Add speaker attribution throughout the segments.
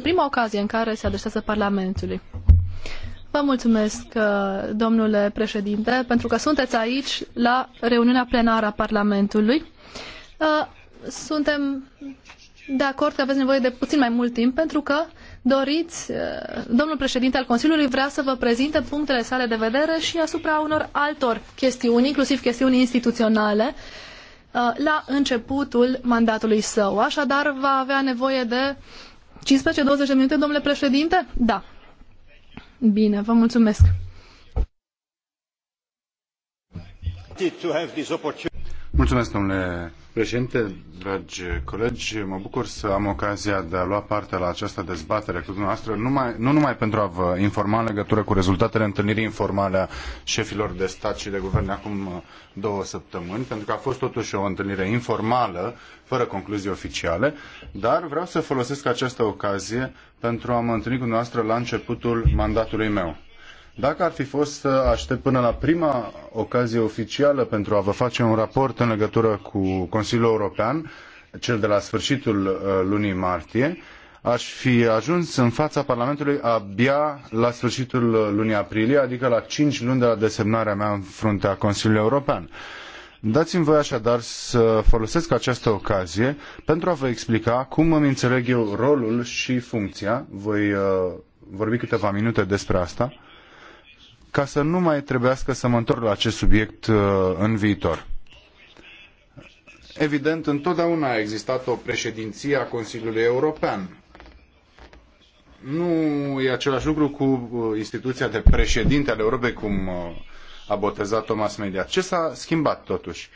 Speaker 1: prima ocazie în care se adresează Parlamentului. Vă mulțumesc, uh, domnule președinte, pentru că sunteți aici la reuniunea plenară a Parlamentului. Uh, suntem de acord că aveți nevoie de puțin mai mult timp pentru că doriți, uh, domnul președinte al Consiliului vrea să vă prezinte punctele sale de vedere și asupra unor altor chestiuni, inclusiv chestiuni instituționale, la începutul mandatului său. Așadar, va avea nevoie de uh, 15-20 de minute, domnule președinte? Da. Bine, vă mulțumesc.
Speaker 2: Mulțumesc, domnule Președinte, dragi colegi, mă bucur să am ocazia de a lua parte la această dezbatere cu dumneavoastră, numai, nu numai pentru a vă informa în legătură cu rezultatele întâlnirii informale a șefilor de stat și de guvern acum uh, două săptămâni, pentru că a fost totuși o întâlnire informală, fără concluzii oficiale, dar vreau să folosesc această ocazie pentru a mă întâlni cu dumneavoastră la începutul mandatului meu. Dacă ar fi fost să aștept până la prima ocazie oficială pentru a vă face un raport în legătură cu Consiliul European, cel de la sfârșitul uh, lunii martie, aș fi ajuns în fața Parlamentului abia la sfârșitul uh, lunii aprilie, adică la cinci luni de la desemnarea mea în fruntea Consiliului European. Dați-mi voi așadar să folosesc această ocazie pentru a vă explica cum îmi înțeleg eu rolul și funcția. Voi uh, vorbi câteva minute despre asta ca să nu mai trebuiască să mă întorc la acest subiect uh, în viitor. Evident, întotdeauna a existat o președinție a Consiliului European. Nu e același lucru cu uh, instituția de președinte al Europei, cum uh, a botezat Thomas Media. Ce s-a schimbat totuși?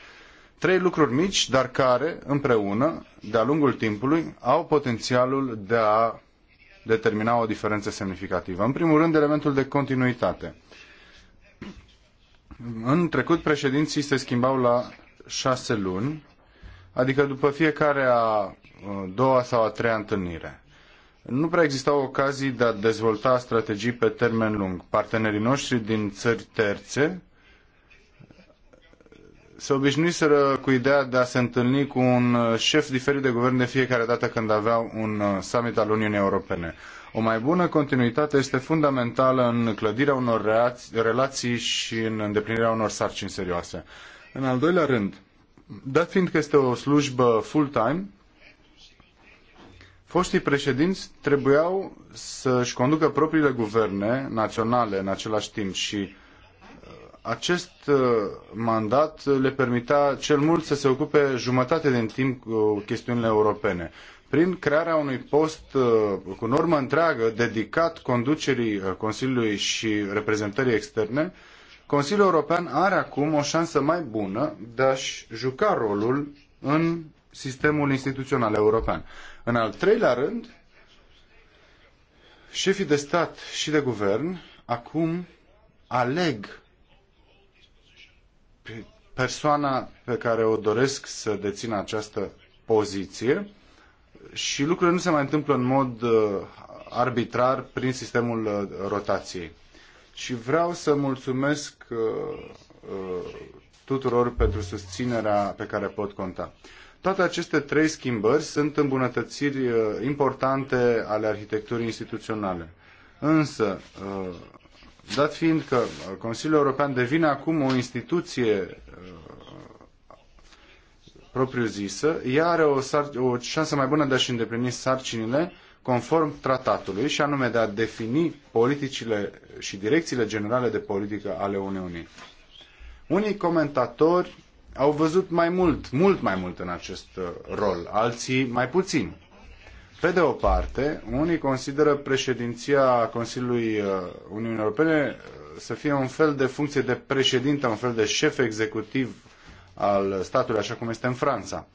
Speaker 2: Trei lucruri mici, dar care, împreună, de-a lungul timpului, au potențialul de a determina o diferență semnificativă. În primul rând, elementul de continuitate. În trecut, președinții se schimbau la șase luni, adică după fiecare a doua sau a treia întâlnire. Nu prea existau ocazii de a dezvolta strategii pe termen lung. Partenerii noștri din țări terțe se obișnuiseră cu ideea de a se întâlni cu un șef diferit de guvern de fiecare dată când aveau un summit al Uniunii Europene. O mai bună continuitate este fundamentală în clădirea unor relații și în îndeplinirea unor sarcini serioase. În al doilea rând, dat fiind că este o slujbă full-time, foștii președinți trebuiau să-și conducă propriile guverne naționale în același timp și uh, acest uh, mandat le permitea cel mult să se ocupe jumătate din timp cu chestiunile europene prin crearea unui post uh, cu normă întreagă dedicat conducerii uh, Consiliului și reprezentării externe, Consiliul European are acum o șansă mai bună de a-și juca rolul în sistemul instituțional european. În al treilea rând, șefii de stat și de guvern acum aleg persoana pe care o doresc să dețină această poziție și lucrurile nu se mai întâmplă în mod uh, arbitrar prin sistemul uh, rotației. Și vreau să mulțumesc uh, tuturor pentru susținerea pe care pot conta. Toate aceste trei schimbări sunt îmbunătățiri importante ale arhitecturii instituționale. Însă, dat fiind că Consiliul European devine acum o instituție propriu-zisă, ea are o, o șansă mai bună de a-și îndeplini sarcinile conform tratatului și anume de a defini politicile și direcțiile generale de politică ale Uniunii. Unii comentatori au văzut mai mult, mult mai mult în acest uh, rol, alții mai puțin. Pe de o parte, unii consideră președinția Consiliului uh, Uniunii Europene uh, să fie un fel de funcție de președinte, un fel de șef executiv al statului, așa cum este în Franța.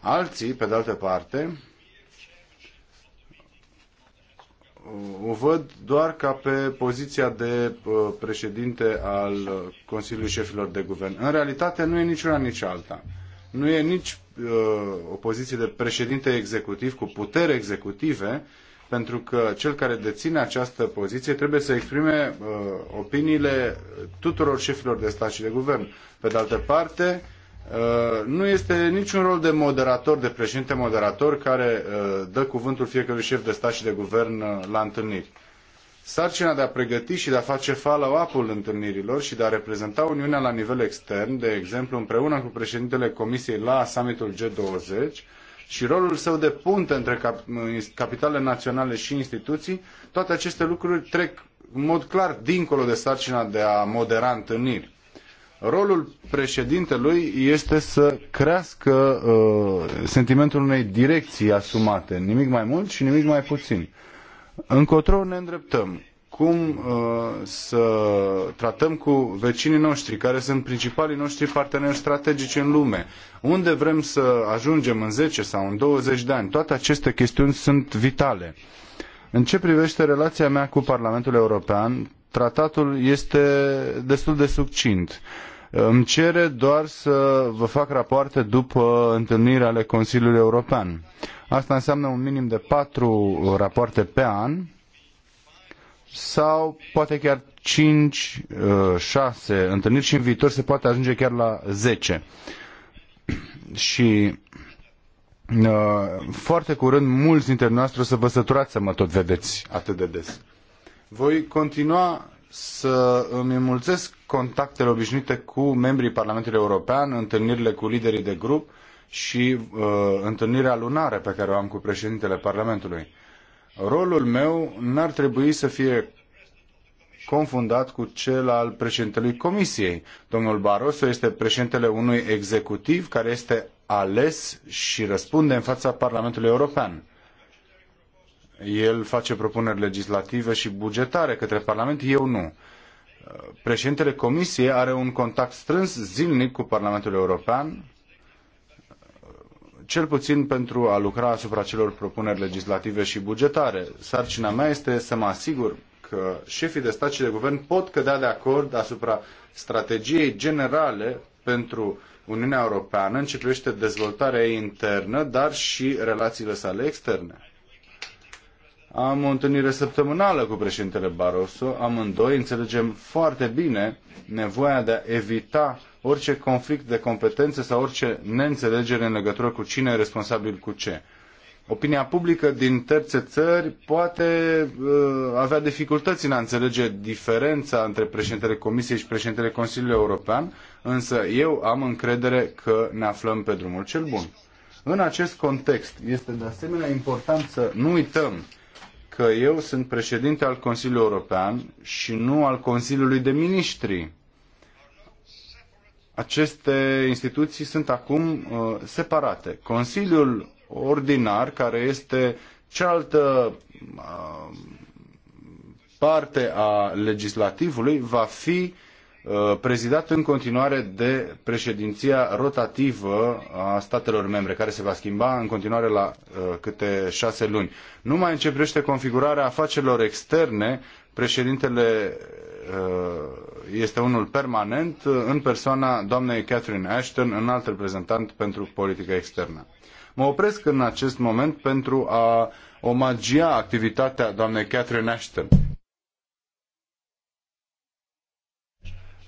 Speaker 2: Alții, pe de altă parte, o văd doar ca pe poziția de uh, președinte al Consiliului Șefilor de Guvern. În realitate nu e nici una, nici alta. Nu e nici uh, o poziție de președinte executiv cu putere executive, uh, pentru că cel care deține această poziție trebuie să exprime uh, opiniile tuturor șefilor de stat și de guvern. Pe de altă parte, uh, nu este niciun rol de moderator, de președinte moderator, care uh, dă cuvântul fiecărui șef de stat și de guvern uh, la întâlniri. Sarcina de a pregăti și de a face follow-up-ul întâlnirilor și de a reprezenta Uniunea la nivel extern, de exemplu împreună cu președintele Comisiei la summitul G20, și rolul său de punte între cap capitalele naționale și instituții, toate aceste lucruri trec în mod clar dincolo de sarcina de a modera întâlniri. Rolul președintelui este să crească uh, sentimentul unei direcții asumate, nimic mai mult și nimic mai puțin. Încotro ne îndreptăm cum uh, să tratăm cu vecinii noștri, care sunt principalii noștri parteneri strategici în lume, unde vrem să ajungem în 10 sau în 20 de ani. Toate aceste chestiuni sunt vitale. În ce privește relația mea cu Parlamentul European, tratatul este destul de succint. Îmi cere doar să vă fac rapoarte după întâlnirea ale Consiliului European. Asta înseamnă un minim de patru rapoarte pe an, sau poate chiar 5, 6 uh, întâlniri și în viitor se poate ajunge chiar la 10. Și uh, foarte curând mulți dintre noastre o să vă săturați să mă tot vedeți atât de des. Voi continua să îmi înmulțesc contactele obișnuite cu membrii Parlamentului European, întâlnirile cu liderii de grup și uh, întâlnirea lunară pe care o am cu președintele Parlamentului. Rolul meu n-ar trebui să fie confundat cu cel al președintelui Comisiei. Domnul Barroso este președintele unui executiv care este ales și răspunde în fața Parlamentului European. El face propuneri legislative și bugetare către Parlament, eu nu. Președintele Comisiei are un contact strâns zilnic cu Parlamentul European cel puțin pentru a lucra asupra celor propuneri legislative și bugetare. Sarcina mea este să mă asigur că șefii de stat și de guvern pot cădea de acord asupra strategiei generale pentru Uniunea Europeană în ce privește dezvoltarea ei internă, dar și relațiile sale externe. Am o întâlnire săptămânală cu președintele Barroso, amândoi înțelegem foarte bine nevoia de a evita orice conflict de competențe sau orice neînțelegere în legătură cu cine e responsabil cu ce. Opinia publică din terțe țări poate uh, avea dificultăți în a înțelege diferența între președintele Comisiei și președintele Consiliului European, însă eu am încredere că ne aflăm pe drumul cel bun. În acest context este de asemenea important să nu uităm că eu sunt președinte al Consiliului European și nu al Consiliului de Ministri aceste instituții sunt acum uh, separate. Consiliul ordinar, care este cealaltă uh, parte a legislativului, va fi uh, prezidat în continuare de președinția rotativă a statelor membre, care se va schimba în continuare la câte șase luni. Numai în ce configurarea afacerilor externe, președintele este unul permanent uh, în persoana doamnei Catherine Ashton, înalt reprezentant pentru politica externă. Mă opresc în acest moment pentru a omagia activitatea doamnei Catherine Ashton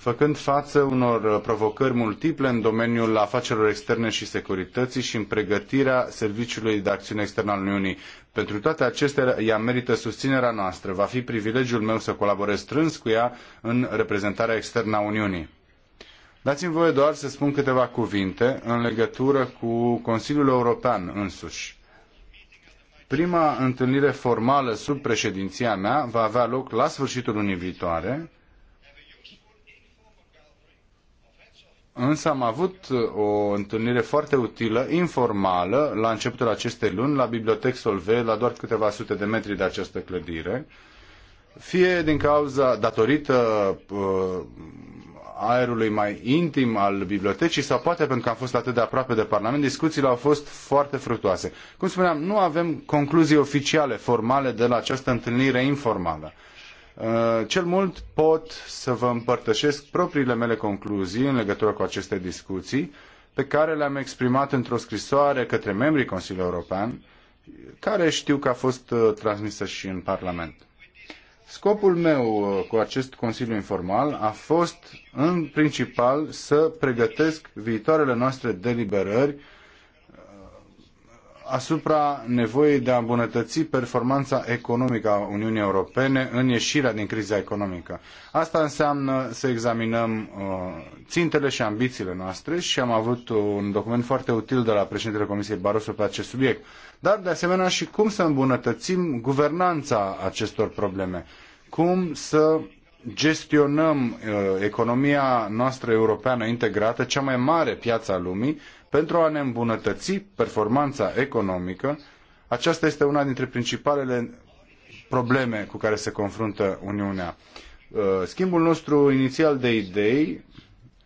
Speaker 2: făcând față unor uh, provocări multiple în domeniul afacerilor externe și securității și în pregătirea Serviciului de Acțiune Externă al Uniunii. Pentru toate acestea, ea merită susținerea noastră. Va fi privilegiul meu să colaborez strâns cu ea în reprezentarea externă a Uniunii. Dați-mi voie doar să spun câteva cuvinte în legătură cu Consiliul European însuși. Prima întâlnire formală sub președinția mea va avea loc la sfârșitul lunii viitoare, Însă am avut uh, o întâlnire foarte utilă, informală, la începutul acestei luni, la Bibliotec Solvay, la doar câteva sute de metri de această clădire, fie din cauza, datorită uh, aerului mai intim al bibliotecii sau poate pentru că am fost atât de aproape de Parlament, discuțiile au fost foarte fructuoase. Cum spuneam, nu avem concluzii oficiale, formale de la această întâlnire informală. Uh, cel mult pot să vă împărtășesc propriile mele concluzii în legătură cu aceste discuții, pe care le-am exprimat într-o scrisoare către membrii Consiliului European, care știu că a fost uh, transmisă și în Parlament. Scopul meu uh, cu acest Consiliu Informal a fost, în principal, să pregătesc viitoarele noastre deliberări asupra nevoii de a îmbunătăți performanța economică a Uniunii Europene în ieșirea din criza economică. Asta înseamnă să examinăm uh, țintele și ambițiile noastre și am avut un document foarte util de la președintele Comisiei Barroso pe acest subiect, dar de asemenea și cum să îmbunătățim guvernanța acestor probleme, cum să gestionăm uh, economia noastră europeană integrată, cea mai mare piață a lumii, pentru a ne îmbunătăți performanța economică. Aceasta este una dintre principalele probleme cu care se confruntă Uniunea. Uh, schimbul nostru inițial de idei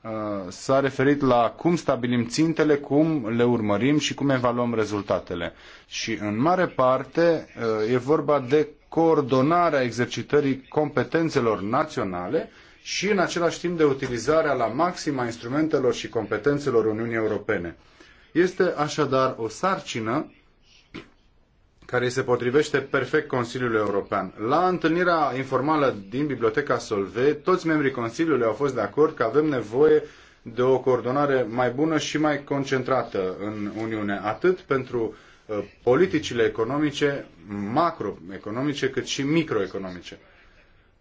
Speaker 2: uh, s-a referit la cum stabilim țintele, cum le urmărim și cum evaluăm rezultatele. Și în mare parte uh, e vorba de coordonarea exercitării competențelor naționale și în același timp de utilizarea la maxim a instrumentelor și competențelor Uniunii Europene. Este așadar o sarcină care se potrivește perfect Consiliului European. La întâlnirea informală din Biblioteca Solvay, toți membrii Consiliului au fost de acord că avem nevoie de o coordonare mai bună și mai concentrată în Uniune, atât pentru uh, politicile economice, macroeconomice, cât și microeconomice.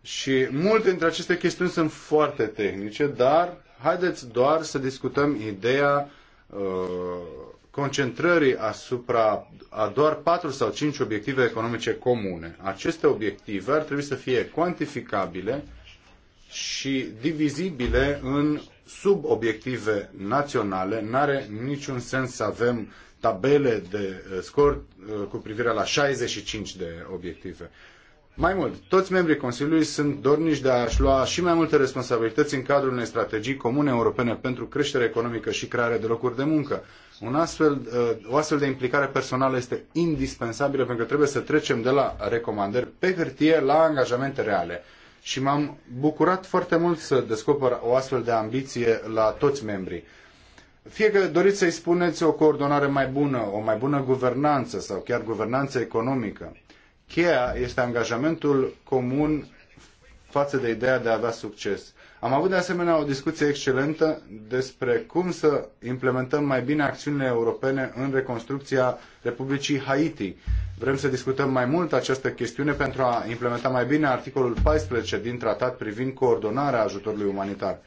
Speaker 2: Și multe dintre aceste chestiuni sunt foarte tehnice, dar haideți doar să discutăm ideea uh, concentrării asupra a doar patru sau cinci obiective economice comune. Aceste obiective ar trebui să fie cuantificabile și divizibile în subobiective naționale. N-are niciun sens să avem tabele de scor uh, cu privire la 65 de obiective. Mai mult, toți membrii Consiliului sunt dornici de a-și lua și mai multe responsabilități în cadrul unei strategii comune europene pentru creștere economică și creare de locuri de muncă. Un astfel, uh, o astfel de implicare personală este indispensabilă pentru că trebuie să trecem de la recomandări pe hârtie la angajamente reale. Și m-am bucurat foarte mult să descoper o astfel de ambiție la toți membrii. Fie că doriți să-i spuneți o coordonare mai bună, o mai bună guvernanță sau chiar guvernanță economică Cheia este angajamentul comun față de ideea de a avea succes. Am avut de asemenea o discuție excelentă despre cum să implementăm mai bine acțiunile europene în reconstrucția Republicii Haiti. Vrem să discutăm mai mult această chestiune pentru a implementa mai bine articolul 14 din tratat privind coordonarea ajutorului umanitar.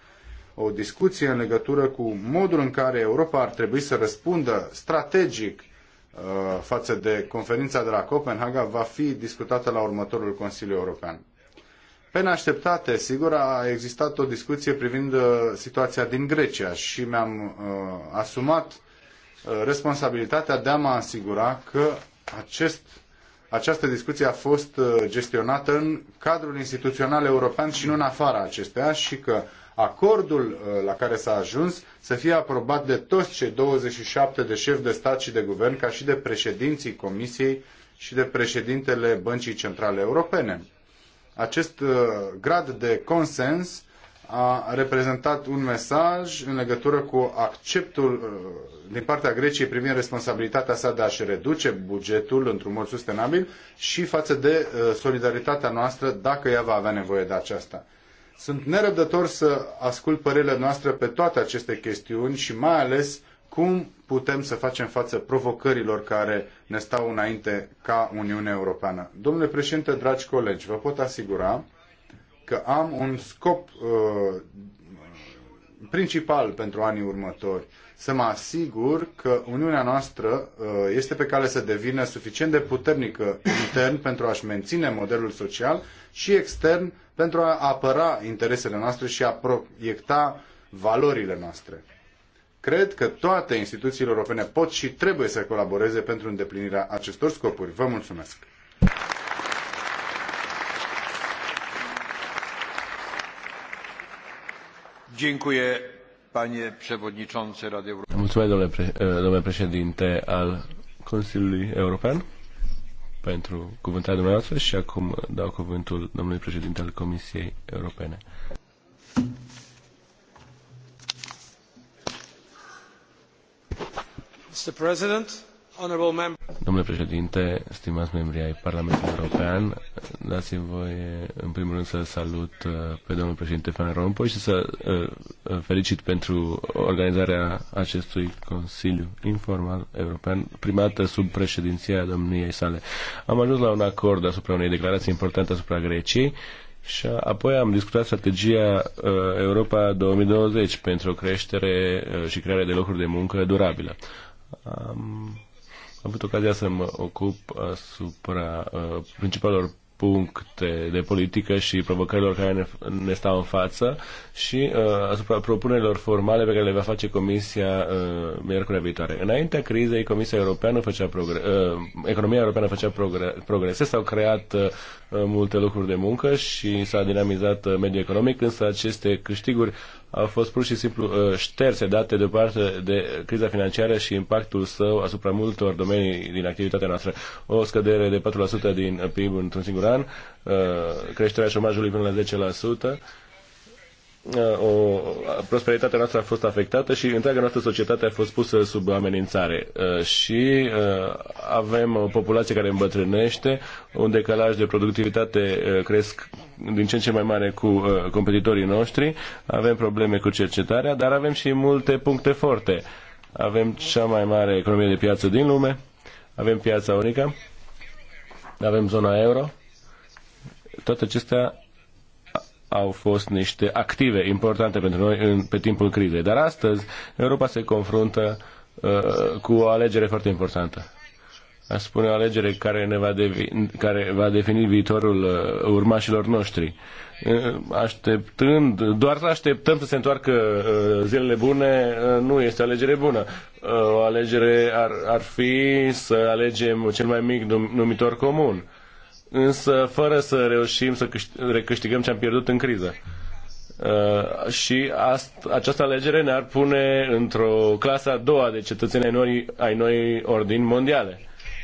Speaker 2: O discuție în legătură cu modul în care Europa ar trebui să răspundă strategic Uh, față de conferința de la Copenhaga va fi discutată la următorul Consiliu European. Pe neașteptate, sigur, a existat o discuție privind uh, situația din Grecia și mi-am uh, asumat uh, responsabilitatea de a mă asigura că acest această discuție a fost uh, gestionată în cadrul instituțional european și nu în afara acesteia și că acordul uh, la care s-a ajuns să fie aprobat de toți cei 27 de șefi de stat și de guvern, ca și de președinții Comisiei și de președintele Băncii Centrale Europene. Acest uh, grad de consens a reprezentat un mesaj în legătură cu acceptul uh, din partea Greciei privind responsabilitatea sa de a-și reduce bugetul într-un mod sustenabil și față de uh, solidaritatea noastră dacă ea va avea nevoie de aceasta. Sunt nerăbdător să ascult părerile noastre pe toate aceste chestiuni și mai ales cum putem să facem față provocărilor care ne stau înainte ca Uniunea Europeană. Domnule președinte, dragi colegi, vă pot asigura că am un scop uh, principal pentru anii următori. Să mă asigur că Uniunea noastră uh, este pe cale să devină suficient de puternică intern pentru a-și menține modelul social și extern pentru a apăra interesele noastre și a proiecta valorile noastre. Cred că toate instituțiile europene pot și trebuie să colaboreze pentru îndeplinirea acestor scopuri. Vă mulțumesc! Dziękuję, panie przewodniczący Rady
Speaker 3: Europejskiej. domnule, președinte al Consiliului European, pentru cuvântarea dumneavoastră și acum dau cuvântul domnului președinte al Comisiei Europene.
Speaker 4: Mr.
Speaker 5: President,
Speaker 3: Domnule președinte, stimați membri ai Parlamentului European, dați-mi voie în primul rând să salut uh, pe domnul președinte Van Rompuy și să uh, uh, felicit pentru organizarea acestui Consiliu Informal European, primată sub președinția domniei sale. Am ajuns la un acord asupra unei declarații importante asupra Greciei și apoi am discutat strategia Europa 2020 pentru o creștere și creare de locuri de muncă durabilă. Am avut ocazia să mă ocup asupra uh, principalelor puncte de politică și provocărilor care ne, ne stau în față și uh, asupra propunerilor formale pe care le va face Comisia uh, miercurea viitoare. Înaintea crizei, Comisia Europeană făcea progre- uh, economia europeană făcea progre- progrese, s-au creat uh, multe lucruri de muncă și s-a dinamizat uh, mediul economic, însă aceste câștiguri au fost pur și simplu uh, șterse date deoparte de criza financiară și impactul său asupra multor domenii din activitatea noastră. O scădere de 4% din PIB într-un singur an, uh, creșterea șomajului până la 10%, Uh, o, prosperitatea noastră a fost afectată și întreaga noastră societate a fost pusă sub amenințare. Uh, și uh, avem o populație care îmbătrânește, un decalaj de productivitate cresc din ce în ce mai mare cu competitorii noștri, avem probleme cu cercetarea, dar avem și multe puncte forte. Avem cea mai mare economie de piață din lume, avem piața unică, avem zona euro, toate acestea au fost niște active importante pentru noi în, pe timpul crizei. Dar astăzi Europa se confruntă uh, cu o alegere foarte importantă. a spune o alegere care, ne va, devi, care va defini viitorul uh, urmașilor noștri. Uh, așteptând, doar să așteptăm să se întoarcă uh, zilele bune, uh, nu este o alegere bună. Uh, o alegere ar, ar fi să alegem cel mai mic num, numitor comun. Uh, însă fără să reușim să recâștigăm ce am pierdut în criză. Uh, și asta, această alegere ne-ar pune într-o clasă a doua de cetățeni ai noi, ai noi ordini mondiale.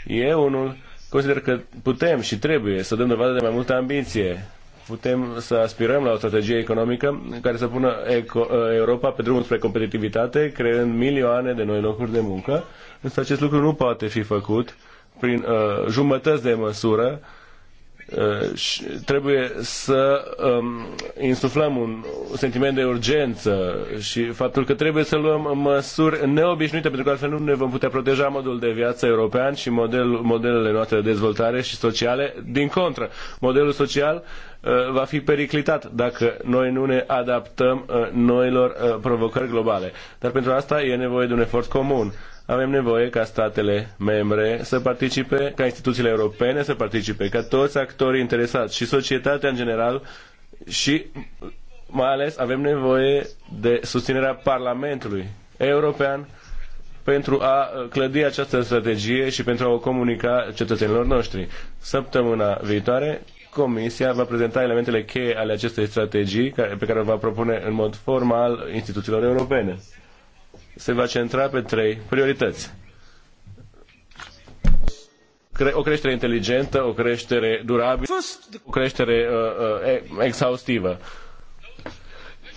Speaker 3: Eu unul consider că putem și trebuie să dăm dovadă de mai multă ambiție. Putem să aspirăm la o strategie economică care să pună uh, Europa pe drumul spre competitivitate, creând milioane de noi locuri de muncă. Însă acest lucru nu poate fi făcut prin uh, jumătăți de măsură uh, Uh, trebuie să um, insuflăm un sentiment de urgență și faptul că trebuie să luăm măsuri neobișnuite, pentru că altfel nu ne vom putea proteja modul de viață european și model, modelele noastre de dezvoltare și sociale. Din contră, modelul social uh, va fi periclitat dacă noi nu ne adaptăm uh, noilor provocări globale. Dar pentru asta e nevoie de un efort comun avem nevoie ca statele membre să participe, ca instituțiile europene să participe, ca toți actorii interesați și societatea în general și mai ales avem nevoie de susținerea Parlamentului European pentru a uh, clădi această strategie și pentru a o comunica cetățenilor noștri. Săptămâna viitoare, Comisia va prezenta elementele cheie ale acestei strategii pe care o va propune în mod formal instituțiilor europene se va centra pe trei priorități. O creștere inteligentă, o creștere durabilă, o creștere uh, uh, exhaustivă.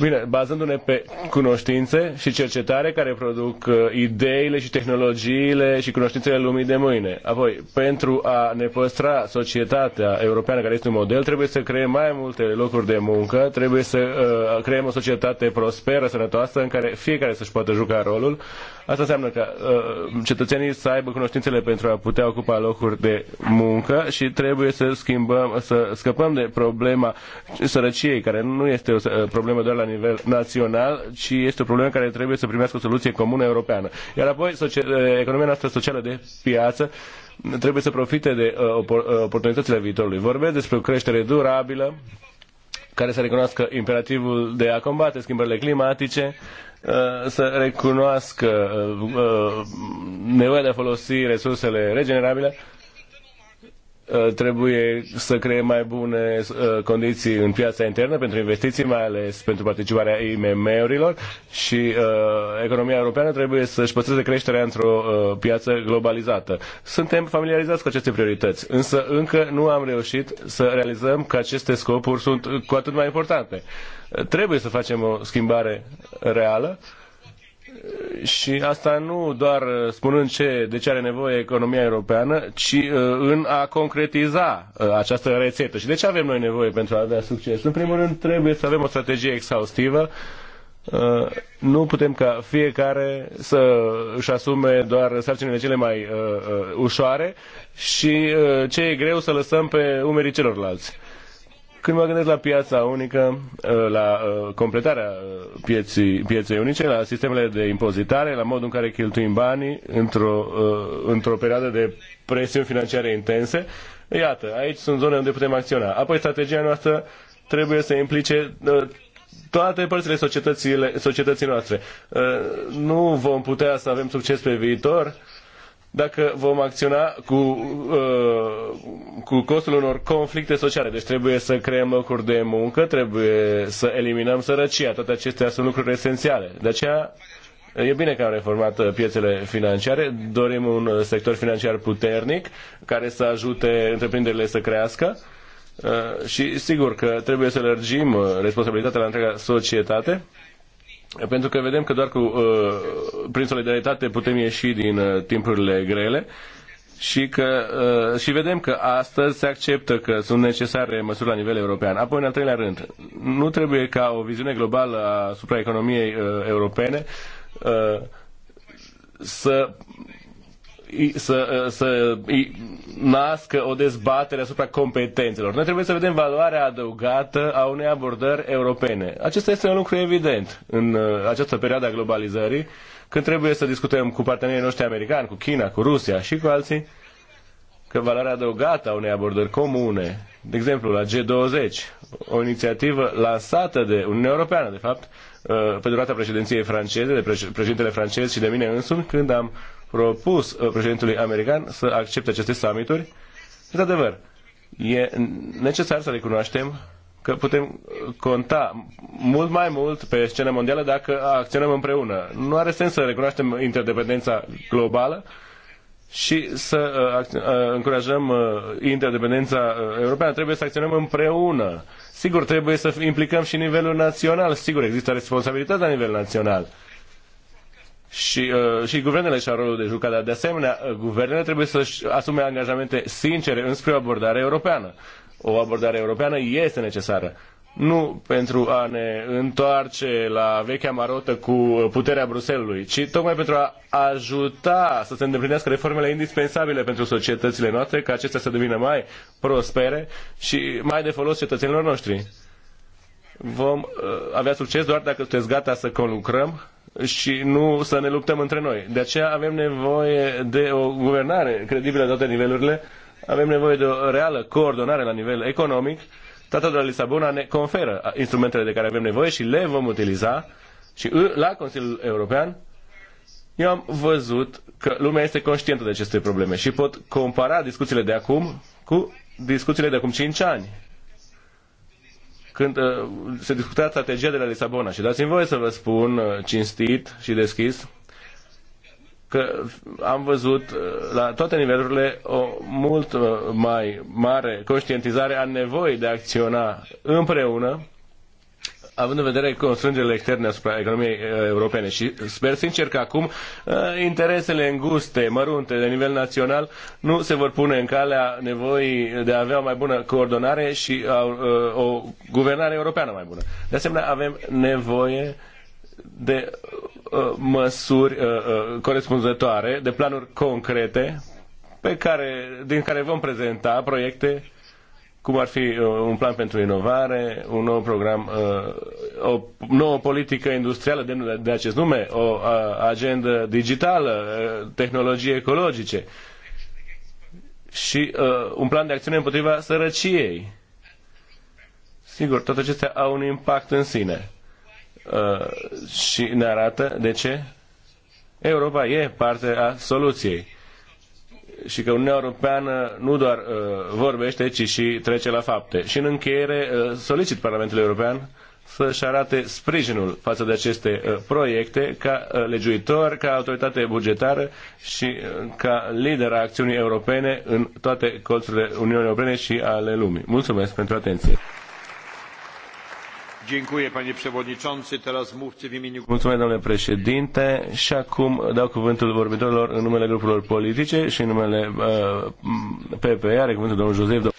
Speaker 3: Bine, bazându-ne pe cunoștințe și cercetare care produc uh, ideile și tehnologiile și cunoștințele lumii de mâine. Apoi, pentru a ne păstra societatea europeană care este un model, trebuie să creăm mai multe locuri de muncă, trebuie să uh, creăm o societate prosperă, sănătoasă, în care fiecare să-și poată juca rolul. Asta înseamnă că uh, cetățenii să aibă cunoștințele pentru a putea ocupa locuri de muncă și trebuie să schimbăm, să scăpăm de problema sărăciei, care nu este o uh, problemă doar la nivel național, ci este o problemă care trebuie să primească o soluție comună europeană. Iar apoi, economia noastră socială de piață trebuie să profite de uh, uh, oportunitățile viitorului. Vorbesc despre o creștere durabilă, care să recunoască imperativul de a combate schimbările climatice, uh, să recunoască nevoia de a folosi resursele regenerabile Uh, trebuie să creăm mai bune uh, condiții în piața internă pentru investiții, mai ales pentru participarea IMM-urilor și uh, economia europeană trebuie să-și păstreze creșterea într-o uh, piață globalizată. Suntem familiarizați cu aceste priorități, însă încă nu am reușit să realizăm că aceste scopuri sunt cu atât mai importante. Uh, trebuie să facem o schimbare reală și asta nu doar uh, spunând ce, de ce are nevoie economia europeană, ci uh, în a concretiza uh, această rețetă. Și de ce avem noi nevoie pentru a avea succes? În primul rând, trebuie să avem o strategie exhaustivă. Nu putem ca fiecare să își asume doar sarcinile cele mai ușoare și ce e greu să lăsăm pe umerii celorlalți când mă gândesc la piața unică, ă, la ă, completarea ă, pieții, pieței unice, la sistemele de impozitare, la modul în care cheltuim banii într-o, într-o perioadă de presiuni financiare intense, iată, aici sunt zone unde putem acționa. Apoi, strategia noastră trebuie să implice toate părțile societății, societății noastre. Nu vom putea să avem succes pe viitor dacă vom acționa cu, uh, cu costul unor conflicte sociale. Deci trebuie să creăm locuri de muncă, trebuie să eliminăm sărăcia. Toate acestea sunt lucruri esențiale. De aceea E bine că am reformat uh, piețele financiare, dorim un uh, sector financiar puternic care să ajute întreprinderile să crească uh, și sigur că trebuie să lărgim responsabilitatea la întreaga societate pentru că vedem că doar cu, uh, prin solidaritate putem ieși din uh, timpurile grele și, că, uh, și vedem că astăzi se acceptă că sunt necesare măsuri la nivel european. Apoi, în al treilea rând, nu trebuie ca o viziune globală asupra economiei uh, europene uh, să să, să nască o dezbatere asupra competențelor. Noi trebuie să vedem valoarea adăugată a unei abordări europene. Acesta este un lucru evident în uh, această perioadă a globalizării, când trebuie să discutăm cu partenerii noștri americani, cu China, cu Rusia și cu alții, că valoarea adăugată a unei abordări comune, de exemplu la G20, o inițiativă lansată de Uniunea Europeană, de fapt, uh, pe durata președinției franceze, de președintele francez și de mine însumi, când am propus uh, președintului american să accepte aceste summituri. Într-adevăr, e necesar să recunoaștem că putem uh, conta mult mai mult pe scena mondială dacă acționăm împreună. Nu are sens să recunoaștem interdependența globală și să uh, încurajăm interdependența europeană. Trebuie să acționăm împreună. Sigur, trebuie să implicăm și nivelul național. Sigur, există responsabilitatea la nivel național și, uh, și guvernele și-au rolul de jucat, dar de asemenea, uh, guvernele trebuie să-și asume angajamente sincere înspre o abordare europeană. O abordare europeană este necesară. Nu pentru a ne întoarce la vechea marotă cu puterea Bruselului, ci tocmai pentru a ajuta să se îndeplinească reformele indispensabile pentru societățile noastre, ca acestea să devină mai prospere și mai de folos cetățenilor noștri. Vom uh, avea succes doar dacă sunteți gata să conlucrăm și nu să ne luptăm între noi. De aceea avem nevoie de o guvernare credibilă la toate nivelurile, avem nevoie de o reală coordonare la nivel economic. Tratatul de la Lisabona ne conferă instrumentele de care avem nevoie și le vom utiliza și la Consiliul European eu am văzut că lumea este conștientă de aceste probleme și pot compara discuțiile de acum cu discuțiile de acum 5 ani când uh, se discuta strategia de la Lisabona. Și dați-mi voie să vă spun uh, cinstit și deschis că am văzut uh, la toate nivelurile o mult mai mare conștientizare a nevoii de a acționa împreună având în vedere constrângerile externe asupra economiei uh, europene și sper sincer că acum uh, interesele înguste, mărunte, de nivel național, nu se vor pune în calea nevoii de a avea o mai bună coordonare și a, uh, a, o guvernare europeană mai bună. De asemenea, avem nevoie de a, măsuri corespunzătoare, de planuri concrete pe care, din care vom prezenta proiecte cum ar fi uh, un plan pentru inovare, un nou program, uh, o nouă politică industrială de acest nume, o uh, agendă digitală, tehnologii ecologice și un plan de acțiune împotriva sărăciei. Sigur, toate acestea au un impact în sine și ne arată de ce Europa e parte a soluției și că Uniunea Europeană nu doar uh, vorbește, ci și trece la fapte. Și în încheiere uh, solicit Parlamentului European să-și arate sprijinul față de aceste uh, proiecte ca uh, legiuitor, ca autoritate bugetară și uh, ca lider a acțiunii europene în toate colțurile Uniunii Europene și ale lumii. Mulțumesc pentru atenție! Mulțumesc, domnule președinte. Și acum dau cuvântul vorbitorilor în numele grupurilor politice și în numele uh, PPE. Are cuvântul domnul Josef.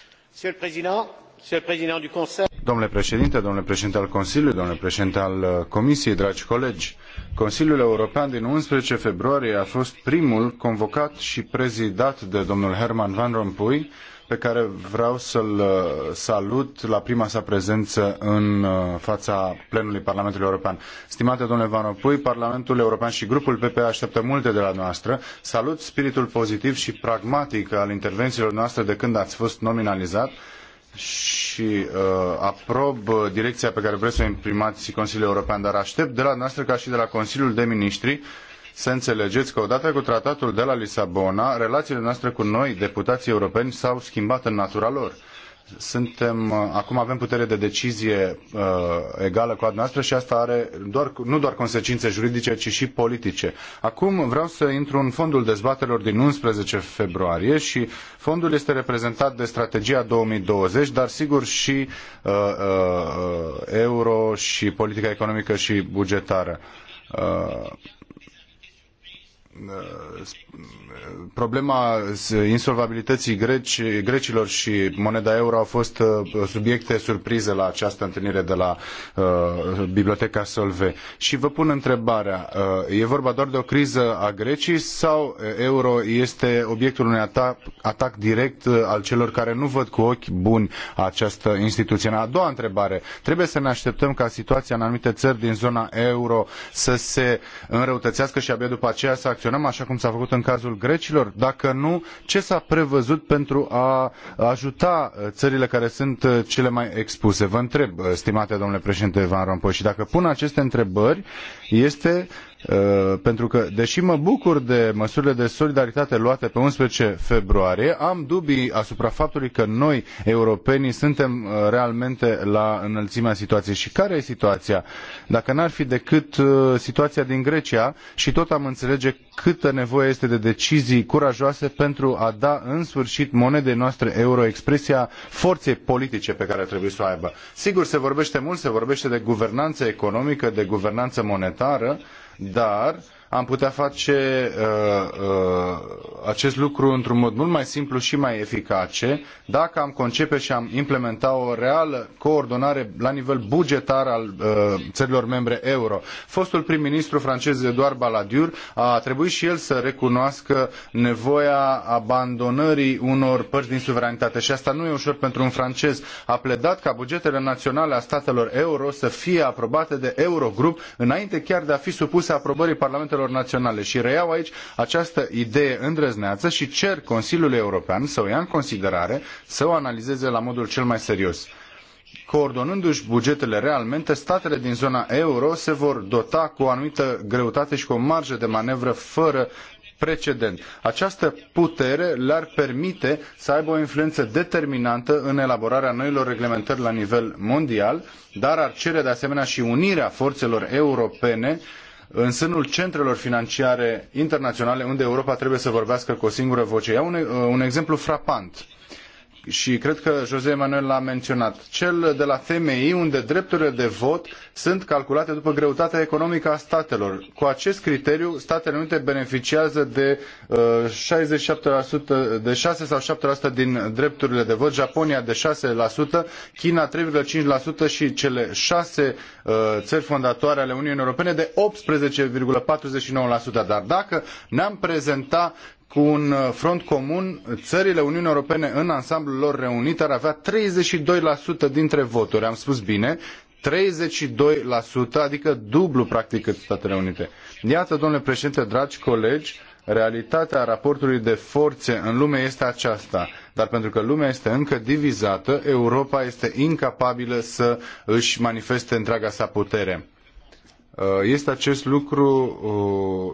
Speaker 2: Domnule președinte, domnule președinte al Consiliului, domnule președinte al uh, Comisiei, dragi colegi, Consiliul European din 11 februarie a fost primul convocat și prezidat de domnul Herman Van Rompuy, pe care vreau să-l uh, salut la prima sa prezență în uh, fața plenului Parlamentului European. Stimate domnule Van Rompuy, Parlamentul European și grupul PP așteaptă multe de la noastră. Salut spiritul pozitiv și pragmatic al intervențiilor noastre de când ați fost nominalizat și uh, aprob uh, direcția pe care vreți să o imprimați Consiliul European, dar aștept de la noastră ca și de la Consiliul de Ministri uh, să înțelegeți că odată cu tratatul de la Lisabona, relațiile noastre cu noi, deputații europeni, s-au schimbat în natura lor. Suntem, uh, acum avem putere de decizie uh, egală cu a noastră și asta are doar, nu doar consecințe juridice, ci și politice. Acum vreau să intru în fondul dezbaterilor din 11 februarie și fondul este reprezentat de strategia 2020, dar sigur și uh, uh, uh, euro și politica economică și bugetară. Uh, problema insolvabilității greci, grecilor și moneda euro au fost uh, subiecte surprize la această întâlnire de la uh, Biblioteca Solve. Și vă pun întrebarea, uh, e vorba doar de o criză a Greciei sau uh, euro este obiectul unui atac, atac direct uh, al celor care nu văd cu ochi buni această instituție? A doua întrebare, trebuie să ne așteptăm ca situația în anumite țări din zona euro să se înrăutățească și abia după aceea să acționeze reacționăm așa cum s-a făcut în cazul grecilor? Dacă nu, ce s-a prevăzut pentru a ajuta uh, țările care sunt uh, cele mai expuse? Vă întreb, uh, stimate domnule președinte Van Rompuy, și dacă pun aceste întrebări, este Uh, pentru că, deși mă bucur de măsurile de solidaritate luate pe 11 februarie, am dubii asupra faptului că noi, europenii, suntem uh, realmente la înălțimea situației. Și care e situația? Dacă n-ar fi decât uh, situația din Grecia și tot am înțelege câtă nevoie este de decizii curajoase pentru a da în sfârșit monedei noastre euro expresia forței politice pe care ar trebui să o aibă. Sigur, se vorbește mult, se vorbește de guvernanță economică, de guvernanță monetară, dar am putea face uh, uh, acest lucru într-un mod mult mai simplu și mai eficace dacă am concepe și am implementa o reală coordonare la nivel bugetar al uh, țărilor membre euro. Fostul prim-ministru francez Edouard Balladur a trebuit și el să recunoască nevoia abandonării unor părți din suveranitate și asta nu e ușor pentru un francez. A pledat ca bugetele naționale a statelor euro să fie aprobate de Eurogrup înainte chiar de a fi supuse aprobării Parlamentului parlamentelor naționale. Și reiau aici această idee îndrăzneață și cer Consiliului European să o ia în considerare, să o analizeze la modul cel mai serios coordonându-și bugetele realmente, statele din zona euro se vor dota cu o anumită greutate și cu o marjă de manevră fără precedent. Această putere le-ar permite să aibă o influență determinantă în elaborarea noilor reglementări la nivel mondial, dar ar cere de asemenea și unirea forțelor europene uh, în sânul centrelor financiare internaționale unde Europa trebuie să vorbească cu o singură voce. Iau un, uh, un exemplu frapant și cred că José Manuel l-a menționat, cel de la FMI, unde drepturile de vot sunt calculate după greutatea economică a statelor. Cu acest criteriu, Statele Unite beneficiază de, uh, 67%, de 6 sau 7% din drepturile de vot, Japonia de 6%, China 3,5% și cele 6 uh, țări fondatoare ale Uniunii Europene de 18,49%. Dar dacă ne-am prezenta cu un uh, front comun, țările Uniunii Europene în ansamblul lor reunit ar avea 32% dintre voturi. Am spus bine, 32%, adică dublu practic cât Statele Unite. Iată, domnule președinte, dragi colegi, realitatea raportului de forțe în lume este aceasta. Dar pentru că lumea este încă divizată, Europa este incapabilă să își manifeste întreaga sa putere. Uh, este acest lucru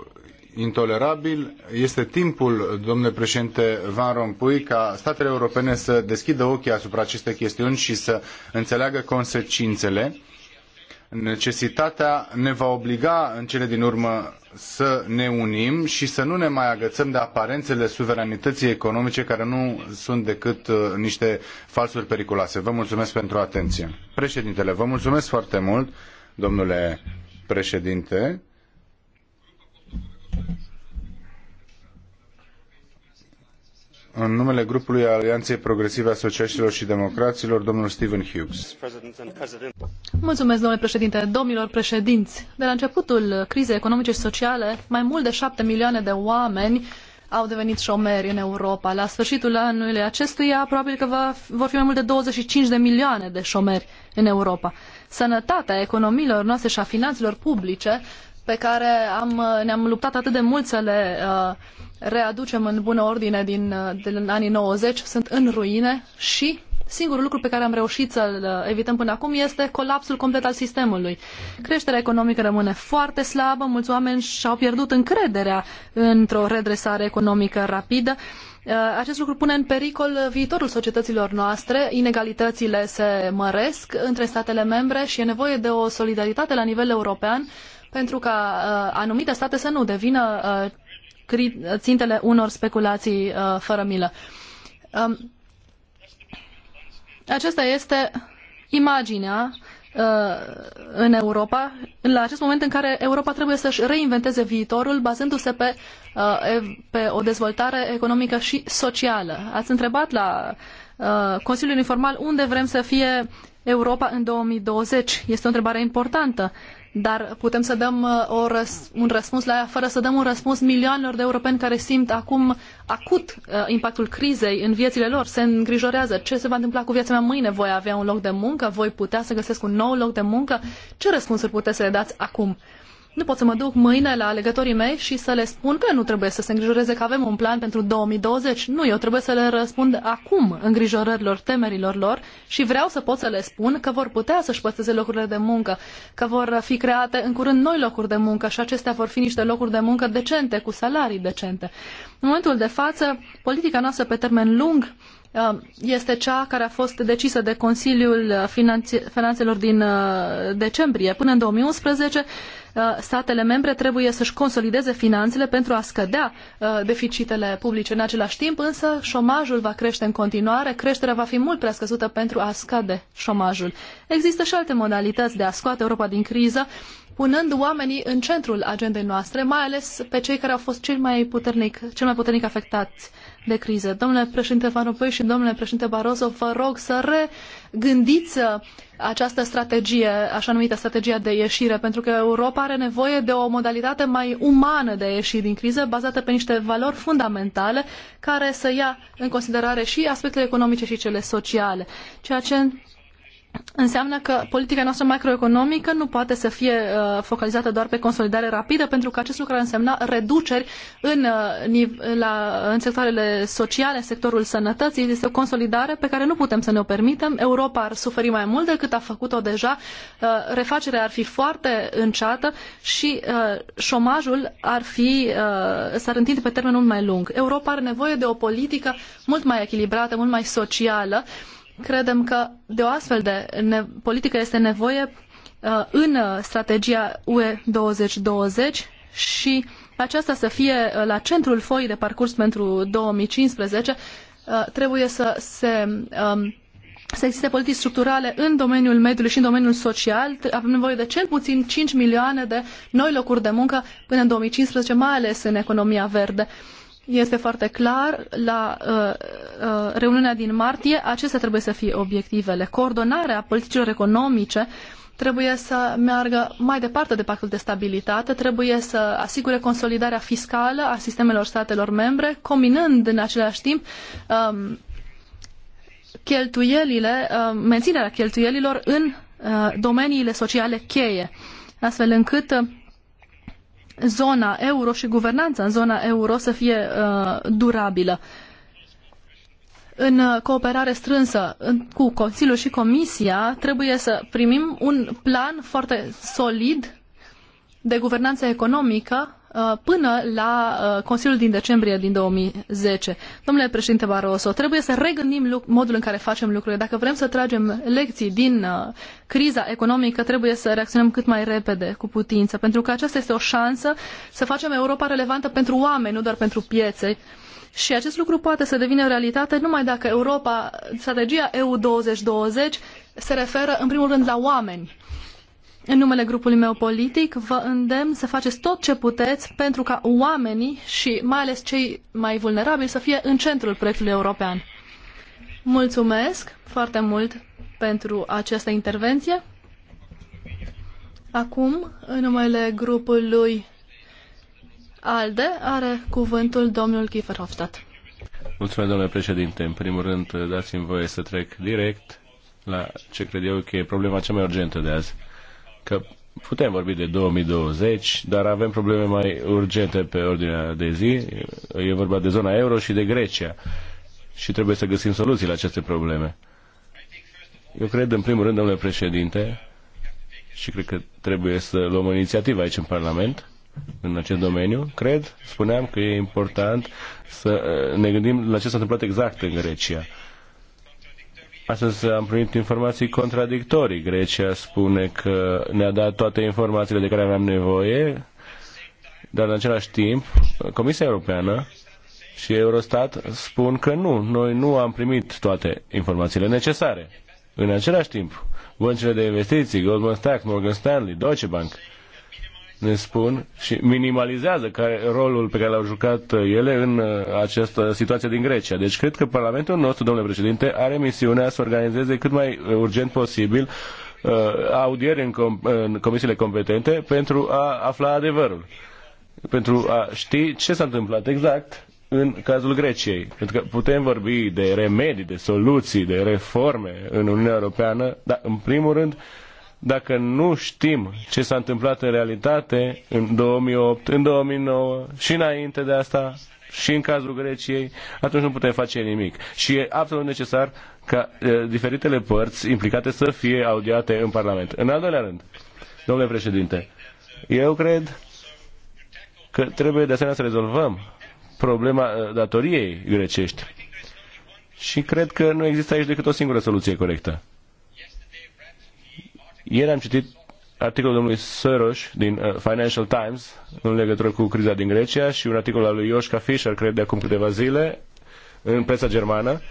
Speaker 2: uh, intolerabil. Este timpul, domnule președinte Van Rompuy, ca statele europene să deschidă ochii asupra acestei chestiuni și să înțeleagă consecințele. Necesitatea ne va obliga în cele din urmă să ne unim și să nu ne mai agățăm de aparențele suveranității economice care nu sunt decât uh, niște falsuri periculoase. Vă mulțumesc pentru atenție. Președintele, vă mulțumesc foarte mult, domnule președinte. În numele grupului Alianței Progresive a Socialiștilor și Democraților, domnul Stephen Hughes.
Speaker 1: Mulțumesc, domnule președinte, domnilor președinți. De la începutul crizei economice și sociale, mai mult de șapte milioane de oameni au devenit șomeri în Europa. La sfârșitul anului acestuia, probabil că va, vor fi mai mult de 25 de milioane de șomeri în Europa. Sănătatea economiilor noastre și a finanțelor publice pe care am, ne-am luptat atât de mult să le uh, readucem în bună ordine din, uh, din anii 90 sunt în ruine și singurul lucru pe care am reușit să-l uh, evităm până acum este colapsul complet al sistemului. Creșterea economică rămâne foarte slabă, mulți oameni și-au pierdut încrederea într-o redresare economică rapidă. Uh, acest lucru pune în pericol viitorul societăților noastre, inegalitățile se măresc între statele membre și e nevoie de o solidaritate la nivel european pentru ca uh, anumite state să nu devină uh, țintele unor speculații uh, fără milă. Um, aceasta este imaginea uh, în Europa, la acest moment în care Europa trebuie să-și reinventeze viitorul bazându-se pe, uh, pe o dezvoltare economică și socială. Ați întrebat la uh, Consiliul Informal unde vrem să fie Europa în 2020. Este o întrebare importantă dar putem să dăm uh, o răs- un răspuns la ea fără să dăm un răspuns milioanelor de europeni care simt acum acut uh, impactul crizei în viețile lor, se îngrijorează ce se va întâmpla cu viața mea mâine, voi avea un loc de muncă, voi putea să găsesc un nou loc de muncă, ce răspunsuri puteți să le dați acum? Nu pot să mă duc mâine la alegătorii mei și să le spun că nu trebuie să se îngrijoreze că avem un plan pentru 2020. Nu, eu trebuie să le răspund acum îngrijorărilor, temerilor lor și vreau să pot să le spun că vor putea să-și păstreze locurile de muncă, că vor fi create în curând noi locuri de muncă și acestea vor fi niște locuri de muncă decente, cu salarii decente. În momentul de față, politica noastră pe termen lung Um, este cea care a fost decisă de Consiliul Finanțelor din uh, decembrie. Până în 2011, uh, statele membre trebuie să-și consolideze finanțele pentru a scădea uh, deficitele publice. În același timp, însă, șomajul va crește în continuare, creșterea va fi mult prea scăzută pentru a scade șomajul. Există și alte modalități de a scoate Europa din criză, punând oamenii în centrul agendei noastre, mai ales pe cei care au fost cel mai puternic, cel mai puternic afectați de criză. Domnule președinte Van Rompuy și domnule președinte Barroso, vă rog să regândiți această strategie, așa numită strategia de ieșire, pentru că Europa are nevoie de o modalitate mai umană de a ieși din criză, bazată pe niște valori fundamentale care să ia în considerare și aspectele economice și cele sociale, ceea ce înseamnă că politica noastră macroeconomică nu poate să fie uh, focalizată doar pe consolidare rapidă, pentru că acest lucru ar însemna reduceri în, uh, la, în sectoarele sociale, în sectorul sănătății. Este o consolidare pe care nu putem să ne-o permitem. Europa ar suferi mai mult decât a făcut-o deja. Uh, refacerea ar fi foarte înceată și șomajul ar fi, s-ar întinde pe termen mult mai lung. Europa are nevoie de o politică mult mai echilibrată, mult mai socială Credem că de o astfel de politică este nevoie uh, în uh, strategia UE 2020 și aceasta să fie uh, la centrul foii de parcurs pentru 2015. Uh, trebuie să se um, să existe politici structurale în domeniul mediului și în domeniul social. Avem nevoie de cel puțin 5 milioane de noi locuri de muncă până în 2015, mai ales în economia verde. Uh, este foarte clar, la uh, uh, reuniunea din martie, acestea trebuie să fie obiectivele. Coordonarea politicilor economice trebuie să meargă mai departe de pactul de stabilitate, trebuie să asigure consolidarea fiscală a sistemelor statelor membre, combinând în același timp um, cheltuielile, uh, menținerea cheltuielilor în uh, domeniile sociale cheie, astfel încât uh, zona euro și guvernanța în zona euro să fie uh, durabilă. În uh, cooperare strânsă cu Consiliul și Comisia, trebuie să primim un plan foarte solid de guvernanță economică Uh, până la uh, Consiliul din decembrie din 2010. Domnule președinte Barroso, trebuie să regândim modul în care facem lucrurile. Dacă vrem să tragem lecții din uh, criza economică, trebuie să reacționăm cât mai repede, cu putință, pentru că aceasta este o șansă să facem Europa relevantă pentru oameni, nu doar pentru piețe. Și acest lucru poate să devină realitate numai dacă Europa, strategia EU 2020 se referă în primul rând la oameni în numele grupului meu politic, vă îndemn să faceți tot ce puteți pentru ca oamenii și mai ales cei mai vulnerabili să fie în centrul proiectului european. Mulțumesc foarte mult pentru această intervenție. Acum, în numele grupului ALDE, are cuvântul domnul Kiefer
Speaker 3: Mulțumesc, domnule președinte. În primul rând, dați-mi voie să trec direct la ce cred eu că e problema cea mai urgentă de azi că putem vorbi de 2020, dar avem probleme mai urgente pe ordinea de zi. E vorba de zona euro și de Grecia. Și trebuie să găsim soluții la aceste probleme. Eu cred, în primul rând, domnule președinte, și cred că trebuie să luăm o inițiativă aici în Parlament, în acest domeniu. Cred, spuneam că e important să eh, ne gândim la ce s-a întâmplat exact în Grecia Astăzi am primit informații contradictorii. Grecia spune că ne-a dat toate informațiile de care aveam nevoie, dar în același timp Comisia Europeană și Eurostat spun că nu, noi nu am primit toate informațiile necesare. În același timp, băncile de investiții, Goldman Sachs, Morgan Stanley, Deutsche Bank, ne spun și minimalizează care, rolul pe care l-au jucat uh, ele în uh, această situație din Grecia. Deci cred că Parlamentul nostru, domnule președinte, are misiunea să organizeze cât mai uh, urgent posibil uh, audieri în, com- în comisiile competente pentru a afla adevărul, pentru a ști ce s-a întâmplat exact în cazul Greciei. Pentru că putem vorbi de remedii, de soluții, de reforme în Uniunea Europeană, dar în primul rând uh, dacă nu știm ce s-a întâmplat în realitate în 2008, în 2009 și înainte de asta și în cazul Greciei, atunci nu putem face nimic. Și e absolut necesar ca e, diferitele părți implicate să fie audiate în Parlament. În al doilea rând, domnule președinte, eu cred că trebuie de asemenea să rezolvăm problema datoriei grecești. Și cred că nu există aici decât o singură soluție corectă. Ieri am citit articolul domnului Soros din uh, Financial Times în legătură cu criza din Grecia și un articol al lui Joschka Fischer, cred, de acum câteva zile în presa germană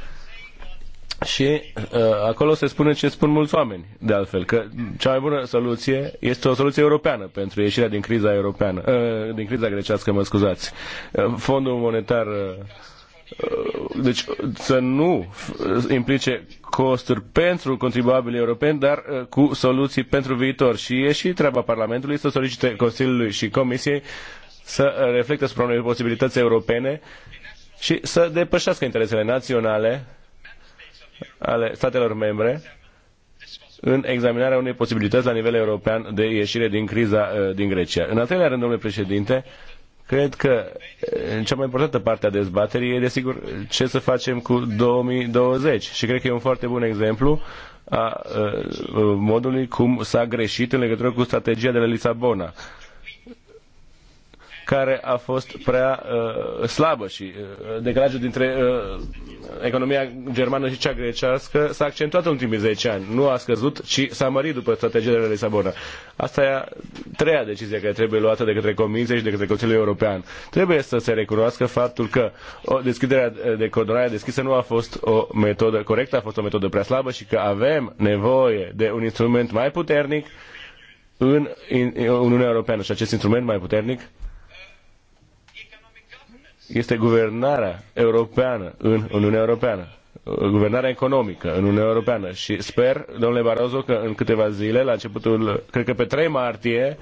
Speaker 3: și uh, acolo se spune ce spun mulți oameni, de altfel, că cea mai bună soluție este o soluție europeană pentru ieșirea din criza europeană, uh, din criza grecească, mă scuzați. Uh, Fondul monetar uh, Uh, deci să nu uh, implice costuri pentru contribuabilii europeni, dar uh, cu soluții pentru viitor. Și e și treaba Parlamentului să solicite Consiliului și Comisiei să reflecte asupra unei posibilități europene și să depășească interesele naționale ale statelor membre în examinarea unei posibilități la nivel european de ieșire din criza din Grecia. În al treilea rând, domnule președinte, Cred că cea mai importantă parte a dezbaterii e, desigur, ce să facem cu 2020. Și cred că e un foarte bun exemplu a, a, a modului cum s-a greșit în legătură cu strategia de la Lisabona care a fost prea uh, slabă și uh, decalajul dintre uh, economia germană și cea grecească s-a accentuat în ultimii 10 ani. Nu a scăzut, ci s-a mărit după strategia de la Lisabona. Asta e a treia decizie care trebuie luată de către Comisie și de către Consiliul European. Trebuie să se recunoască faptul că o deschiderea de coordonare deschisă nu a fost o metodă corectă, a fost o metodă prea slabă și că avem nevoie de un instrument mai puternic în Uniunea Europeană și acest instrument mai puternic este guvernarea europeană în Uniunea Europeană guvernarea economică în Uniunea Europeană și sper, domnule Barroso, că în câteva zile, la începutul, cred că pe 3 martie,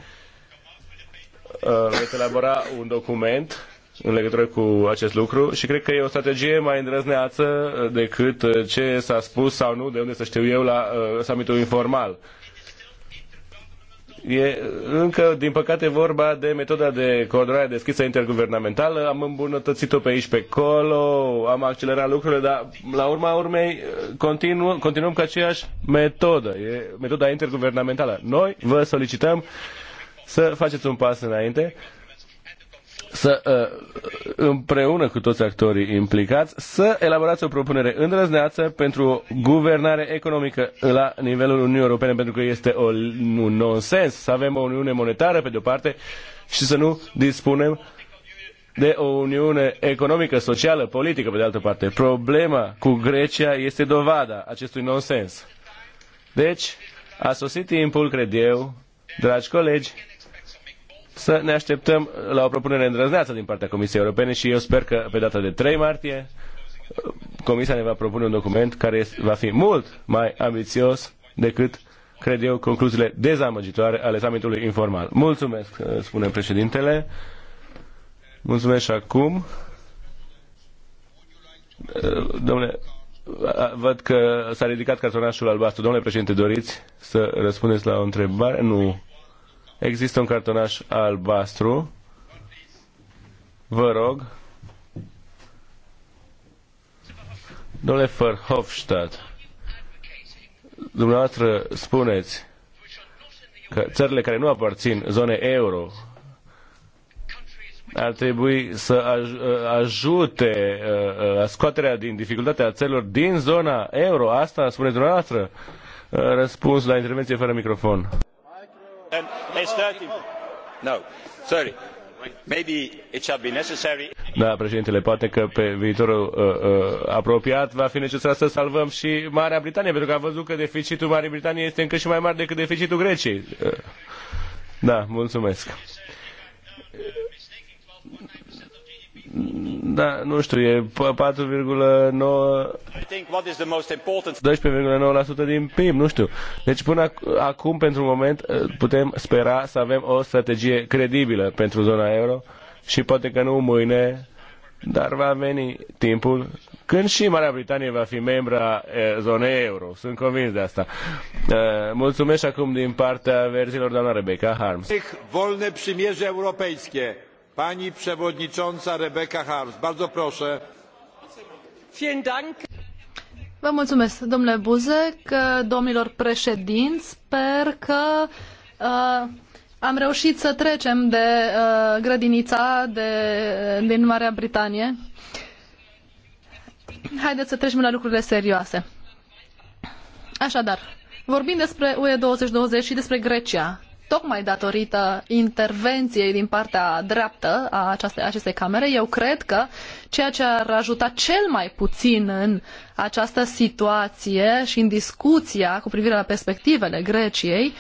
Speaker 3: uh, veți elabora un document în legătură cu acest lucru și cred că e o strategie mai îndrăzneață decât ce s-a spus sau nu, de unde să știu eu, la uh, summitul informal E încă, din păcate, vorba de metoda de coordonare deschisă interguvernamentală. Am îmbunătățit-o pe aici, pe acolo, am accelerat lucrurile, dar la urma urmei continuăm, continuăm cu aceeași metodă. E metoda interguvernamentală. Noi vă solicităm să faceți un pas înainte să uh, împreună cu toți actorii implicați să elaborați o propunere îndrăzneață pentru guvernare economică la nivelul Uniunii Europene, pentru că este o, un nonsens să avem o Uniune monetară pe de-o parte și să nu dispunem de o uniune economică, socială, politică, pe de altă parte. Problema cu Grecia este dovada acestui nonsens. Deci, a sosit timpul, cred eu, dragi colegi, să ne așteptăm la o propunere îndrăzneață din partea Comisiei Europene și eu sper că pe data de 3 martie Comisia ne va propune un document care va fi mult mai ambițios decât, cred eu, concluziile dezamăgitoare ale summitului informal. Mulțumesc, spune președintele. Mulțumesc și acum. Domnule, văd că s-a ridicat cartonașul albastru. Domnule președinte, doriți să răspundeți la o întrebare? Nu. Există un cartonaș albastru. Vă rog. Domnule Verhofstadt, dumneavoastră spuneți că țările care nu aparțin zone euro ar trebui să uh, ajute uh, uh, scoaterea din dificultatea țărilor din zona euro. Asta spuneți dumneavoastră? Răspuns la intervenție fără microfon. Da, președintele, poate că pe viitorul uh, uh, apropiat va fi necesar să salvăm și Marea Britanie, pentru că am văzut că deficitul Marii Britanie este încă și mai mare decât deficitul Greciei. Uh, da, mulțumesc da, nu știu, e 4,9 12,9% din PIB, nu știu. Deci până acum, pentru moment, ă, putem spera să avem o strategie credibilă pentru zona euro și poate că nu mâine, dar va veni timpul când și Marea Britanie va fi membra zonei euro. Sunt convins de asta. Ă, mulțumesc acum din partea verzilor doamna Rebecca Harms.
Speaker 5: Pani przewodnicząca Rebecca Harms, bardzo proszę.
Speaker 1: Vă mulțumesc, domnule Buzek, domnilor președinți. Sper că uh, am reușit să trecem de uh, grădinița de, din Marea Britanie. Haideți să trecem la lucrurile serioase. Așadar, vorbim despre UE 2020 și despre Grecia tocmai datorită intervenției din partea dreaptă a acestei, acestei camere, eu cred că ceea ce ar ajuta cel mai puțin în această situație și în discuția cu privire la perspectivele Greciei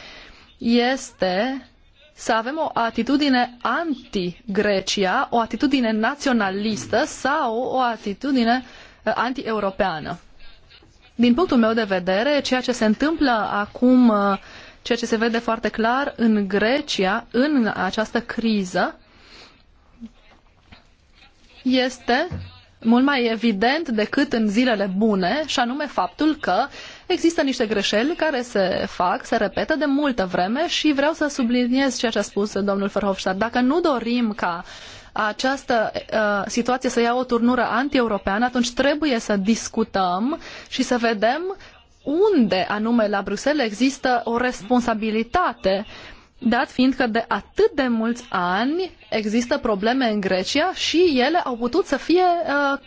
Speaker 1: este să avem o atitudine anti-Grecia, o atitudine naționalistă sau o atitudine uh, anti-europeană. Din punctul meu de vedere, ceea ce se întâmplă acum uh, Ceea ce se vede foarte clar în Grecia, în această criză, este mult mai evident decât în zilele bune, și anume faptul că există niște greșeli care se fac, se repetă de multă vreme și vreau să subliniez ceea ce a spus domnul Verhofstadt. Dacă nu dorim ca această uh, situație să ia o turnură anti-europeană, atunci trebuie să discutăm și să vedem unde anume la Bruxelles există o responsabilitate, dat fiind că de atât de mulți ani există probleme în Grecia și ele au putut să fie uh,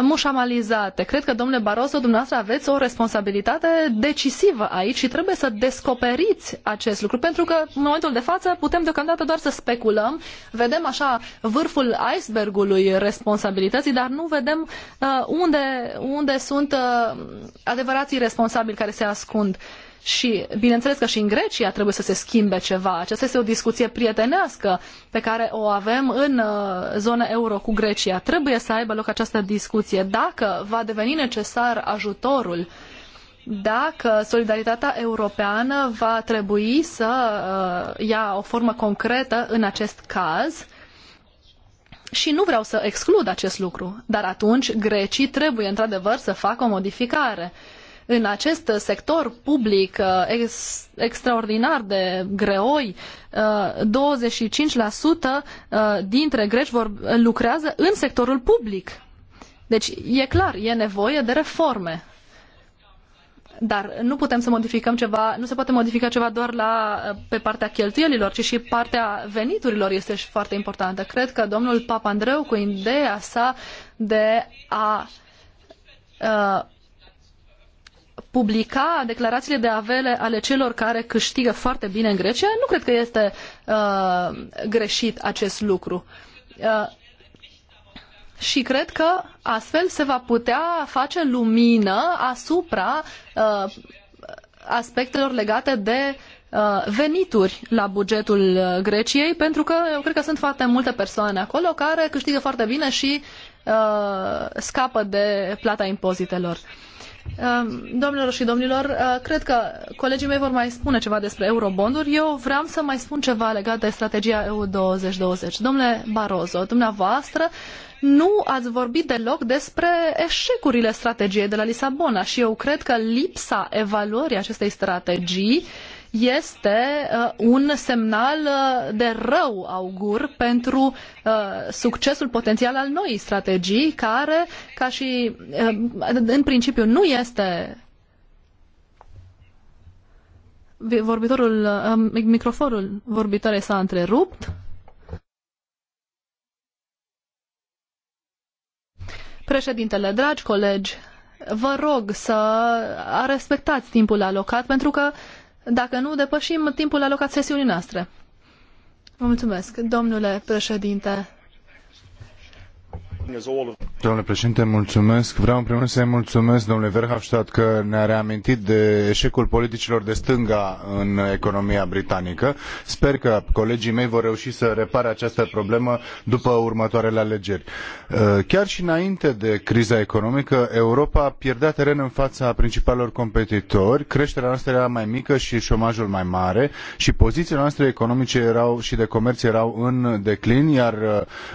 Speaker 1: mușamalizate. Cred că, domnule Barroso, dumneavoastră aveți o responsabilitate decisivă aici și trebuie să descoperiți acest lucru, pentru că în momentul de față putem deocamdată doar să speculăm, vedem așa vârful icebergului responsabilității, dar nu vedem uh, unde, unde sunt uh, adevărații responsabili care se ascund. Uh, și bineînțeles că și în Grecia trebuie să se schimbe ceva. Aceasta este o discuție prietenească pe care o avem în uh, zona euro cu Grecia. Trebuie să aibă loc această discuție. Dacă va deveni necesar ajutorul, dacă solidaritatea europeană va trebui să uh, ia o formă concretă în acest caz, și nu vreau să exclud acest lucru, dar atunci grecii trebuie într-adevăr să facă o modificare. Uh, în acest sector public uh, ex, extraordinar de greoi, 25% uh, uh, dintre greci vor, lucrează în sectorul public. Deci e clar, e nevoie de reforme. Dar nu putem să modificăm ceva, nu se poate modifica ceva doar la, pe partea cheltuielilor, ci și partea veniturilor este și foarte importantă. Cred că domnul Papandreou, cu ideea sa de a uh, publica declarațiile de avere ale celor care câștigă foarte bine în Grecia, nu cred că este uh, greșit acest lucru. Uh, și cred că astfel se va putea face lumină asupra uh, aspectelor legate de uh, venituri la bugetul uh, Greciei, pentru că eu cred că sunt foarte multe persoane acolo care câștigă foarte bine și uh, scapă de plata impozitelor. Uh, Ehm, domnilor și domnilor, eh, cred că colegii mei vor mai spune ceva despre eurobonduri. Eu vreau să mai spun ceva legat de strategia EU 2020. Domnule Barroso, dumneavoastră nu ați vorbit deloc despre eșecurile strategiei de la Lisabona și eu cred că lipsa evaluării acestei strategii uh, este uh, un semnal uh, de rău augur pentru uh, succesul potențial al noii strategii, care, ca și în principiu, nu este vorbitorul, microfonul vorbitoarei s-a întrerupt. Președintele, dragi colegi, vă rog să respectați timpul alocat pentru că uh, dacă nu depășim timpul alocat sesiunii noastre. Vă mulțumesc, domnule președinte.
Speaker 2: Domnule președinte, mulțumesc. Vreau în primul rând să-i mulțumesc, domnule Verhofstadt, că ne-a reamintit de eșecul politicilor de stânga în economia britanică. Sper că colegii mei vor reuși să repare această problemă după următoarele alegeri. Uh, chiar și înainte de criza economică, Europa pierdea teren în fața principalilor competitori, creșterea noastră era mai mică și șomajul mai mare și pozițiile noastre economice erau și de comerț erau în declin, iar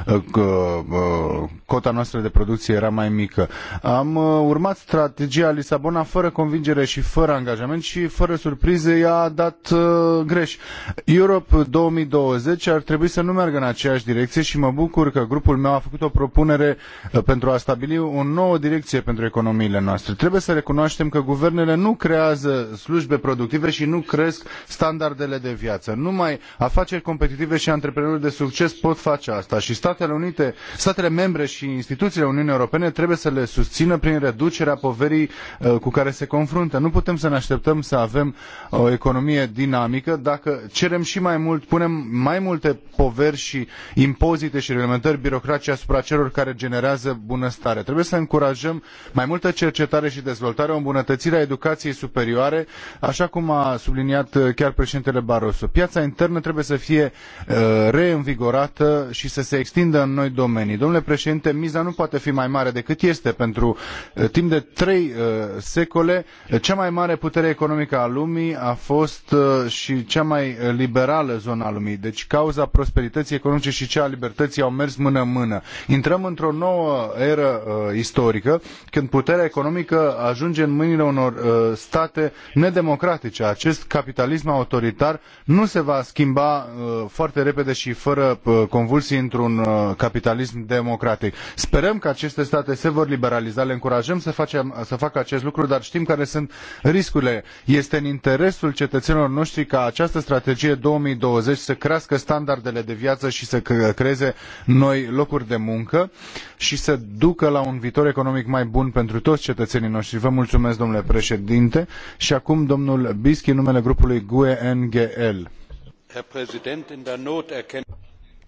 Speaker 2: uh, uh, uh cota noastră de producție era mai mică. Am uh, urmat strategia Lisabona fără convingere și fără angajament și fără surprize i-a dat uh, greș. Europe 2020 ar trebui să nu meargă în aceeași direcție și mă bucur că grupul meu a făcut o propunere uh, pentru a stabili o nouă direcție pentru economiile noastre. Trebuie să recunoaștem că guvernele nu creează slujbe productive și nu cresc standardele de viață. Numai afaceri competitive și antreprenori de succes pot face asta și Statele Unite, statele membre și instituțiile Uniunii Europene trebuie să le susțină prin reducerea poverii uh, cu care se confruntă. Nu putem să ne așteptăm să avem uh, o economie dinamică dacă cerem și mai mult, punem mai multe poveri și impozite și reglementări birocratice asupra celor care generează bunăstare. Trebuie să încurajăm mai multă cercetare și dezvoltare, o îmbunătățire a educației superioare, așa cum a subliniat uh, chiar președintele Barroso. Piața internă trebuie să fie reînvigorată și să se extindă în noi domenii. Domnule președinte, cuvinte, miza nu poate fi mai mare decât este pentru eh, timp de trei eh, secole. Eh, cea mai mare putere economică a lumii a fost și cea mai liberală zona a lumii. Deci cauza prosperității economice și cea a libertății au mers mână în mână. Intrăm într-o nouă eră istorică când puterea economică ajunge în mâinile unor state nedemocratice. Acest capitalism autoritar nu se va schimba foarte repede și fără convulsii într-un capitalism democratic. Sperăm că aceste state se vor liberaliza, le încurajăm să, facem, să facă acest lucru, dar știm care sunt riscurile. Este în interesul cetățenilor noștri ca această strategie 2020 să crească standardele de viață și să creeze noi locuri de muncă și să ducă la un viitor economic mai bun pentru toți cetățenii noștri. Vă mulțumesc, domnule președinte. Și acum domnul Bischi, numele grupului GUE NGL.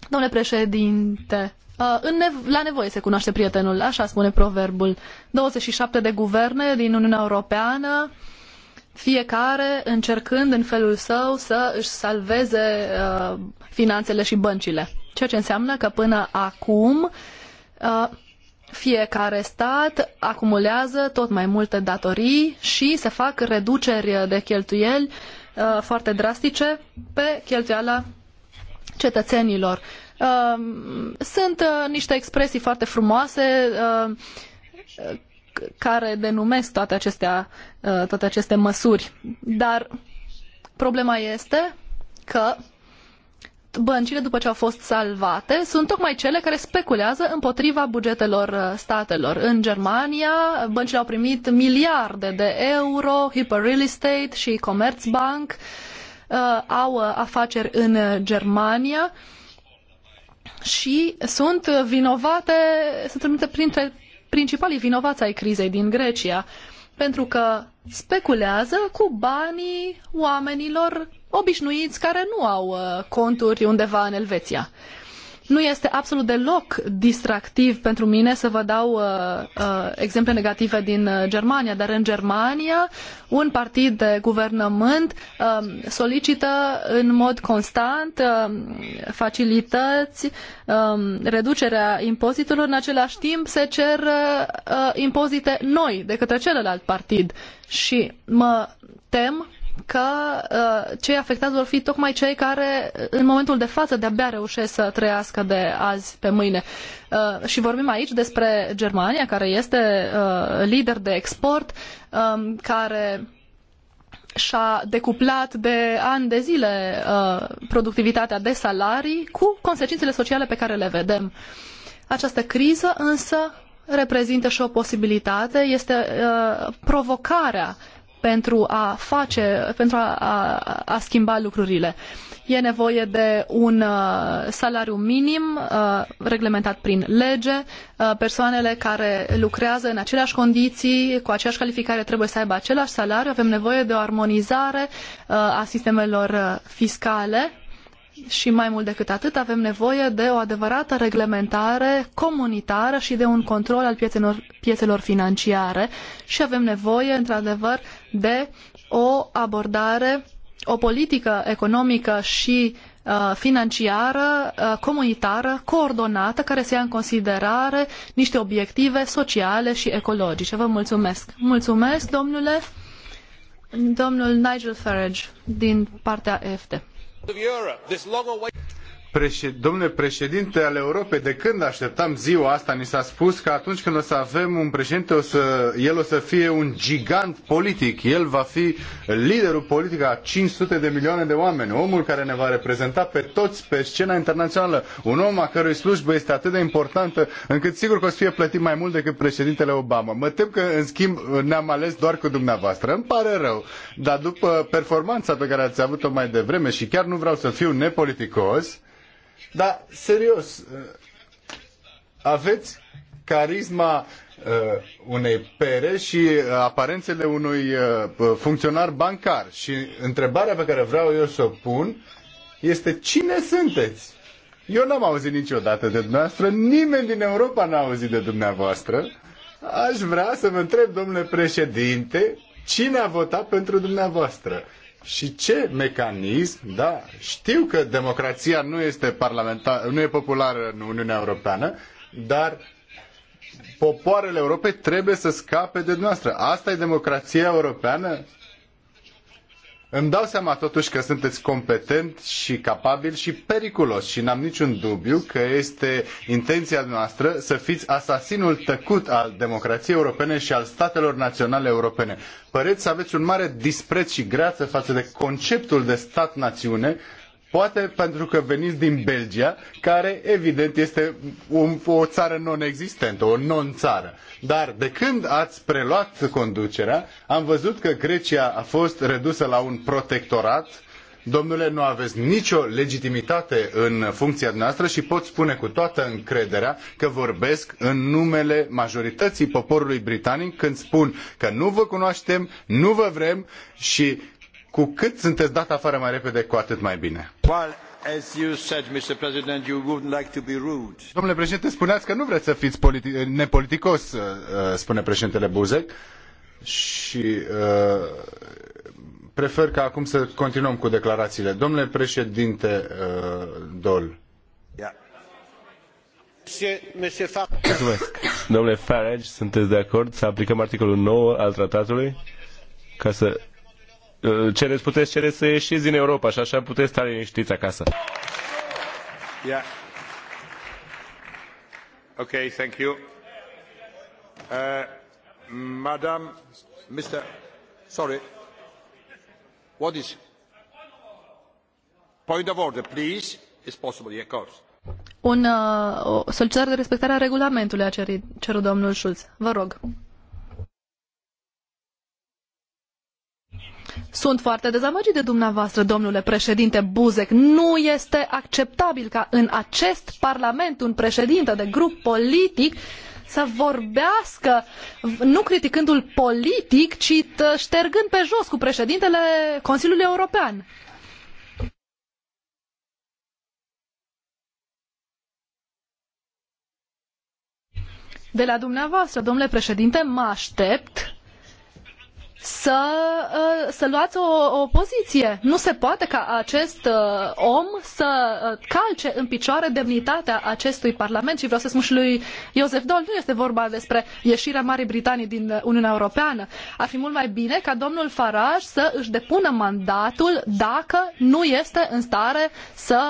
Speaker 1: Domnule președinte, uh, în nev- la nevoie se cunoaște prietenul, așa spune proverbul. 27 de guverne din Uniunea Europeană, fiecare încercând în felul său să își salveze uh, finanțele și băncile. Ceea ce înseamnă că până acum uh, fiecare stat acumulează tot mai multe datorii și se fac reduceri de cheltuieli uh, foarte drastice pe cheltuiala cetățenilor. Ehm, sunt eh, niște expresii foarte frumoase ehm, care denumesc toate, acestea, eh, toate aceste măsuri, dar problema este că băncile, după ce au fost salvate, sunt tocmai cele care speculează împotriva bugetelor eh, statelor. În Germania, băncile au primit miliarde de euro, Hyper Real Estate și Commerzbank. Uh, au uh, afaceri în uh, Germania și sunt vinovate, sunt numite printre principalii vinovați ai crizei din Grecia, pentru că speculează cu banii oamenilor obișnuiți care nu au conturi undeva în Elveția. Nu este absolut deloc distractiv pentru mine să vă dau uh, uh, exemple negative din uh, Germania, dar în Germania un partid de guvernământ um, solicită în mod constant um, facilități, um, reducerea impozitelor, în același timp se cer uh, uh, impozite noi de către celălalt partid. Și mă tem că uh, cei afectați vor fi tocmai cei care în momentul de față de-abia reușesc să trăiască de azi pe mâine. Uh, și vorbim aici despre Germania, care este uh, lider de export, um, care și-a decuplat de ani de zile productivitatea de salarii cu consecințele sociale pe care le vedem. Această criză însă reprezintă și o posibilitate, este provocarea pentru a face, pentru a, a, a schimba lucrurile. E nevoie de un uh, salariu minim uh, reglementat prin lege. Uh, persoanele care lucrează în aceleași condiții, cu aceeași calificare, trebuie să aibă același salariu. Avem nevoie de o armonizare uh, a sistemelor uh, fiscale și mai mult decât atât, avem nevoie de o adevărată reglementare comunitară și de un control al piețelor, piețelor financiare și avem nevoie, într-adevăr, de o abordare, o politică economică și uh, financiară, uh, comunitară, coordonată, care să ia în considerare niște obiective sociale și ecologice. Vă mulțumesc. Mulțumesc, domnule. Domnul Nigel Farage, din partea EFT
Speaker 2: of Europe, this long awaited președ... domnule președinte al Europei, de când așteptam ziua asta, ni s-a spus că atunci când o să avem un președinte, o să... el o să fie un gigant politic. El va fi liderul politic a 500 de milioane de oameni, omul care ne va reprezenta pe toți pe scena internațională, un om a cărui slujbă este atât de importantă, încât sigur că o să fie plătit mai mult decât președintele Obama. Mă tem că, în schimb, ne-am ales doar cu dumneavoastră. Îmi pare rău, dar după performanța pe care ați avut-o mai devreme și chiar nu vreau să fiu nepoliticos, dar, serios, uh, aveți carisma uh, unei pere și uh, aparențele unui uh, funcționar bancar. Și întrebarea pe care vreau eu să o pun este cine sunteți? Eu n-am auzit niciodată de dumneavoastră, nimeni din Europa n-a auzit de dumneavoastră. Aș vrea să vă întreb, domnule președinte, cine a votat pentru dumneavoastră? și ce mecanism, da, știu că democrația nu este, nu e populară în Uniunea Europeană, dar popoarele Europei trebuie să scape de noastră. Asta e democrația europeană? Îmi dau seama totuși că sunteți competent și capabil și periculos și n-am niciun dubiu că este intenția noastră să fiți asasinul tăcut al democrației europene și al statelor naționale europene. Păreți să aveți un mare dispreț și greață față de conceptul de stat-națiune Poate pentru că veniți din Belgia, care evident este un, o țară non-existentă, o non-țară. Dar de când ați preluat conducerea, am văzut că Grecia a fost redusă la un protectorat. Domnule, nu aveți nicio legitimitate în funcția noastră și pot spune cu toată încrederea că vorbesc în numele majorității poporului britanic când spun că nu vă cunoaștem, nu vă vrem și cu cât sunteți dat afară mai repede, cu atât mai bine. Domnule președinte, spuneați că nu vreți să fiți politi- nepoliticos, uh, uh, spune președintele Buzek, și uh, prefer ca acum să continuăm cu declarațiile. Domnule președinte uh, Dol.
Speaker 3: Domnule Farage, sunteți de acord să aplicăm articolul 9 al tratatului ca să Eh, cereți, puteți cere să ieșiți din Europa și așa puteți sta liniștiți acasă. Yeah. Ok, thank you. Uh, eh,
Speaker 2: Madam, Mr. Sorry. What is point of order, please? It's possible, yeah, of course.
Speaker 1: Un, uh, solicitare de respectare a regulamentului a cerut domnul Schulz. Vă rog. Sunt foarte dezamăgit de dumneavoastră, domnule președinte Buzek. Nu este acceptabil ca în acest parlament un președinte de grup politic să vorbească, nu criticându-l politic, ci ștergând pe jos cu președintele Consiliului European. De la dumneavoastră, domnule președinte, mă aștept să, uh, să luați o, o poziție. Nu se poate ca acest uh, om să uh, calce în picioare demnitatea acestui Parlament și vreau să spun și lui Iosef Dol, nu este vorba despre ieșirea Marii Britanii din Uniunea Europeană. Ar fi mult mai bine ca domnul Farage să își depună mandatul dacă nu este în stare să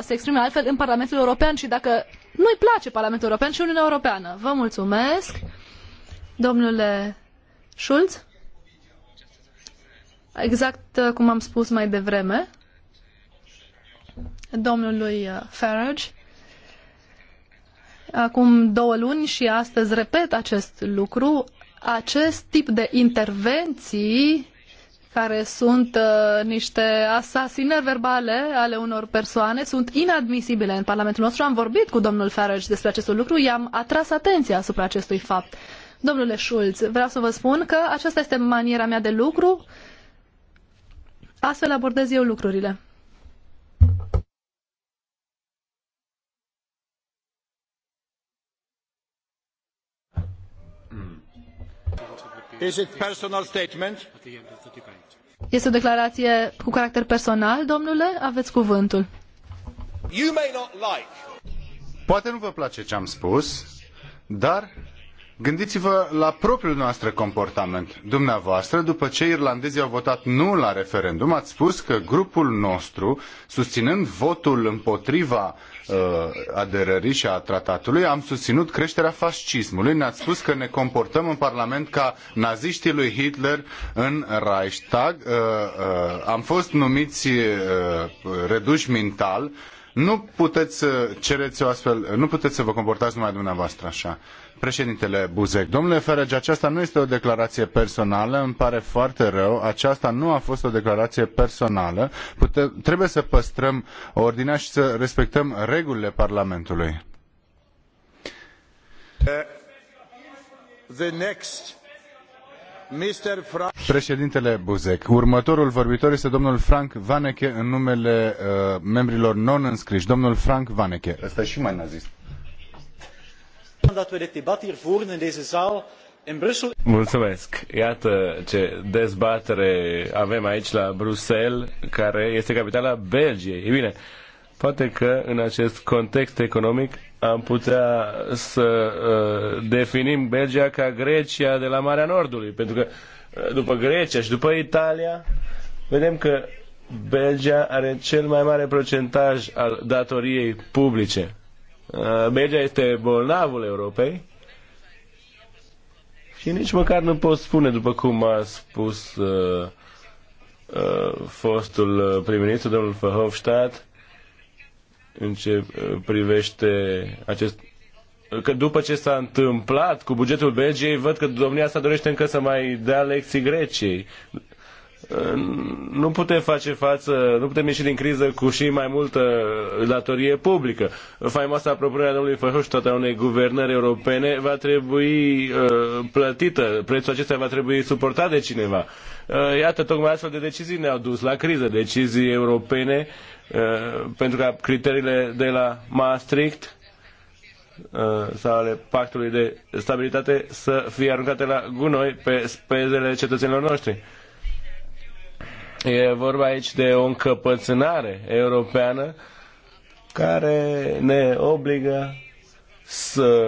Speaker 1: se exprime altfel în Parlamentul European și dacă nu-i place Parlamentul European și Uniunea Europeană. Vă mulțumesc, domnule Schulz exact uh, cum am spus mai devreme, domnului uh, Farage, acum două luni și astăzi repet acest lucru, acest tip de intervenții care sunt uh, niște asasinări verbale ale unor persoane, sunt inadmisibile în Parlamentul nostru. Am vorbit cu domnul Farage despre acest lucru, i-am atras atenția asupra acestui fapt. Domnule Schulz, vreau să vă spun că aceasta este maniera mea de lucru, Astfel abordez eu lucrurile.
Speaker 4: Is it personal statement?
Speaker 1: Este o declarație cu caracter personal, domnule? Aveți cuvântul.
Speaker 5: You may not like.
Speaker 2: Poate nu vă place ce am spus, dar Gândiți-vă la propriul noastră comportament. Dumneavoastră, după ce irlandezii au votat nu la referendum, ați spus că grupul nostru, susținând votul împotriva uh, aderării și a tratatului, am susținut creșterea fascismului. Ne-ați spus că ne comportăm în Parlament ca naziștii lui Hitler în Reichstag. Uh, uh, am fost numiți uh, reduși mental. Nu puteți, cereți o astfel, nu puteți să vă comportați numai dumneavoastră așa. Președintele Buzek, domnule Ferege, aceasta nu este o declarație personală, îmi pare foarte rău, aceasta nu a fost o declarație personală, Pute trebuie să păstrăm ordinea și să respectăm regulile Parlamentului. The next. Președintele Buzek, următorul vorbitor este domnul Frank Vaneke în numele uh, membrilor non înscriși. Domnul Frank Vaneke,
Speaker 3: Asta și mai nazist. Mulțumesc. Iată ce dezbatere avem aici la Bruxelles, care este capitala Belgiei. E bine, poate că în acest context economic am putea să uh, definim Belgia ca Grecia de la Marea Nordului, pentru că uh, după Grecia și după Italia, vedem că Belgia are cel mai mare procentaj al datoriei publice. Uh, Belgia este bolnavul Europei și nici măcar nu pot spune, după cum a spus uh, uh, fostul uh, prim-ministru, domnul Verhofstadt, în ce uh, privește acest că după ce s-a întâmplat cu bugetul Belgiei, văd că domnia asta dorește încă să mai dea lecții Greciei nu putem face față, nu putem ieși din criză cu și mai multă datorie publică. Faimoasa propunere a domnului Verhofstadt a unei guvernări europene va trebui uh, plătită, prețul acesta va trebui suportat de cineva. Uh, iată, tocmai astfel de decizii ne-au dus la criză, decizii europene, uh, pentru că criteriile de la Maastricht uh, sau ale pactului de stabilitate să fie aruncate la gunoi pe spezele cetățenilor noștri E vorba aici de o încăpățânare europeană care ne obligă să,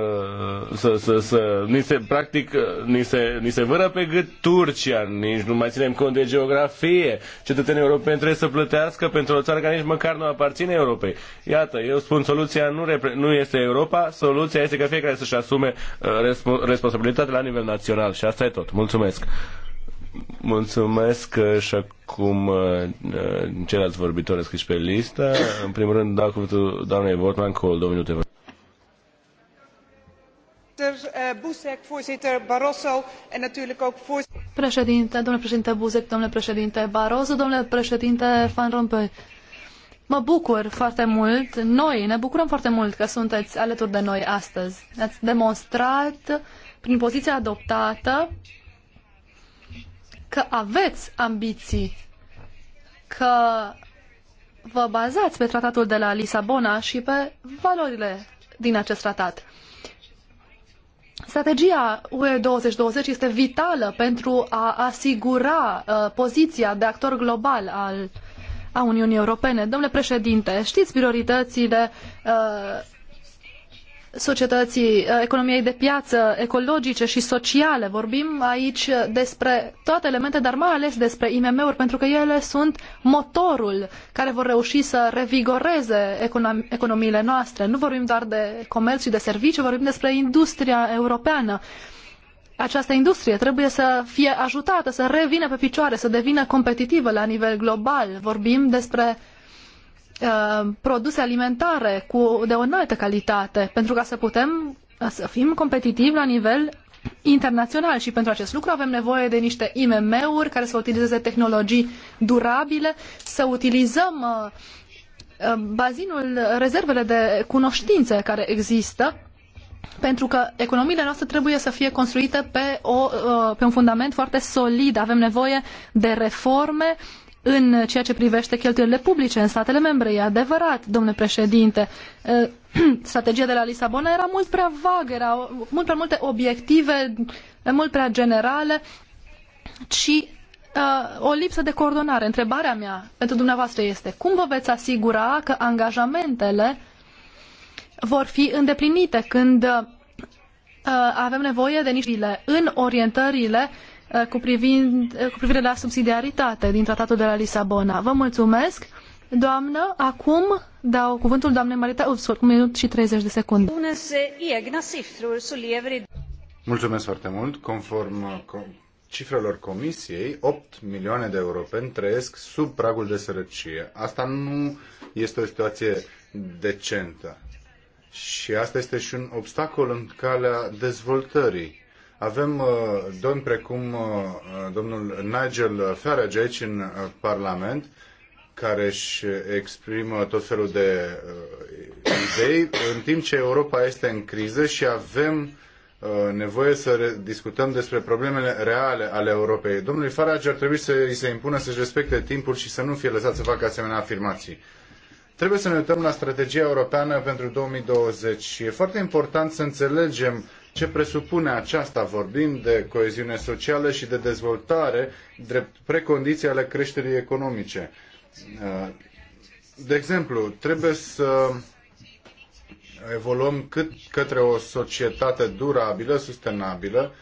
Speaker 3: să, să, să ni se, practic, ni se, ni se vără pe gât Turcia, nici nu mai ținem cont de geografie. Cetățenii europeni trebuie să plătească pentru o țară care nici măcar nu aparține Europei. Iată, eu spun soluția nu, nu este Europa, soluția este ca fiecare să-și asume uh, responsabilitatea la nivel național. Și asta e tot. Mulțumesc. Mulțumesc și acum uh, uh, ceilalți vorbitori scris pe listă. În primul rând, dau cuvântul doamnei Votman cu două minute.
Speaker 1: Uh, președinte, domnule președinte Buzek, domnule președinte Barroso, domnule președinte Van Rompuy, mă bucur foarte mult, noi ne bucurăm foarte mult că sunteți alături de noi astăzi. Ați demonstrat prin poziția adoptată că aveți ambiții, că vă bazați pe tratatul de la Lisabona și pe valorile din acest tratat. Strategia UE 2020 este vitală pentru a asigura uh, poziția de actor global al, a Uniunii Europene. Domnule președinte, știți prioritățile uh, societății, uh, economiei de piață, ecologice și sociale. Vorbim aici despre toate elemente, dar mai ales despre IMM-uri, pentru că ele sunt motorul care vor reuși să revigoreze economiile noastre. Nu vorbim doar de comerț și de servicii, vorbim despre industria europeană. Această industrie trebuie să fie ajutată să revină pe picioare, să devină competitivă la nivel global. Vorbim despre Uh, produse alimentare cu, de o înaltă calitate, pentru ca să putem uh, să fim competitivi la nivel internațional și pentru acest lucru avem nevoie de niște IMM-uri care să utilizeze tehnologii durabile, să utilizăm uh, bazinul, rezervele de cunoștințe care există, pentru că economiile noastre trebuie să fie construite pe, o, pe un fundament foarte solid. Avem nevoie de reforme în ceea ce privește cheltuielile publice în statele membre. E adevărat, domnule președinte. Eh, strategia de la Lisabona era mult prea vagă, era mult prea multe obiective, mult prea generale și eh, o lipsă de coordonare. Întrebarea mea pentru dumneavoastră este cum vă veți asigura că angajamentele vor fi îndeplinite când eh, avem nevoie de niște în orientările uh, Uh, cu, privind, uh, cu privire la subsidiaritate din Tratatul de la Lisabona. Vă mulțumesc! Doamnă, acum dau cuvântul doamnei Marita Ulfskog, un minut și 30 de secunde.
Speaker 2: Mulțumesc foarte mult. Conform cifrelor comisiei, 8 milioane de europeni trăiesc sub pragul de sărăcie. Asta nu este o situație decentă. Și asta este și un obstacol în calea dezvoltării avem uh, domn precum uh, domnul Nigel Farage aici în uh, Parlament, care își exprimă tot felul de idei, în timp ce Europa este în criză și avem nevoie să discutăm despre problemele reale ale Europei. Domnului Farage ar trebui să îi se impună să-și respecte timpul și să nu fie lăsat să facă asemenea afirmații. Trebuie să ne uităm la strategia europeană pentru 2020 și e foarte important să înțelegem ce presupune aceasta? Vorbim de coeziune socială și de dezvoltare drept precondiții ale creșterii economice. De exemplu, trebuie să evoluăm cât către o societate durabilă, sustenabilă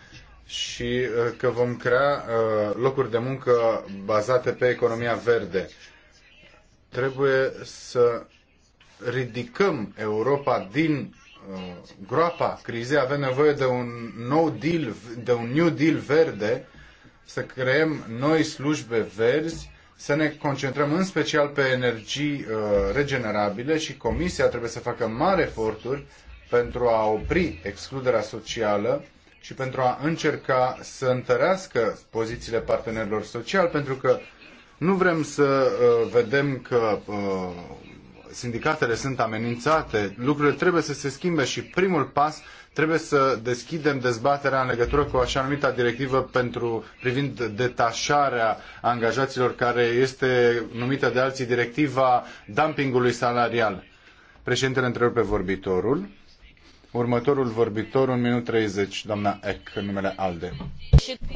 Speaker 2: și uh, că vom crea uh, locuri de muncă bazate pe economia verde. Trebuie să ridicăm Europa din Uh, groapa crizei, avem nevoie de un nou deal, de un new deal verde, să creăm noi slujbe verzi, să ne concentrăm în special pe energii uh, regenerabile și Comisia trebuie să facă mari eforturi pentru a opri excluderea socială și pentru a încerca să întărească pozițiile partenerilor sociali, pentru că nu vrem să uh, vedem că sindicatele sunt amenințate, lucrurile trebuie să se schimbe și primul pas trebuie să deschidem dezbaterea în legătură cu așa numita directivă pentru privind detașarea angajaților care este numită de alții directiva dumpingului salarial. Președintele întrerupe vorbitorul. Următorul vorbitor, un minut 30, doamna Eck, în numele ALDE.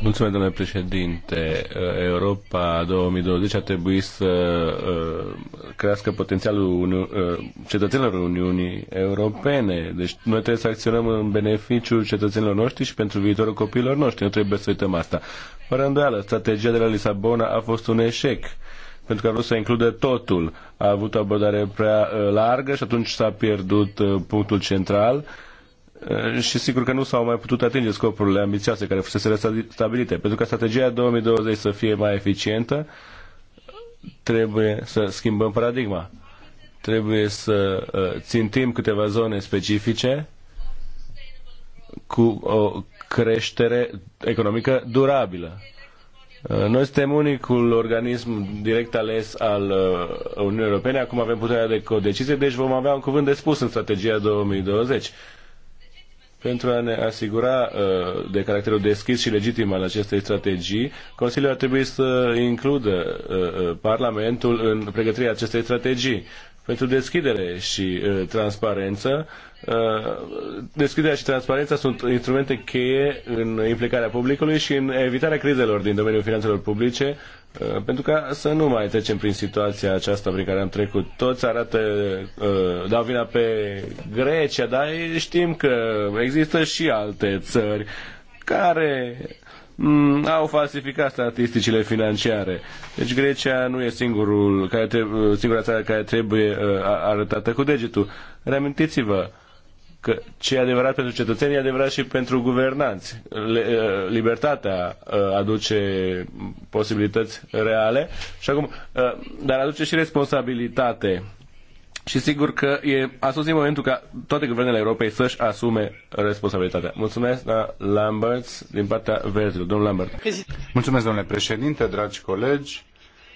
Speaker 3: Mulțumesc, domnule președinte. Europa 2020 a trebuit să uh, crească potențialul uh, cetățenilor Uniunii Europene. Deci noi trebuie să acționăm în beneficiul cetățenilor noștri și pentru viitorul copiilor noștri. Nu trebuie să uităm asta. Fără îndoială, strategia de la Lisabona a fost un eșec pentru că a vrut să includă totul. A avut o abordare prea uh, largă și atunci s-a pierdut punctul central Eh, și sigur că nu s-au mai putut atinge scopurile ambițioase care fusese stabilite. Pentru ca strategia 2020 să fie mai eficientă, trebuie să schimbăm paradigma. Trebuie să eh, țintim câteva zone specifice cu o creștere economică durabilă. Eh, noi suntem unicul organism direct ales al Uniunii Europene, acum avem puterea de decizie, deci vom avea un cuvânt de spus în strategia 2020. Pentru a ne asigura uh, de caracterul deschis și legitim al acestei strategii, Consiliul ar trebui să includă uh, uh, Parlamentul în pregătirea acestei strategii. Pentru deschidere și transparență, Uh, deschiderea și transparența sunt instrumente cheie în implicarea publicului și în evitarea crizelor din domeniul finanțelor publice, uh, pentru ca să nu mai trecem prin situația aceasta prin care am trecut. Toți arată, uh, dau vina pe Grecia, dar știm că există și alte țări care mm, au falsificat statisticile financiare. Deci Grecia nu e singurul care trebuie, singura țară care trebuie arătată cu degetul. Reamintiți-vă, că ce e adevărat pentru cetățeni e adevărat și pentru guvernanți. Uh, libertatea uh, aduce posibilități reale și acum, uh, dar aduce și responsabilitate. Și sigur că e, a sosit momentul ca toate guvernele Europei să-și asume responsabilitatea. Mulțumesc la da, Lamberts din partea verzilor. Domnul Lambert. Mulțumesc, domnule președinte, dragi colegi.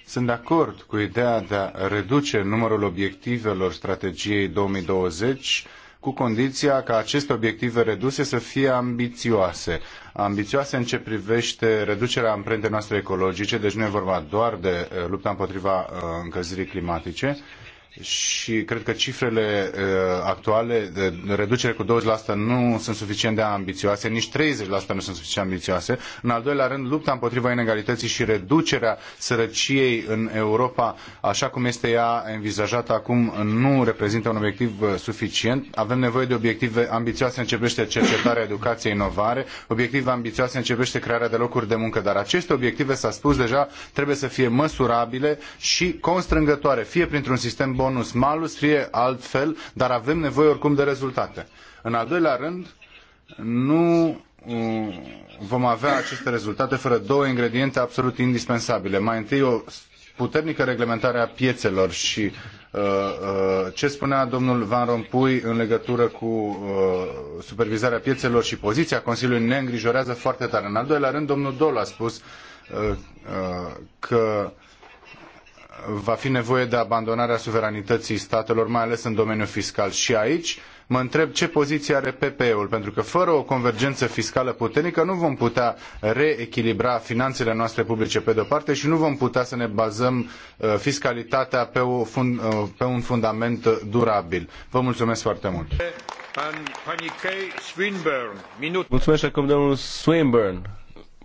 Speaker 3: Sunt de acord
Speaker 2: cu ideea de a reduce numărul obiectivelor strategiei 2020 cu condiția ca aceste obiective reduse să fie ambițioase. Ambițioase în ce privește reducerea amprentei noastre ecologice, deci nu e vorba doar de eh, lupta împotriva eh, încălzirii climatice, și cred că cifrele uh, actuale de reducere cu 20% nu sunt suficient de ambițioase, nici 30% nu sunt suficient de ambițioase. În al doilea rând, lupta împotriva inegalității și reducerea sărăciei în Europa, așa cum este ea envizajată acum, nu reprezintă un obiectiv uh, suficient. Avem nevoie de obiective ambițioase în ce privește cercetarea, educație, inovare, obiective ambițioase în ce privește crearea de locuri de muncă, dar aceste obiective, s-a spus deja, trebuie să fie măsurabile și constrângătoare, fie printr-un sistem bonus malus, fie altfel, dar avem nevoie oricum de rezultate. În al doilea rând, nu uh, vom avea aceste rezultate fără două ingrediente absolut indispensabile. Mai întâi o puternică reglementare a piețelor și uh, uh, ce spunea domnul Van Rompuy în legătură cu uh, supervizarea piețelor și poziția Consiliului ne îngrijorează foarte tare. În al doilea rând, domnul Dol a spus uh, uh, că va fi nevoie de abandonarea suveranității statelor, mai ales în domeniul fiscal. Și aici mă întreb ce poziție are PPE-ul, pentru că fără o convergență fiscală puternică nu vom putea reechilibra finanțele noastre publice pe de-o parte și nu vom putea să ne bazăm uh, fiscalitatea pe, fund, uh, pe un fundament durabil. Vă mulțumesc foarte mult!
Speaker 3: Mulțumesc acum domnul Swinburne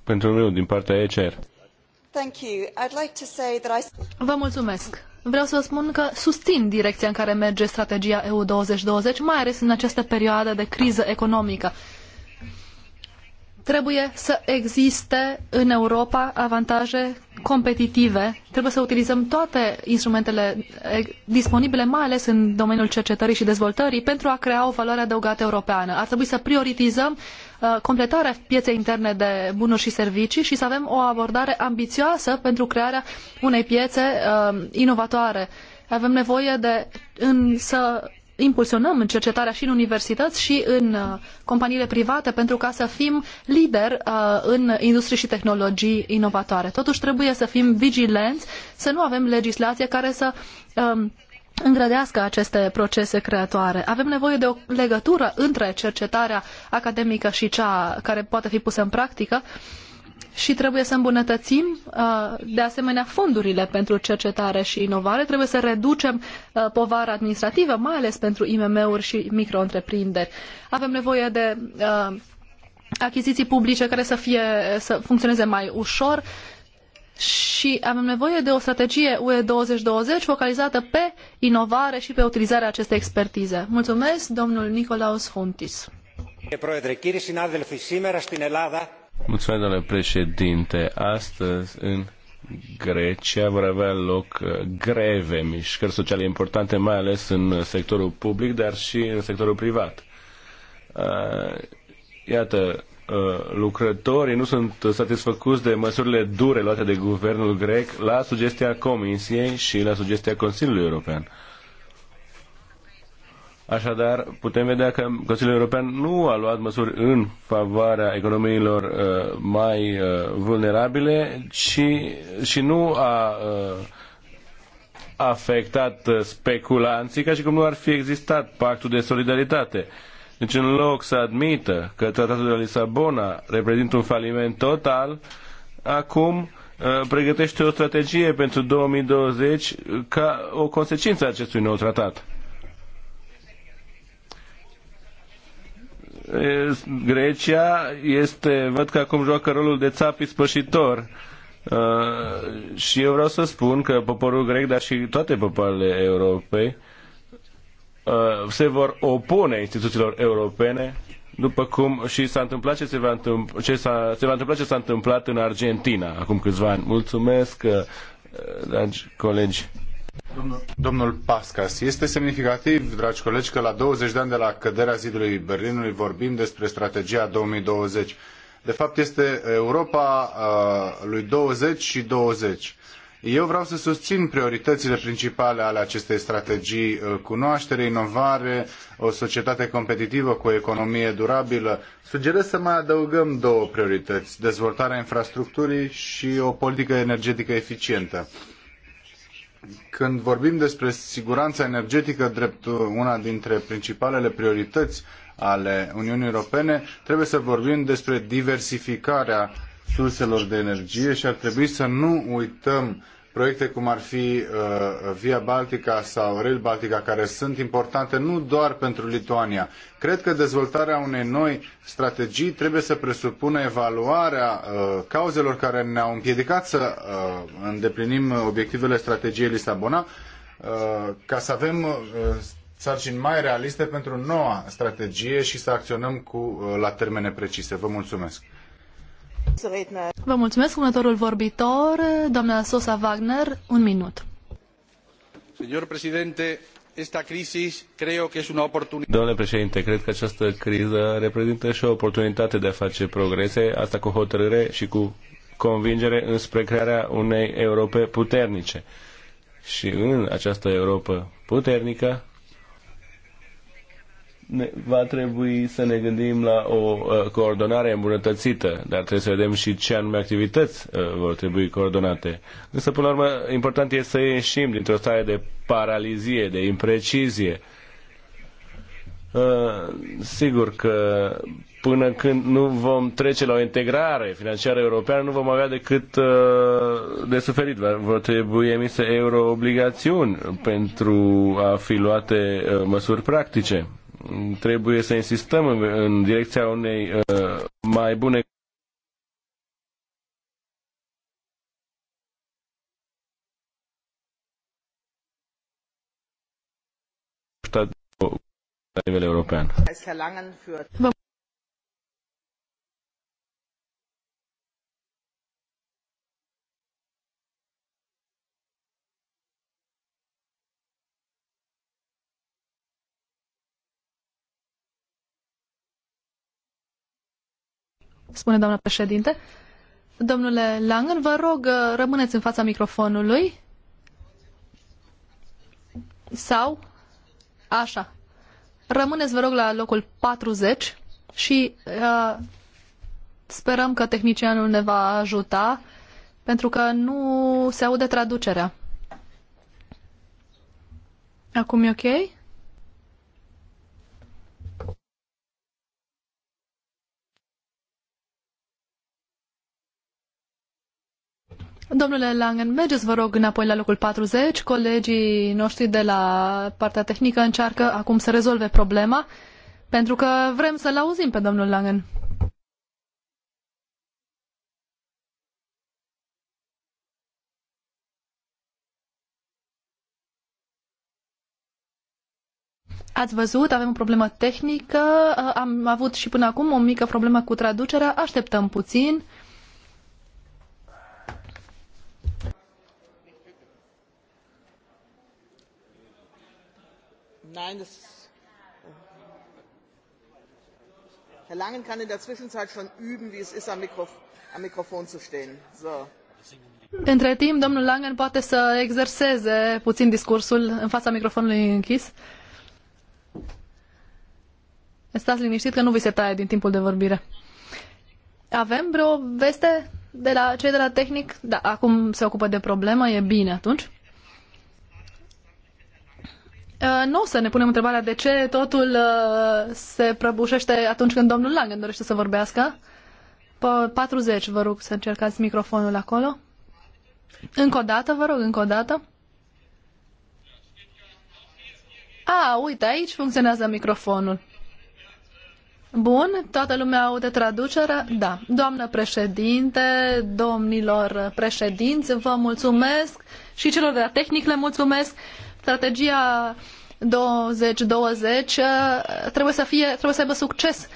Speaker 3: pentru meu din partea ECR.
Speaker 4: Vă
Speaker 1: mulțumesc. Vreau să vă spun că susțin direcția în care merge strategia EU 2020, mai ales în această perioadă de criză economică. Trebuie să existe în Europa avantaje competitive. Trebuie să utilizăm toate instrumentele eh, disponibile, mai ales în domeniul cercetării și dezvoltării, pentru a crea o valoare adăugată europeană. Ar trebui să prioritizăm uh, Uh, completarea pieței interne de bunuri și servicii și să avem o abordare ambițioasă pentru crearea unei piețe uh, inovatoare. Avem nevoie de în, să impulsionăm în cercetarea și în universități și în uh, companiile private pentru ca să fim lideri în industrie și tehnologii inovatoare. Totuși trebuie să fim vigilenți, să nu avem legislație care să um, îngrădească aceste procese creatoare. Avem nevoie de o legătură între cercetarea academică și cea care poate fi pusă în practică și trebuie să îmbunătățim uh, de asemenea fondurile pentru cercetare și inovare, trebuie să reducem uh, povara administrativă, mai ales pentru IMM-uri și micro-întreprinderi. Avem nevoie de uh, achiziții publice care să, fie, să funcționeze mai ușor, și avem nevoie de o strategie UE 2020 focalizată pe inovare și pe utilizarea acestei expertize. Mulțumesc, domnul Nicolaus Huntis.
Speaker 3: Mulțumesc, domnule președinte. Astăzi, în Grecia vor avea loc uh, greve, mișcări sociale importante, mai ales în sectorul public, dar și în sectorul privat. Uh, iată, Uh, lucrătorii nu sunt satisfăcuți de măsurile dure luate de guvernul grec la sugestia Comisiei și la sugestia Consiliului European. Așadar, putem vedea că Consiliul European nu a luat măsuri în favoarea economiilor uh, mai uh, vulnerabile și, și nu a uh, afectat uh, speculanții ca și cum nu ar fi existat pactul de solidaritate. Uh, deci în loc să admită că tratatul de Lisabona reprezintă un faliment total, acum uh, pregătește o strategie pentru 2020 ca o consecință a acestui nou tratat. Grecia este, văd că acum joacă rolul de țap ispășitor. Uh, și eu vreau să spun că poporul grec, dar și toate popoarele Europei, Uh, se vor opune instituțiilor europene, după cum și s-a întâmplat ce se va întâmpla ce, s-a, se va întâmpla ce s-a întâmplat în Argentina acum câțiva ani. Mulțumesc, uh, dragi colegi. Domnul, Pascas, este semnificativ, dragi colegi, că la 20 de ani de la
Speaker 2: căderea zidului Berlinului vorbim despre strategia 2020. De fapt, este Europa uh, lui 20 și 20. Eu vreau să susțin prioritățile principale ale acestei strategii, uh, cunoaștere, inovare, o societate competitivă cu o economie durabilă. Sugerez să mai adăugăm două priorități, dezvoltarea infrastructurii și o politică energetică eficientă. Când vorbim despre siguranța energetică drept uh, una dintre principalele priorități ale Uniunii Europene, trebuie să vorbim despre diversificarea surselor de energie și ar trebui să nu uităm proiecte cum ar fi uh, Via Baltica sau Rail Baltica, care sunt importante nu doar pentru Lituania. Cred că dezvoltarea unei noi strategii trebuie să presupună evaluarea uh, cauzelor care ne-au împiedicat să uh, îndeplinim obiectivele strategiei Lisabona, ca să avem sarcini mai realiste pentru noua strategie și să acționăm cu, la termene precise. Vă mulțumesc!
Speaker 1: Vă mulțumesc. Următorul vorbitor, doamna Sosa Wagner, un minut.
Speaker 5: Domnule președinte,
Speaker 3: cred că această criză reprezintă și o oportunitate de a face progrese, asta cu hotărâre și cu convingere înspre crearea unei Europe puternice. Și în această Europa puternică, ne, va trebui să ne gândim la o uh, coordonare îmbunătățită, dar trebuie să vedem și ce anume activități uh, vor trebui coordonate. Însă, până la urmă, important este să ieșim dintr-o stare de paralizie, de imprecizie. Uh, sigur că până când nu vom trece la o integrare financiară europeană, nu vom avea decât uh, de suferit. Vor trebui emise euro-obligațiuni pentru a fi luate uh, măsuri practice trebuie să insistăm în, în direcția unei uh, mai bune la nivel european.
Speaker 5: Vă
Speaker 1: spune doamna președinte. Domnule Langen, vă rog, uh, rămâneți în fața microfonului. Sau, așa, rămâneți, vă rog, la locul 40 și uh, sperăm că tehnicianul ne va ajuta, pentru că nu se aude traducerea. Acum e ok? Domnule Langen, mergeți, vă rog, înapoi la locul 40. Colegii noștri de la partea tehnică încearcă acum să rezolve problema, pentru că vrem să-l auzim pe domnul Langen. Ați văzut, avem o problemă tehnică, am avut și până acum o mică problemă cu traducerea, așteptăm puțin.
Speaker 5: Nein, das. Äh, Herr Langen kann in der Zwischenzeit schon üben, wie es ist, am, Mikrof am Mikrofon zu stehen. So.
Speaker 1: Între timp, domnul Langen poate să exerseze puțin discursul în fața microfonului închis. Stați liniștit că nu vi se taie din timpul de vorbire. Avem vreo veste de la cei de la tehnic? Da, acum se ocupă de problemă, e bine atunci. Uh, nu o să ne punem întrebarea de ce totul uh, se prăbușește atunci când domnul Langen dorește să vorbească. Pe 40, vă rog să încercați microfonul acolo. Încă o dată, vă rog, încă o dată. A, uite, aici funcționează microfonul. Bun, toată lumea aude traducerea? Da. Doamnă președinte, domnilor președinți, vă mulțumesc și celor de la tehnic le mulțumesc strategia 2020 uh, trebuie să fie, trebuie să aibă succes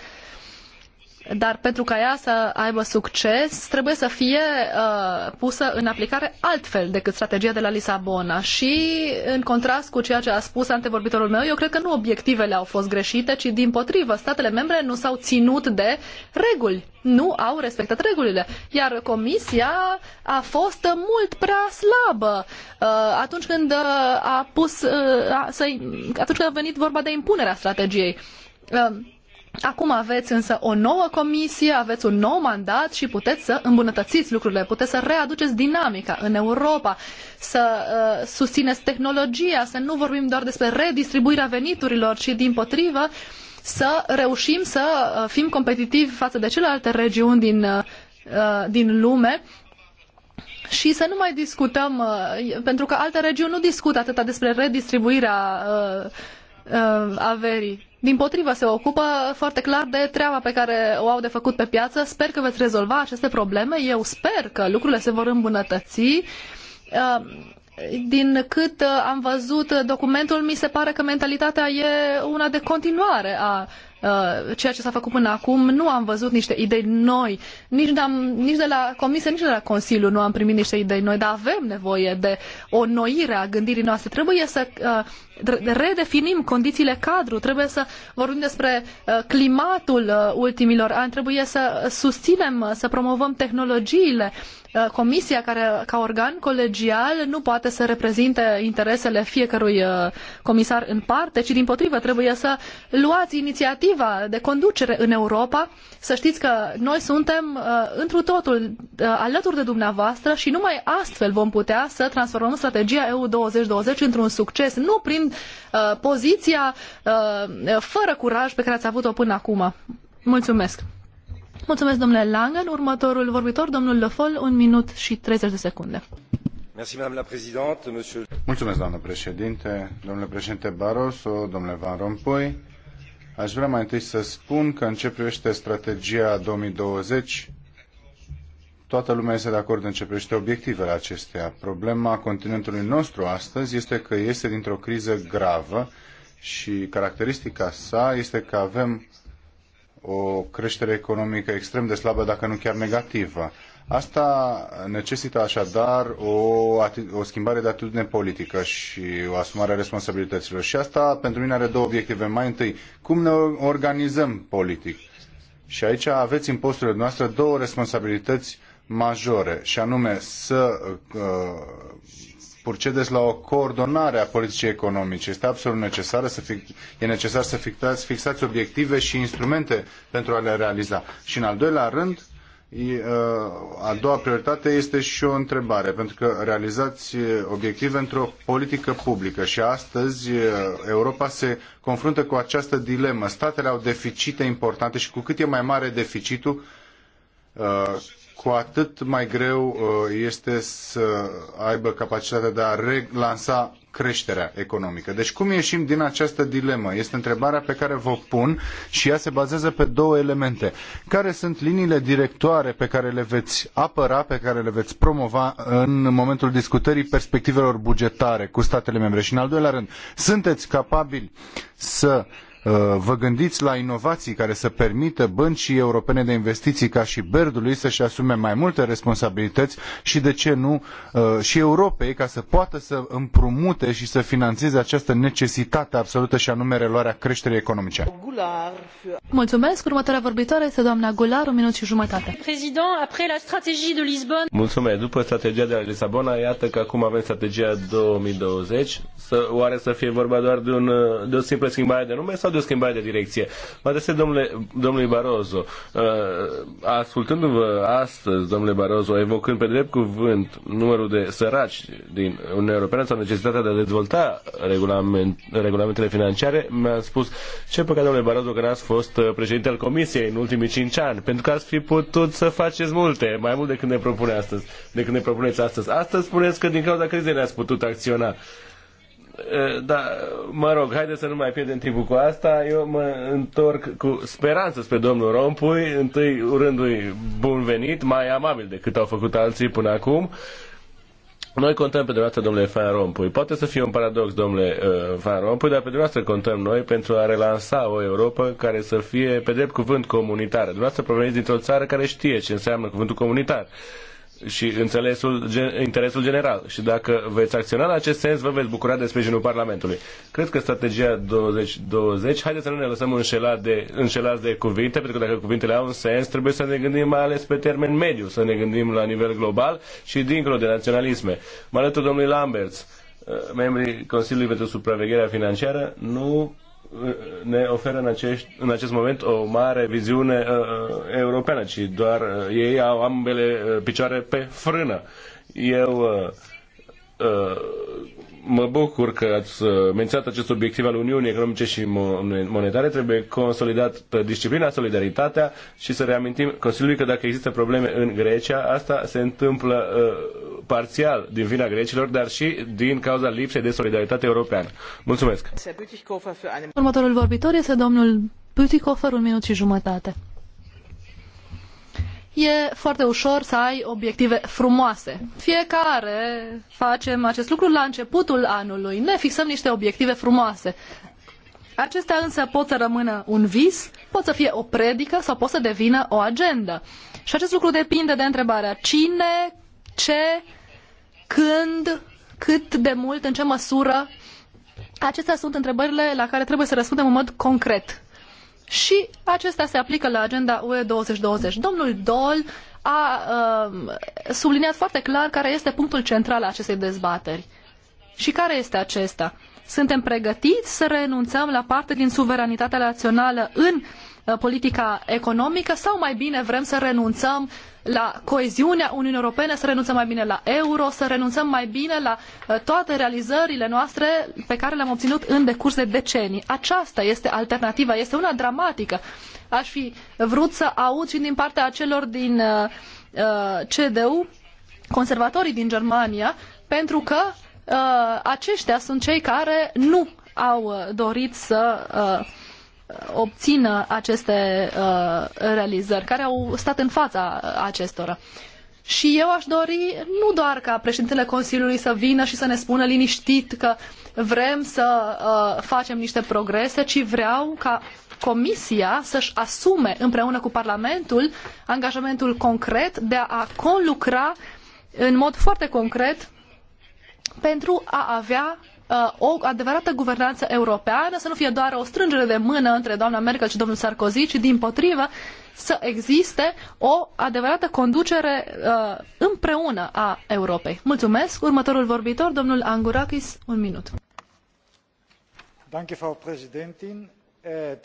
Speaker 1: dar pentru ca ea să aibă succes, trebuie să fie uh, pusă în aplicare altfel decât strategia de la Lisabona. Și, în contrast cu ceea ce a spus antevorbitorul meu, eu cred că nu obiectivele au fost greșite, ci, din potrivă, statele membre nu s-au ținut de reguli, nu au respectat regulile. Iar Comisia a fost mult prea slabă uh, atunci când uh, a pus, uh, a, atunci când a venit vorba de impunerea strategiei. Uh, Acum aveți însă o nouă comisie, aveți un nou mandat și puteți să îmbunătățiți lucrurile, puteți să readuceți dinamica în Europa, să uh, susțineți tehnologia, să nu vorbim doar despre redistribuirea veniturilor, ci din potrivă să reușim să uh, fim competitivi față de celelalte regiuni din, uh, uh, din lume și să nu mai discutăm, uh, pentru că alte regiuni nu discută atâta despre redistribuirea uh, uh averii din potrivă, se ocupă foarte clar de treaba pe care o au de făcut pe piață. Sper că veți rezolva aceste probleme. Eu sper că lucrurile se vor îmbunătăți. Uh, din cât uh, am văzut documentul, mi se pare că mentalitatea e una de continuare a Uh, ceea ce s-a făcut până acum, nu am văzut niște idei noi, nici, nici de la Comisie, nici de la Consiliu nu am primit niște idei noi, dar avem nevoie de o noire a gândirii noastre. Trebuie să uh, redefinim condițiile cadru, trebuie să vorbim despre uh, climatul ultimilor ani, trebuie să susținem, să promovăm tehnologiile, Uh, comisia, care ca organ colegial nu poate să reprezinte interesele fiecărui uh, comisar în parte, ci din potrivă trebuie să luați inițiativa de conducere în Europa. Să știți că noi suntem uh, întru totul alături de dumneavoastră și numai astfel vom putea să transformăm strategia EU 2020 într-un succes, nu prin poziția fără curaj pe care ați avut-o până acum. Mulțumesc! Mulțumesc, domnule Langen. Următorul vorbitor, domnul Lefol, un minut și 30 de secunde.
Speaker 2: Mulțumesc, doamnă președinte, domnule președinte Barroso, domnule Van Rompuy. Aș vrea mai întâi să spun că în ce privește strategia 2020, toată lumea este de acord în ce privește obiectivele acesteia. Problema continentului nostru astăzi este că este dintr-o criză gravă și caracteristica sa este că avem o creștere economică extrem de slabă, dacă nu chiar negativă. Asta necesită așadar o, o schimbare de atitudine politică și o asumare a responsabilităților. Și asta pentru mine are două obiective. Mai întâi, cum ne organizăm politic? Și aici aveți în posturile noastre două responsabilități majore, și anume să uh, procedeți la o coordonare a politicii economice. Este absolut necesar să fi, e necesar să fixați, fixați obiective și instrumente pentru a le realiza. Și în al doilea rând, a doua prioritate este și o întrebare, pentru că realizați obiective într-o politică publică și astăzi Europa se confruntă cu această dilemă. Statele au deficite importante și cu cât e mai mare deficitul, cu atât mai greu uh, este să aibă capacitatea de a relansa creșterea economică. Deci cum ieșim din această dilemă? Este întrebarea pe care vă pun și ea se bazează pe două elemente. Care sunt liniile directoare pe care le veți apăra, pe care le veți promova în momentul discutării perspectivelor bugetare cu statele membre? Și în al doilea rând, sunteți capabili să uh, Uh, vă gândiți la inovații care să permită băncii europene de investiții ca și Berdului să-și asume mai multe responsabilități și, de ce nu, uh, și Europei ca să poată să împrumute și să finanțeze această necesitate absolută și anume reluarea creșterii economice.
Speaker 1: Mulțumesc. Următoarea vorbitoare este doamna Gular, un minut și jumătate.
Speaker 3: Mulțumesc. După strategia de la Lisabona, iată că acum avem strategia 2020. Să, oare să fie vorba doar de, un, de o simplă schimbare de nume sau sau de o schimbare de direcție? Mă adresez domnule, domnului Barozo. Uh, ascultându-vă astăzi, domnule Barozo, evocând pe drept cuvânt numărul de săraci din Uniunea Europeană sau necesitatea de a dezvolta regulament, regulamentele financiare, mi-a spus ce păcat, domnule Barozo, că n-ați fost uh, președinte al Comisiei în ultimii cinci ani, pentru că ați fi putut să faceți multe, mai mult decât ne propune astăzi, decât ne propuneți astăzi. Astăzi spuneți că din cauza crizei ne-ați putut acționa da, mă rog, haide să nu mai pierdem timpul cu asta. Eu mă întorc cu speranță spre domnul Rompui, întâi urându-i bun venit, mai amabil decât au făcut alții până acum. Noi contăm pe dumneavoastră, domnule Van Rompuy. Poate să fie un paradox, domnule uh, Van Rompuy, dar pe dumneavoastră contăm noi pentru a relansa o Europa care să fie, pe drept cuvânt, comunitară. Dumneavoastră proveniți dintr-o țară care știe ce înseamnă cuvântul comunitar. Uh, și înțelesul, gen, interesul general. Și dacă veți acționa în acest sens, vă veți bucura de sprijinul Parlamentului. Cred că strategia 2020, haideți să nu ne lăsăm înșelat de, înșelați de cuvinte, pentru că dacă cuvintele au un sens, trebuie să ne gândim mai ales pe termen mediu, să ne gândim la nivel global și dincolo de naționalisme. Mă alătur domnului Lamberts, membrii Consiliului pentru Supravegherea Financiară, nu ne oferă în, acest, în acest moment o mare viziune uh, uh, europeană, ci doar uh, ei au ambele uh, picioare pe frână. Eu uh, uh, Mă bucur că ați uh, menționat acest obiectiv al Uniunii Economice și Monetare. Trebuie consolidată disciplina, solidaritatea și să reamintim Consiliului că dacă există probleme în Grecia, asta se întâmplă uh, parțial din vina grecilor, dar și din cauza lipsei de solidaritate europeană. Mulțumesc!
Speaker 1: Următorul vorbitor este domnul Butikofer, un minut și jumătate e foarte ușor să ai obiective frumoase. Fiecare facem acest lucru la începutul anului. Ne fixăm niște obiective frumoase. Acestea însă pot să rămână un vis, pot să fie o predică sau pot să devină o agendă. Și acest lucru depinde de întrebarea cine, ce, când, cât de mult, în ce măsură. Acestea sunt întrebările la care trebuie să răspundem în mod concret și acesta se aplică la agenda UE 2020. Domnul Dol a uh, subliniat foarte clar care este punctul central al acestei dezbateri. Și care este acesta? Suntem pregătiți să renunțăm la parte din suveranitatea națională în uh, Uh, politica economică sau mai bine vrem să renunțăm la coeziunea Uniunii Europene, să renunțăm mai bine la euro, să renunțăm mai bine la uh, toate realizările noastre pe care le-am obținut în decurs de decenii. Aceasta este alternativa, este una dramatică. Aș fi vrut să aud și din partea acelor din uh, uh CDU, conservatorii din Germania, pentru că uh, aceștia sunt cei care nu au dorit să uh, obțină aceste uh, realizări, care au stat în fața acestora. Și eu aș dori nu doar ca președintele Consiliului să vină și să ne spună liniștit că vrem să uh, facem niște progrese, ci vreau ca Comisia să-și asume împreună cu Parlamentul angajamentul concret de a conlucra în mod foarte concret pentru a avea Uh, o adevărată guvernanță europeană, să nu fie doar o strângere de mână între doamna Merkel și domnul Sarkozy, ci din potrivă să existe o adevărată conducere uh, împreună a Europei. Mulțumesc. Următorul vorbitor, domnul Angurakis, un minut. Äh,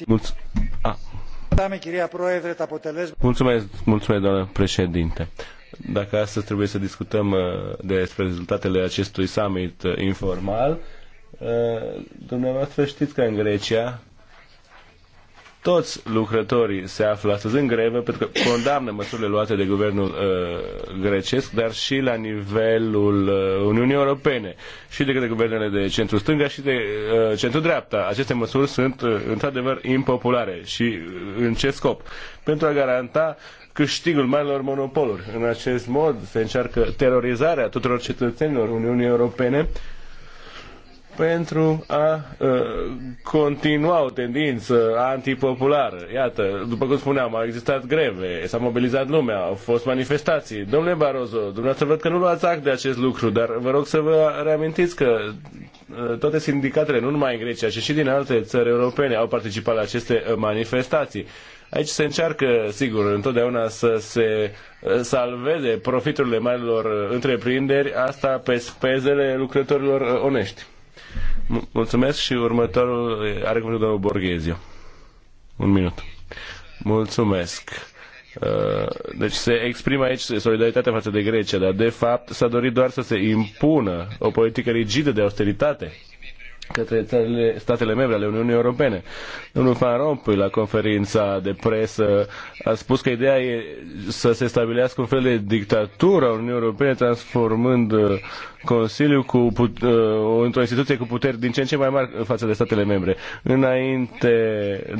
Speaker 5: mulțumesc.
Speaker 3: Mulțumesc, mulțumesc, doamnă președinte. Dacă astăzi trebuie să discutăm uh, despre rezultatele acestui summit informal, Uh, dumneavoastră știți că în Grecia toți lucrătorii se află astăzi în grevă pentru că condamnă măsurile luate de guvernul uh, grecesc, dar și la nivelul uh, Uniunii Europene, și de către guvernele de centru stânga și de uh, centru dreapta. Aceste măsuri sunt uh, într-adevăr impopulare și uh, în ce scop? Pentru a garanta câștigul marilor monopoluri. În acest mod se încearcă terorizarea tuturor cetățenilor Uniunii Europene uh, pentru a uh, continua o tendință antipopulară. Iată, după cum spuneam, au existat greve, s-a mobilizat lumea, au fost manifestații. Domnule Barozo, dumneavoastră văd că nu luați act de acest lucru, dar vă rog să vă reamintiți că uh, toate sindicatele, nu numai în Grecia, ci și din alte țări europene, au participat la aceste uh, manifestații. Aici se încearcă, sigur, întotdeauna să se uh, salveze profiturile marilor întreprinderi, asta pe spezele lucrătorilor onești. Mulțumesc și următorul eh, are cuvântul domnul Borghezio. Un minut. Mulțumesc. Eh, deci se exprimă aici solidaritatea față de Grecia, dar de fapt s-a dorit doar să se impună o politică rigidă de austeritate către țările, statele membre ale Uniunii Europene. Domnul Van Rompuy, la conferința de presă, a spus că ideea e să se stabilească un fel de dictatură a Uniunii Europene, transformând eh, Consiliu cu put, uh, într-o instituție cu puteri din ce în ce mai mari față de statele membre. Înainte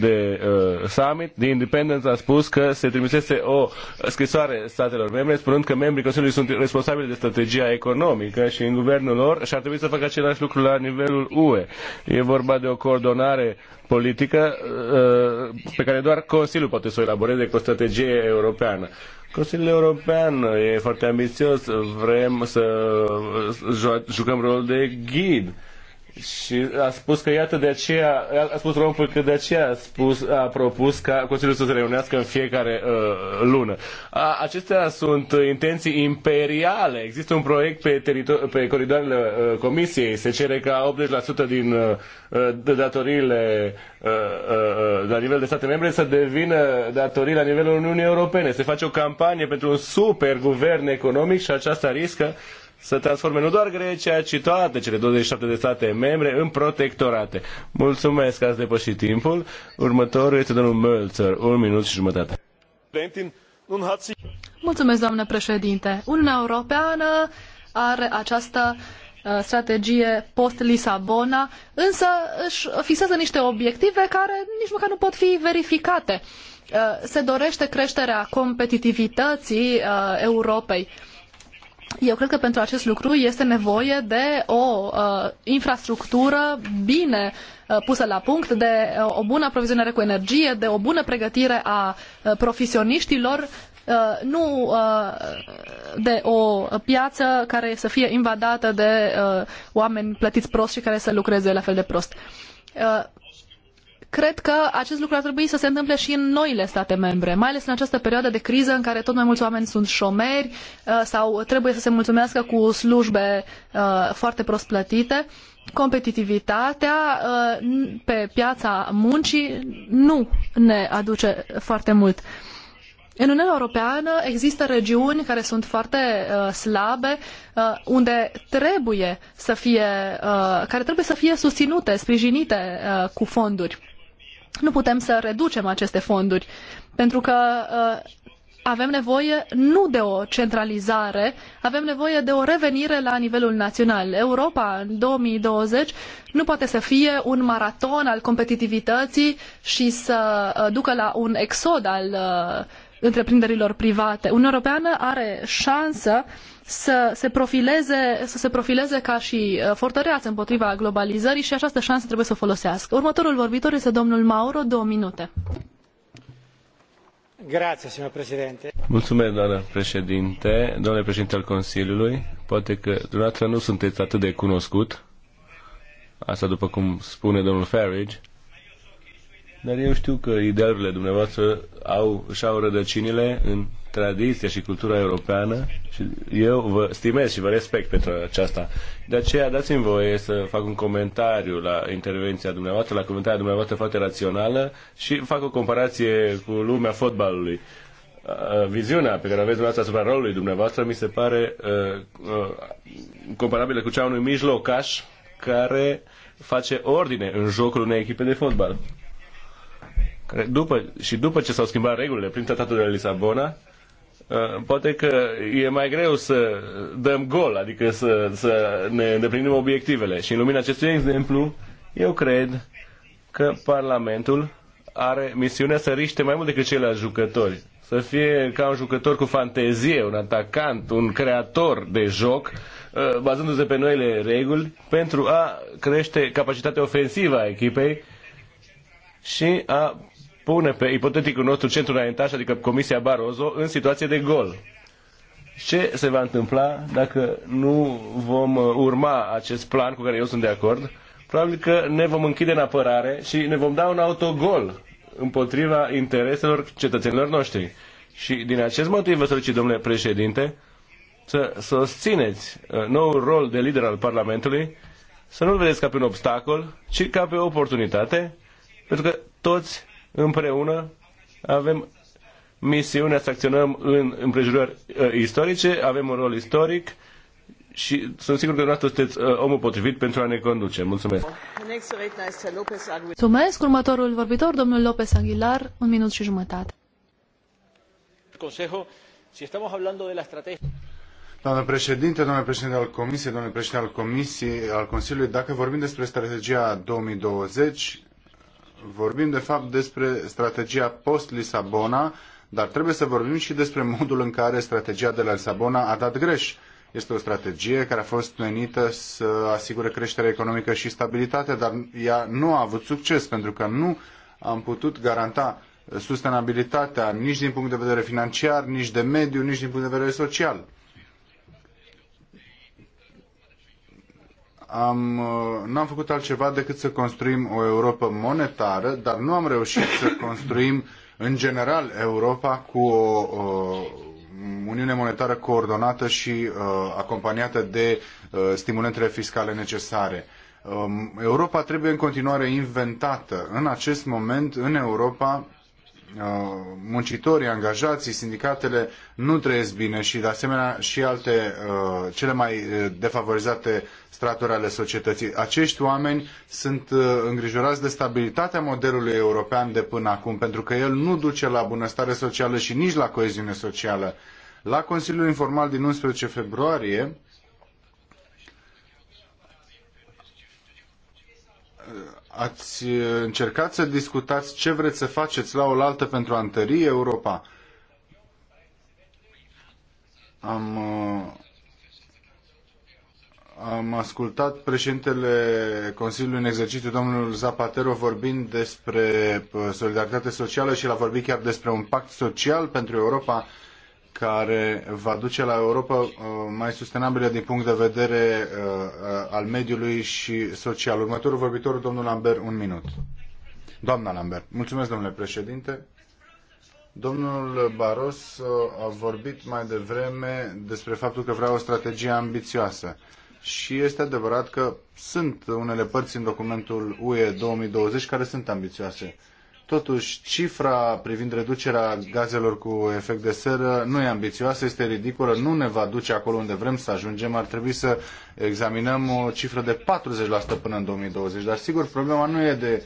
Speaker 3: de uh, summit, The Independent a spus că se trimisese o scrisoare statelor membre spunând că membrii Consiliului sunt responsabili de strategia economică și în guvernul lor și ar trebui să facă același lucru la nivelul UE. E vorba de o coordonare politică uh, pe care doar Consiliul poate să o elaboreze cu o strategie europeană. Consiliul European e foarte ambițios, vrem să jucăm rol de ghid și a spus că iată de aceea, a spus Rompul că de aceea a, spus, a propus ca Consiliul să se reunească în fiecare uh, lună. A, acestea sunt intenții imperiale. Există un proiect pe, teritor- pe coridoarele uh, Comisiei. Se cere ca 80% din uh, datoriile uh, uh, la nivel de state membre să devină datorii la nivelul Uniunii Europene. Se face o campanie pentru un super guvern economic și aceasta riscă uh, să transforme nu doar Grecia, ci toate cele 27 de state membre în protectorate. Mulțumesc că ați depășit timpul. Următorul este domnul Mölzer, un minut și jumătate.
Speaker 1: Mulțumesc, doamnă președinte. Uniunea Europeană are această uh, strategie post-Lisabona, însă își fixează niște obiective care nici măcar nu pot fi verificate. Uh, se dorește creșterea competitivității uh, Europei eu cred că pentru acest lucru este nevoie de o uh, infrastructură bine uh, pusă la punct, de uh, o bună aprovizionare cu energie, de o bună pregătire a uh, profesioniștilor, uh, nu de o piață care să fie invadată de oameni plătiți prost și care să lucreze la fel de prost cred că acest lucru ar trebui să se întâmple și în noile state membre, mai ales în această perioadă de criză în care tot mai mulți oameni sunt șomeri uh, sau trebuie să se mulțumească cu slujbe uh, foarte prost plătite. Competitivitatea uh, pe piața muncii nu ne aduce foarte mult. În Uniunea Europeană există regiuni care sunt foarte uh, slabe, uh, unde trebuie să fie, uh, care trebuie să fie susținute, sprijinite cu fonduri nu putem să reducem aceste fonduri, pentru că uh, avem nevoie nu de o centralizare, avem nevoie de o revenire la nivelul național. Europa în 2020 nu poate să fie un maraton al competitivității și să uh, ducă la un exod al uh, întreprinderilor private. Uniunea Europeană are șansă uh, să se profileze, să se profileze ca și uh, fortăreață împotriva globalizării și această șansă trebuie să o folosească. Următorul vorbitor este domnul Mauro, două minute.
Speaker 5: Grazie,
Speaker 3: Mulțumesc, doamnă președinte. Domnule președinte al Consiliului, poate că dumneavoastră nu sunteți atât de cunoscut, asta după cum spune domnul Farage, dar eu știu că idealurile dumneavoastră au, și-au rădăcinile în tradiția și cultura europeană și eu vă stimez și vă respect pentru aceasta. De aceea dați-mi voie să fac un comentariu la intervenția dumneavoastră, la comentarea dumneavoastră foarte rațională și fac o comparație cu lumea fotbalului uh, viziunea pe care aveți dumneavoastră asupra rolului dumneavoastră mi se pare uh, uh, comparabilă cu cea a unui mijlocaș care face ordine în jocul unei echipe de fotbal. după, și după ce s-au schimbat regulile prin tratatul de la Lisabona, Uh, poate că e mai greu să dăm gol, adică să, să ne îndeplinim obiectivele. Și în lumina acestui exemplu, eu cred că Parlamentul are misiunea să riște mai mult decât ceilalți jucători. Să fie ca un jucător cu fantezie, un atacant, un creator de joc, uh, bazându-se pe noile reguli, pentru a crește capacitatea ofensivă a echipei și a pune pe ipoteticul nostru centru înaintaș, adică Comisia Barroso, în situație de gol. Ce se va întâmpla dacă nu vom uh, urma acest plan cu care eu sunt de acord? Probabil că ne vom închide în apărare și ne vom da un autogol împotriva intereselor cetățenilor noștri. Și din acest motiv vă solicit, domnule președinte, să susțineți uh, noul rol de lider al Parlamentului, să nu-l vedeți ca pe un obstacol, ci ca pe o oportunitate, pentru că toți împreună avem misiunea să acționăm în împrejurări uh, istorice, avem un rol istoric și sunt sigur că dumneavoastră sunteți uh, omul potrivit pentru a ne conduce. Mulțumesc!
Speaker 1: Mulțumesc! Următorul vorbitor, domnul Lopez Aguilar, un minut și jumătate.
Speaker 2: Doamne președinte, domnule președinte al Comisiei, domnule președinte al Comisiei, al Consiliului, dacă vorbim despre strategia 2020, Vorbim, de fapt, despre strategia post-Lisabona, dar trebuie să vorbim și despre modul în care strategia de la Lisabona a dat greș. Este o strategie care a fost menită să asigure creșterea economică și stabilitate, dar ea nu a avut succes pentru că nu am putut garanta sustenabilitatea nici din punct de vedere financiar, nici de mediu, nici din punct de vedere social. am, uh, n-am făcut altceva decât să construim o Europa monetară, dar nu am reușit să construim în general Europa cu o, o uniune monetară coordonată și uh, acompaniată de uh, stimulentele fiscale necesare. Um, Europa trebuie în continuare inventată. În acest moment, în Europa, Uh, muncitorii, angajații, sindicatele nu trăiesc bine și de asemenea și alte uh, cele mai uh, defavorizate straturi ale societății. Acești oameni sunt îngrijorați de stabilitatea modelului european de până acum, pentru că el nu duce la bunăstare socială și nici la coeziune socială. La Consiliul Informal din 11 februarie, Ați uh, încercat să discutați ce vreți să faceți la oaltă pentru a întări Europa? Am, uh, am ascultat președintele Consiliului în exercițiu, domnul Zapatero, vorbind despre uh, solidaritate socială și l-a vorbit chiar despre un pact social pentru Europa care va duce la Europa uh, mai sustenabilă din punct de vedere uh, al mediului și social. Următorul vorbitor, domnul Lambert, un minut. Doamna Lambert, mulțumesc, domnule președinte. Domnul Baros uh, a vorbit mai devreme despre faptul că vrea o strategie ambițioasă. Și este adevărat că sunt unele părți în documentul UE 2020 care sunt ambițioase Totuși, cifra privind reducerea gazelor cu efect de seră nu e ambițioasă, este ridicolă, nu ne va duce acolo unde vrem să ajungem. Ar trebui să examinăm o cifră de 40% până în 2020. Dar, sigur, problema nu e de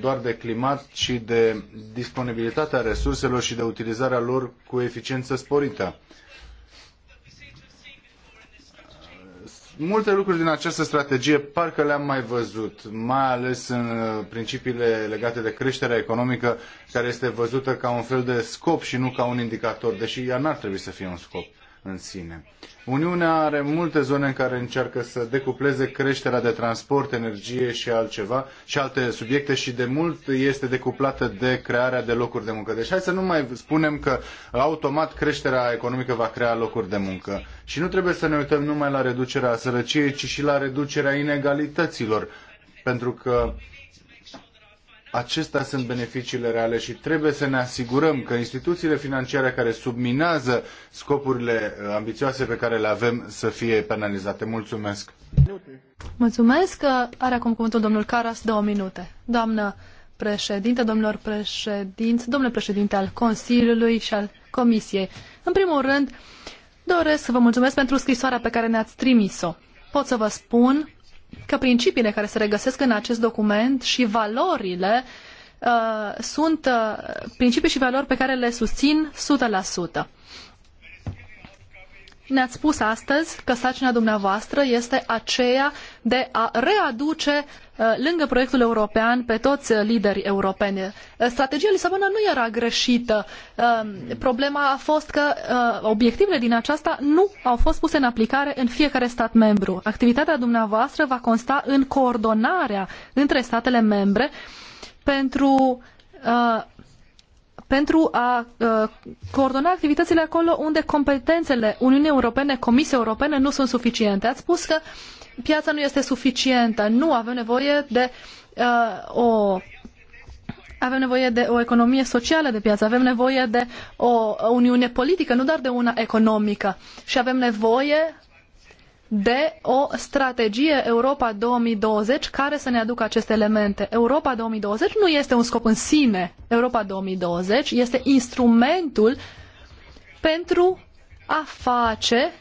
Speaker 2: doar de climat, ci de disponibilitatea resurselor și de utilizarea lor cu eficiență sporită. multe lucruri din această strategie parcă le-am mai văzut, mai ales în uh, principiile legate de creșterea economică, care este văzută ca un fel de scop și nu ca un indicator, deși ea n-ar trebui să fie un scop în sine. Uniunea are multe zone în care încearcă să decupleze creșterea de transport, energie și altceva și alte subiecte și de mult este decuplată de crearea de locuri de muncă. Deci hai să nu mai spunem că automat creșterea economică va crea locuri de muncă. Și nu trebuie să ne uităm numai la reducerea sărăciei, ci și la reducerea inegalităților. Pentru că acestea sunt beneficiile reale și trebuie să ne asigurăm că instituțiile financiare care subminează scopurile uh, ambițioase pe care le avem să fie penalizate. Mulțumesc!
Speaker 1: Mulțumesc! Are acum cuvântul domnul Caras, două minute. Doamnă președinte, domnilor președinți, domnule președinte al Consiliului și al Comisiei. În primul rând, doresc să vă mulțumesc pentru scrisoarea pe care ne-ați trimis-o. Pot să vă spun că principiile care se regăsesc în acest document și valorile uh, sunt uh, principii și valori pe care le susțin 100% ne-ați spus astăzi că sarcina dumneavoastră este aceea de a readuce uh, lângă proiectul european pe toți uh, liderii europeni. Uh, strategia Lisabona nu era greșită. Problema a fost că obiectivele din aceasta nu au fost puse în aplicare în fiecare stat membru. Activitatea dumneavoastră va consta în coordonarea între statele membre pentru pentru a uh, coordona activitățile acolo unde competențele Uniunii Europene, Comisiei Europene nu sunt suficiente. Ați spus că piața nu este suficientă, nu avem nevoie de uh, o avem nevoie de o economie socială de piață, avem nevoie de o uniune politică, nu doar de una economică. Și avem nevoie de o strategie Europa 2020 care să ne aducă aceste elemente. Europa 2020 nu este un scop în sine. Europa 2020 este instrumentul pentru a face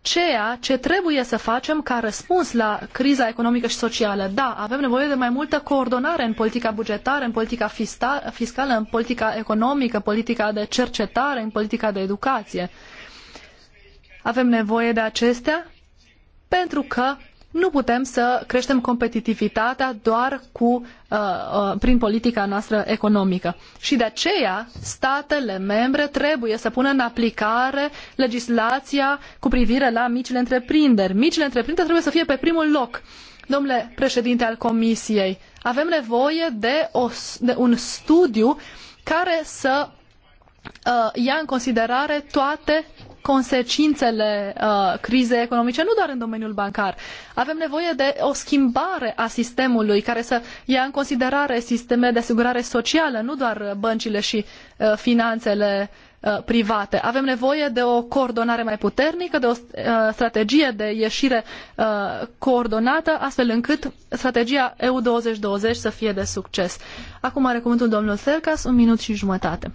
Speaker 1: ceea ce trebuie să facem ca răspuns la criza economică și socială. Da, avem nevoie de mai multă coordonare în politica bugetară, în politica fiscală, în politica economică, în politica de cercetare, în politica de educație. Avem nevoie de acestea pentru că nu putem să creștem competitivitatea doar cu, uh, uh, prin politica noastră economică. Și de aceea statele membre trebuie să pună în aplicare legislația cu privire la micile întreprinderi. Micile întreprinderi trebuie să fie pe primul loc. Domnule președinte al Comisiei, avem nevoie de, o, de un studiu care să uh, ia în considerare toate consecințele uh, crizei economice, nu doar în domeniul bancar. Avem nevoie de o schimbare a sistemului care să ia în considerare sistemele de asigurare socială, nu doar băncile și uh, finanțele uh, private. Avem nevoie de o coordonare mai puternică, de o uh, strategie de ieșire uh, coordonată, astfel încât strategia EU 2020 să fie de succes. Acum are cuvântul domnul Sercas, un minut și jumătate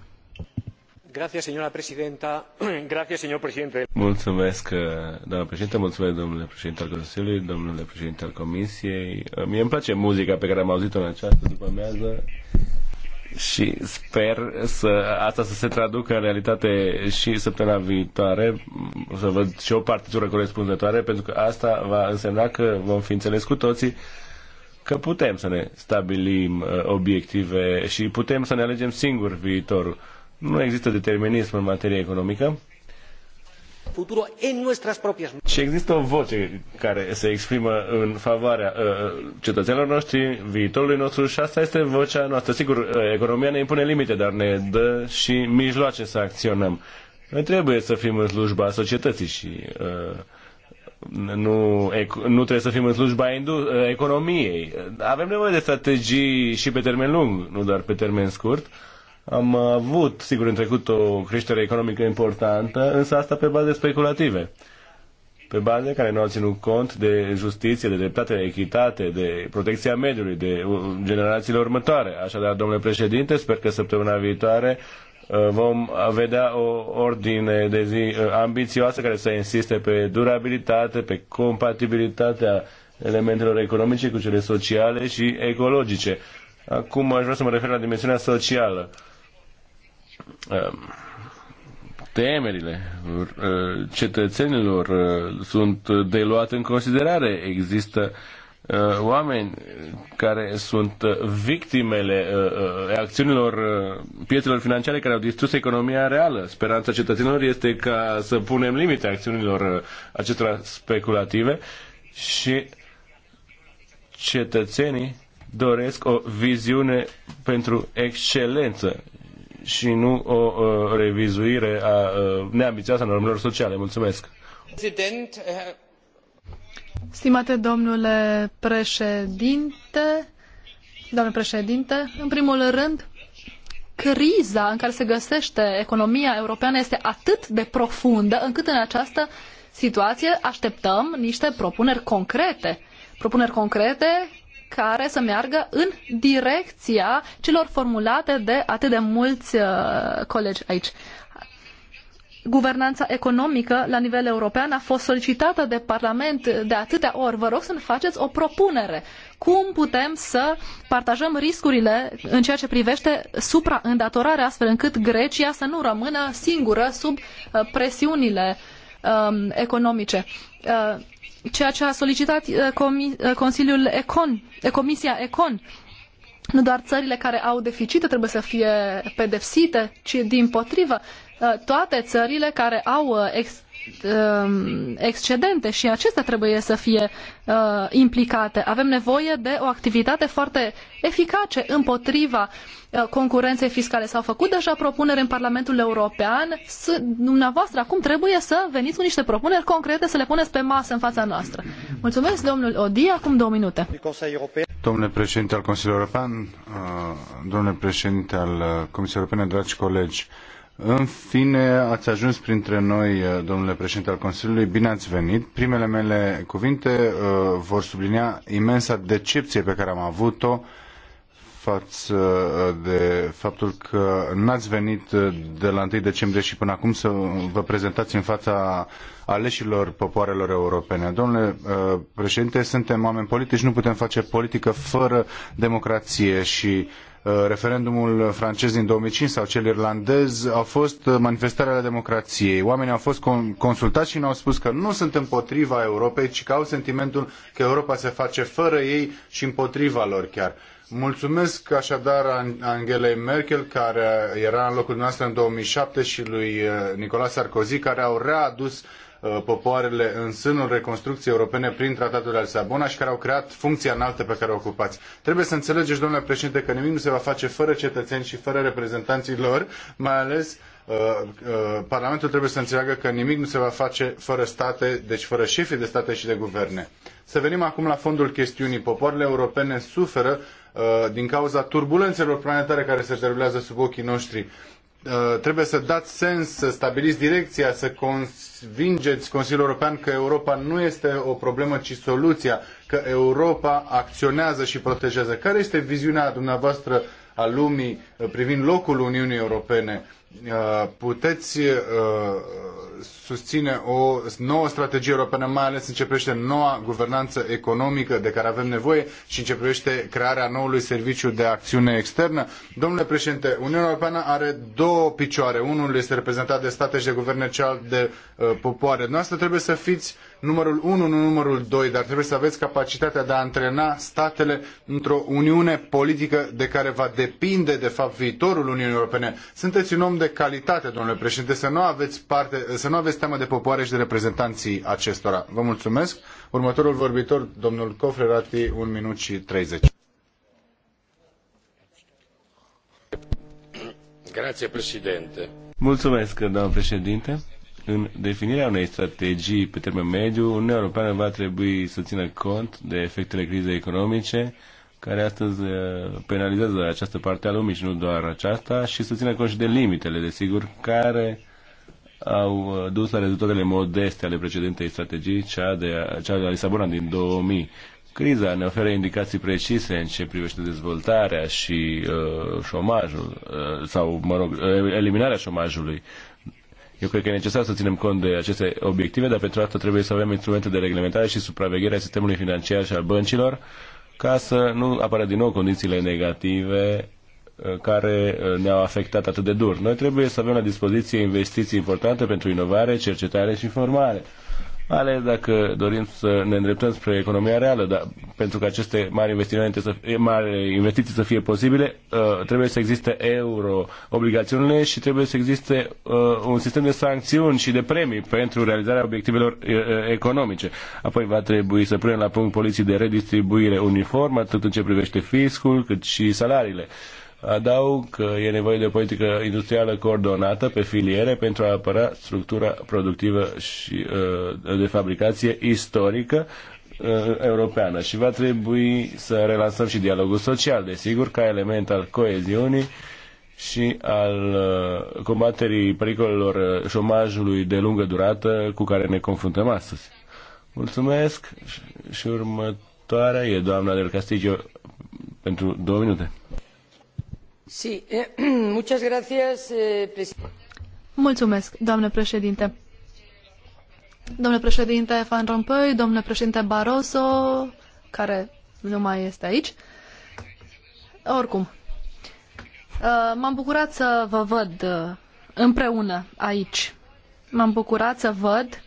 Speaker 5: señora presidenta. señor presidente. Mulțumesc,
Speaker 3: eh, doamnă președinte, mulțumesc domnule președinte al Consiliului, domnule președinte al Comisiei. Eh, mie îmi place muzica pe care am auzit-o în această după amiază și sper să, asta să se traducă în realitate și săptămâna viitoare, să văd și o partitură corespunzătoare, pentru că asta va însemna că vom fi înțeles cu toții că putem să ne stabilim eh, obiective și putem să ne alegem singur viitorul nu există determinism în materie economică. Și există o voce care se exprimă în favoarea uh, cetățenilor noștri, viitorului nostru și asta este vocea noastră. Sigur, uh, economia ne impune limite, dar ne dă și mijloace să acționăm. Noi trebuie să fim în slujba societății și uh, nu, nu trebuie să fim în slujba uh, economiei. Avem nevoie de strategii și pe termen lung, nu doar pe termen scurt. Uh, am avut, sigur, în trecut o creștere economică importantă, însă asta pe baze speculative. Pe baze care nu au ținut cont de justiție, de dreptate, de echitate, de protecția mediului, de generațiile următoare. Așadar, domnule președinte, sper că săptămâna viitoare uh, vom vedea o ordine de zi uh, ambițioasă care să insiste pe durabilitate, pe compatibilitatea elementelor economice cu cele sociale și ecologice. Acum aș vrea să mă refer la dimensiunea socială. Ehm, temerile cetățenilor sunt deluate în considerare. Există oameni care sunt victimele acțiunilor piețelor financiare care au distrus economia reală. Speranța cetățenilor este ca să punem limite acțiunilor acestora speculative și cetățenii doresc o viziune pentru excelență și nu o uh, revizuire a uh, neambițioasă a normelor sociale. Mulțumesc.
Speaker 1: President, eh, Stimate domnule președinte, domnule președinte, în primul rând, criza în care se găsește economia europeană este atât de profundă încât în această situație așteptăm niște propuneri concrete. Propuneri concrete care să meargă în direcția celor formulate de atât de mulți uh, colegi aici. Guvernanța economică la nivel european a fost solicitată de Parlament de atâtea ori. Vă rog să ne faceți o propunere. Cum putem să partajăm riscurile în ceea ce privește supraîndatorarea, astfel încât Grecia să nu rămână singură sub uh, presiunile um, economice? Uh, ceea ce a solicitat uh, uh, Consiliul Econ, uh, Comisia Econ. Nu doar țările care au deficite trebuie să fie pedepsite, ci din potrivă toate țările care au ex Um, excedente și acestea trebuie să fie uh, implicate. Avem nevoie de o activitate foarte eficace împotriva uh, concurenței fiscale. S-au făcut deja propuneri în Parlamentul European. S- dumneavoastră acum trebuie să veniți cu niște propuneri concrete să le puneți pe masă în fața noastră. Mulțumesc, domnul Odi. Acum două minute.
Speaker 2: Domnule președinte al Consiliului European, uh, domnule președinte al uh, Comisiei Europene, dragi colegi, în fine, ați ajuns printre noi, uh, domnule președinte al Consiliului, bine ați venit. Primele mele cuvinte uh, vor sublinia imensa decepție pe care am avut-o față uh, de faptul că n-ați venit de la 1 decembrie și până acum să vă prezentați în fața aleșilor popoarelor europene. Domnule președinte, suntem oameni politici, nu putem face politică fără democrație și uh, Uh, referendumul francez din 2005 sau cel irlandez, au fost uh, manifestări ale democrației. Oamenii au fost consultați și ne-au spus că nu sunt împotriva Europei, ci că au sentimentul că Europa se face fără ei și împotriva lor chiar. Mulțumesc așadar Angelei Merkel, care era în locul dumneavoastră în 2007, și lui uh, Nicolas Sarkozy, care au readus uh, Uh, popoarele în sânul reconstrucției europene prin tratatul de la Lisabona și care au creat funcția înaltă pe care o ocupați. Trebuie să înțelegeți, domnule președinte, că nimic nu se va face fără cetățeni și fără reprezentanții lor, mai ales uh, uh, Parlamentul trebuie să înțeleagă că nimic nu se va face fără state, deci fără șefii de state și de guverne. Să venim acum la fondul chestiunii. Popoarele europene suferă din cauza turbulențelor planetare care se derulează sub ochii noștri. Uh, trebuie să dați sens, să stabiliți direcția, să convingeți Consiliul European că Europa nu este o problemă, ci soluția, că Europa acționează și protejează. Care este viziunea dumneavoastră a lumii uh, privind locul Uniunii Europene? Uh, puteți uh, susține o nouă strategie europeană, mai ales în ce privește noua guvernanță economică de care avem nevoie și în ce privește crearea noului serviciu de acțiune externă. Domnule președinte, Uniunea Europeană are două picioare. Unul este reprezentat de state și de guverne, celălalt de uh, popoare. Noastră trebuie să fiți numărul unu, nu numărul doi, dar trebuie să aveți capacitatea de a antrena statele într-o uniune politică de care va depinde, de fapt, viitorul Uniunii Europene. Sunteți un om de de calitate, domnule președinte, să nu aveți, parte, să nu aveți teamă de popoare și de reprezentanții acestora. Vă mulțumesc. Următorul vorbitor, domnul Cofrerati, un minut și
Speaker 3: 30.
Speaker 5: Grazie, președinte.
Speaker 3: Mulțumesc, doamnă președinte. În definirea unei strategii pe termen mediu, Uniunea Europeană va trebui să țină cont de efectele crizei economice, care astăzi uh, penalizează această parte a lumii și nu doar aceasta și să țină conștient și de limitele, desigur, care au uh, dus la rezultatele modeste ale precedentei strategii, cea de, cea de la Lisabona din 2000. Criza ne oferă indicații precise în ce privește dezvoltarea și uh, șomajul, uh, sau, mă rog, uh, eliminarea șomajului. Eu cred că e necesar să ținem cont de aceste obiective, dar pentru asta trebuie să avem instrumente de reglementare și supraveghere a sistemului financiar și al băncilor uh, ca să nu apară din nou condițiile negative uh, care uh, ne-au afectat atât de dur. Noi trebuie să avem la dispoziție investiții importante pentru inovare, cercetare și formare ales dacă dorim să ne îndreptăm spre economia reală, dar pentru că aceste mari, investimente să, mari investiții să fie posibile, uh, trebuie să existe euro obligațiunile și trebuie să existe uh, un sistem de sancțiuni și de premii pentru realizarea obiectivelor uh, economice. Apoi va trebui să punem la punct poliții de redistribuire uniformă, atât în ce privește fiscul, cât și salariile. Adaug că e nevoie de o politică industrială coordonată pe filiere pentru a apăra structura productivă și uh, de fabricație istorică uh, europeană și va trebui să relansăm și dialogul social, desigur, ca element al coeziunii și al uh, combaterii pericolelor șomajului de lungă durată cu care ne confruntăm astăzi. Mulțumesc și următoarea e doamna Del Castillo pentru două minute.
Speaker 4: Eh,
Speaker 1: eh, doamnă președinte. Domnule președinte Van Rompuy, domnule președinte Barroso, care nu mai este aici. Oricum, uh, m-am bucurat să vă văd uh, împreună aici. M-am bucurat să văd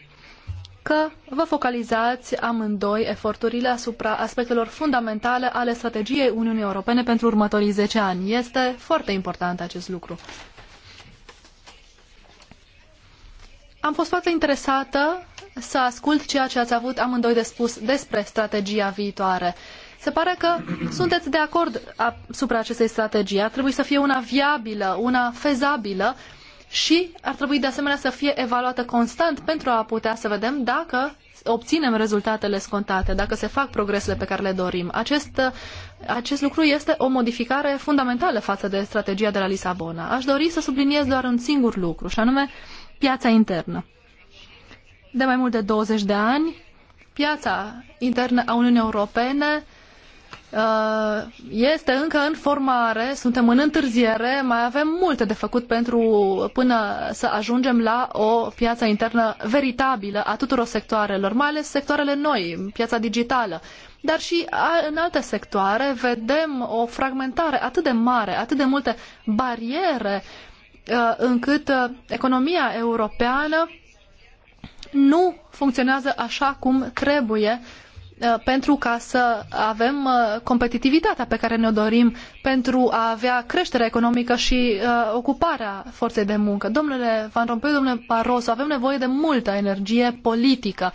Speaker 1: că vă focalizați amândoi eforturile asupra aspectelor fundamentale ale strategiei Uniunii Europene pentru următorii 10 ani. Este foarte important acest lucru. Am fost foarte interesată să ascult ceea ce ați avut amândoi de spus despre strategia viitoare. Se pare că sunteți de acord asupra acestei strategii. Ar trebui să fie una viabilă, una fezabilă, și ar trebui de asemenea să fie evaluată constant pentru a putea să vedem dacă obținem rezultatele scontate, dacă se fac progresele pe care le dorim. Acest, acest lucru este o modificare fundamentală față de strategia de la Lisabona. Aș dori să subliniez doar un singur lucru, și anume piața internă. De mai mult de 20 de ani, piața internă a Uniunii Europene Uh, este încă în formare, suntem în întârziere, mai avem multe de făcut pentru până să ajungem la o piață internă veritabilă a tuturor sectoarelor, mai ales sectoarele noi, piața digitală. Dar și în alte sectoare vedem o fragmentare atât de mare, atât de multe bariere uh, încât uh, economia europeană nu funcționează așa cum trebuie Uh, pentru ca să avem uh, competitivitatea pe care ne-o dorim pentru a avea creșterea economică și uh, ocuparea forței de muncă. Domnule Van Rompuy, domnule Barroso, avem nevoie de multă energie politică.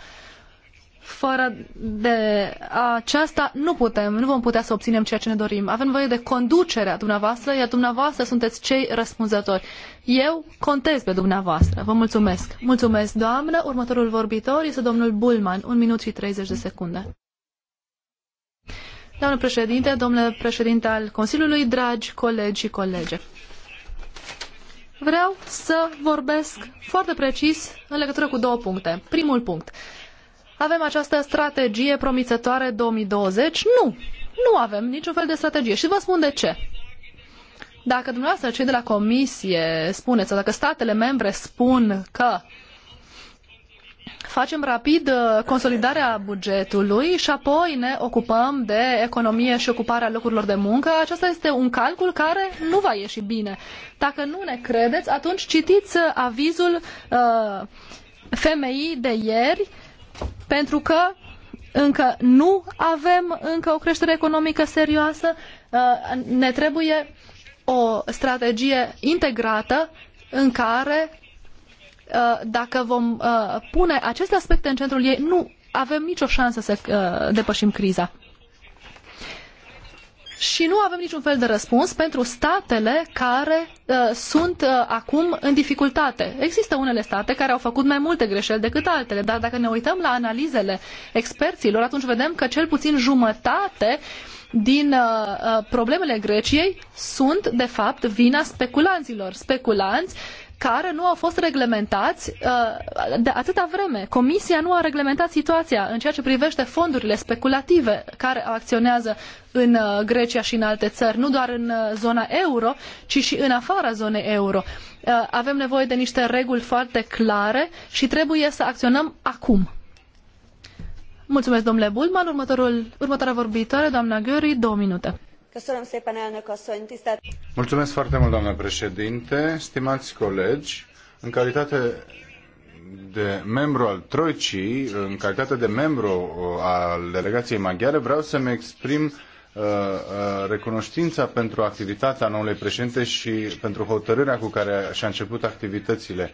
Speaker 1: Fără de aceasta nu putem, nu vom putea să obținem ceea ce ne dorim. Avem nevoie de conducerea dumneavoastră, iar dumneavoastră sunteți cei răspunzători. Eu contez pe dumneavoastră. Vă mulțumesc. Mulțumesc, doamnă. Următorul vorbitor este domnul Bulman. Un minut și 30 de secunde. Doamnă președinte, domnule președinte al Consiliului, dragi colegi și colege. Vreau să vorbesc foarte precis în legătură cu două puncte. Primul punct. Avem această strategie promițătoare 2020? Nu! Nu avem niciun fel de strategie. Și vă spun de ce. Dacă dumneavoastră cei de la comisie spuneți, sau dacă statele membre spun că facem rapid uh, consolidarea bugetului și apoi ne ocupăm de economie și ocuparea locurilor de muncă. Acesta este un calcul care nu va ieși bine. Dacă nu ne credeți, atunci citiți uh, avizul uh, femeii de ieri pentru că încă nu avem încă o creștere economică serioasă, uh, ne trebuie o strategie integrată în care uh, dacă vom uh, pune aceste aspecte în centrul ei, nu avem nicio șansă să depășim criza și nu avem niciun fel de răspuns pentru statele care uh, sunt uh, acum în dificultate. Există unele state care au făcut mai multe greșeli decât altele, dar dacă ne uităm la analizele experților, atunci vedem că cel puțin jumătate din uh, uh problemele Greciei sunt, de fapt, vina speculanților. Speculanți care nu au fost reglementați uh, de atâta vreme. Comisia nu a reglementat situația în ceea ce privește fondurile speculative care acționează în uh, Grecia și în alte țări, nu doar în uh, zona euro, ci și în afara zonei euro. Avem nevoie de niște reguli foarte clare și trebuie să acționăm acum. Mulțumesc, domnule Bulman. Următorul, următoarea vorbitoare, doamna Gheori, două minute.
Speaker 2: Mulțumesc foarte mult, președinte, colegi, în calitate de membru al Troicii, în calitate de membru uh, al delegației maghiare, vreau să-mi exprim uh, uh, recunoștința pentru activitatea noului președinte și pentru hotărârea cu care și-a început activitățile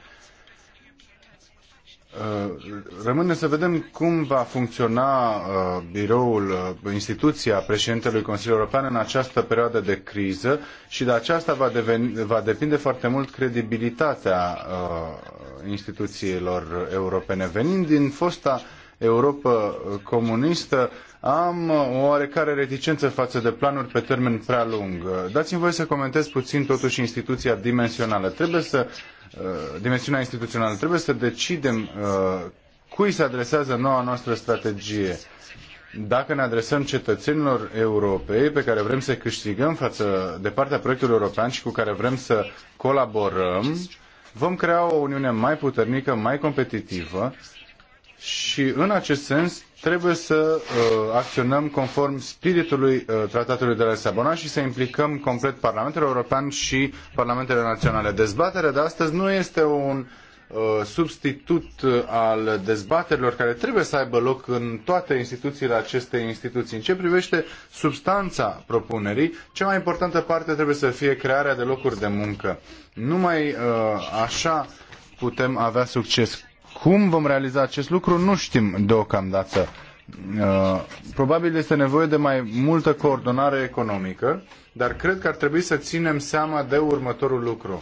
Speaker 2: Uh, rămâne să vedem cum va funcționa uh, biroul, uh, instituția președintelui Consiliului European în această perioadă de criză și de aceasta va, deveni, va depinde foarte mult credibilitatea instituțiilor europene. Venind din fosta Europa comunistă, am o oarecare reticență față de planuri pe termen prea lung. Dați-mi voie să comentez puțin totuși instituția dimensională. Trebuie să Uh, dimensiunea instituțională. Trebuie să decidem uh, cui se adresează noua noastră strategie. Dacă ne adresăm cetățenilor europei pe care vrem să câștigăm față de partea proiectului european și cu care vrem să colaborăm, vom crea o Uniune mai puternică, mai competitivă și în acest sens trebuie să uh, acționăm conform spiritului uh, Tratatului de la Lisabona și să implicăm complet Parlamentul European și Parlamentele Naționale. Dezbaterea de astăzi nu este un uh, substitut uh, al dezbaterilor care trebuie să aibă loc în toate instituțiile acestei instituții. În ce privește substanța propunerii, cea mai importantă parte trebuie să fie crearea de locuri de muncă. Numai uh, așa putem avea succes cum vom realiza acest lucru nu știm deocamdată. Uh, probabil este nevoie de mai multă coordonare economică, dar cred că ar trebui să ținem seama de următorul lucru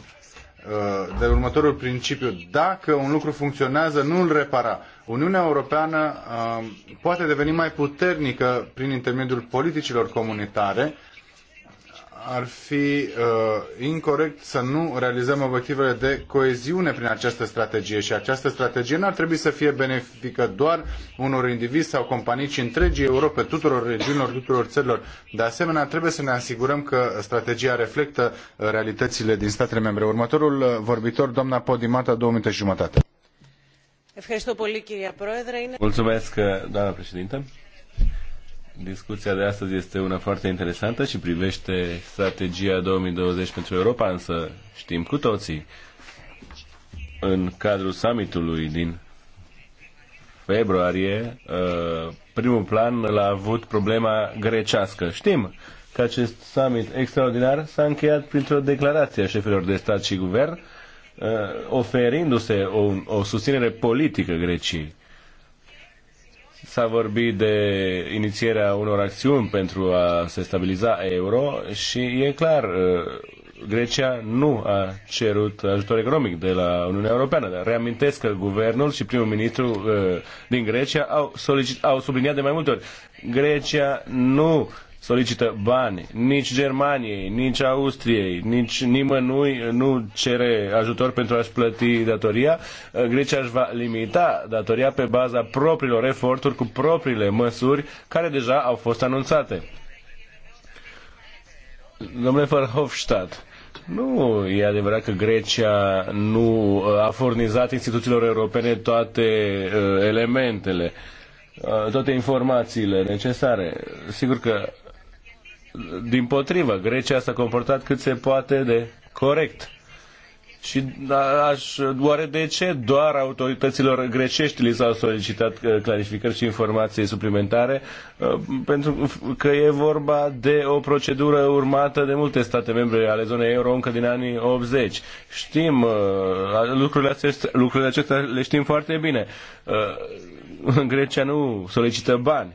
Speaker 2: uh, de următorul principiu. Dacă un lucru funcționează, nu îl repara. Uniunea Europeană uh, poate deveni mai puternică prin intermediul politicilor comunitare ar fi uh, incorrect să nu realizăm obiectivele de coeziune prin această strategie și această strategie nu ar trebui să fie benefică doar unor indivizi sau companii, ci întregii Europe, tuturor regiunilor, tuturor țărilor. De asemenea, trebuie să ne asigurăm că strategia reflectă uh, realitățile din statele membre. Următorul uh, vorbitor, doamna Podimata, două minute și jumătate.
Speaker 3: Mulțumesc, uh, doamna președintă. Discuția de astăzi este una foarte interesantă și privește strategia 2020 pentru Europa, însă știm cu toții în cadrul summitului din februarie, uh, primul plan l-a avut problema grecească. Știm că acest summit extraordinar s-a încheiat printr-o declarație a șefilor de stat și guvern, uh, oferindu-se o, o susținere politică Greciei. S-a vorbit de inițierea unor acțiuni pentru a se stabiliza euro și e clar, uh, Grecia nu a cerut ajutor economic de la Uniunea Europeană, dar reamintesc că guvernul și primul ministru uh, din Grecia au, solicit, au subliniat de mai multe ori. Grecia nu solicită bani. Nici Germaniei, nici Austriei, nici nimănui nu cere ajutor pentru a-și plăti datoria. Grecia își va limita datoria pe baza propriilor eforturi cu propriile măsuri care deja au fost anunțate. Domnule Verhofstadt, nu e adevărat că Grecia nu a furnizat instituțiilor europene toate uh, elementele uh, toate informațiile necesare. Sigur că din potrivă, Grecia s-a comportat cât se poate de corect. Și da, aș, oare de ce doar autorităților grecești li s-au solicitat uh, clarificări și informații suplimentare? Uh, pentru că e vorba de o procedură urmată de multe state membre ale zonei euro încă din anii 80. Știm, uh, lucrurile acestea, lucrurile acestea le știm foarte bine. Grecia nu solicită bani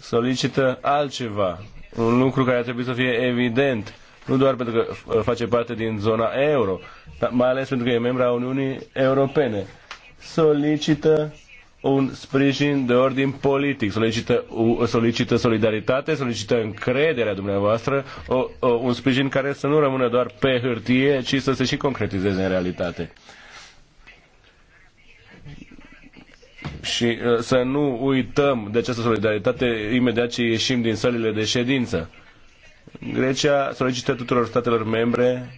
Speaker 3: solicită altceva, un lucru care ar trebui să fie evident, nu doar pentru că face parte din zona euro, dar mai ales pentru că e membra Uniunii Europene. Solicită un sprijin de ordin politic, solicită, solicită solidaritate, solicită încrederea dumneavoastră, o, o, un sprijin care să nu rămână doar pe hârtie, ci să se și concretizeze în realitate. și uh, să nu uităm de această solidaritate imediat ce ieșim din sălile de ședință. Grecia solicită tuturor statelor membre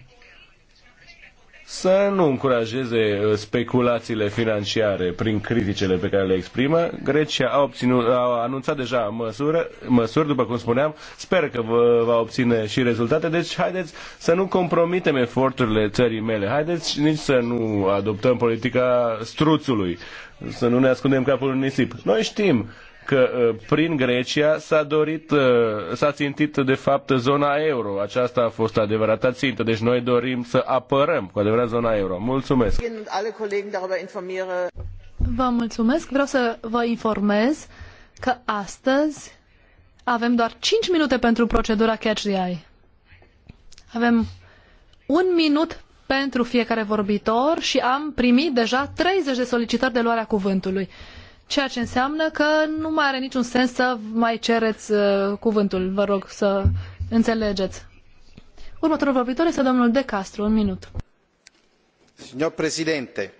Speaker 3: să nu încurajeze uh, speculațiile financiare prin criticele pe care le exprimă. Grecia a, obținut, a anunțat deja măsură, măsuri, după cum spuneam, sper că vă, va obține și rezultate, deci haideți să nu compromitem eforturile țării mele, haideți nici să nu adoptăm politica struțului să nu ne ascundem capul în nisip. Noi știm că uh, prin Grecia s-a dorit, uh, s-a țintit de fapt zona euro. Aceasta a fost adevărata țintă, deci noi dorim să apărăm cu adevărat zona euro. Mulțumesc!
Speaker 1: Vă mulțumesc! Vreau să vă informez că astăzi avem doar 5 minute pentru procedura Catch the Eye. Avem un minut pentru fiecare vorbitor și am primit deja 30 de solicitări de luarea cuvântului. Ceea ce înseamnă că nu mai are niciun sens să mai cereți uh, cuvântul. Vă rog să înțelegeți. Următorul vorbitor este domnul De Castro. Un minut.
Speaker 5: președinte,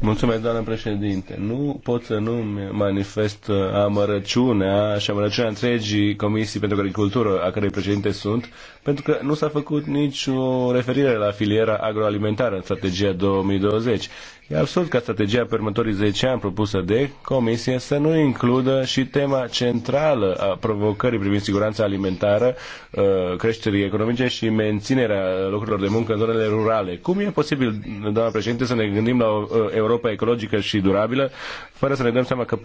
Speaker 3: Mulțumesc, doamnă președinte. Nu pot să nu manifest uh, amărăciunea și amărăciunea întregii Comisii pentru Agricultură, a cărei președinte sunt, pentru că nu s-a făcut nicio referire la filiera agroalimentară în strategia 2020. E absurd ca strategia pe următorii 10 ani propusă de Comisie să nu includă și tema centrală a provocării privind siguranța alimentară, uh, creșterii economice și menținerea locurilor de muncă în zonele rurale. Cum e posibil, doamna președinte, să ne gândim la o uh, Europa ecologică și durabilă, fără să ne dăm seama că 45%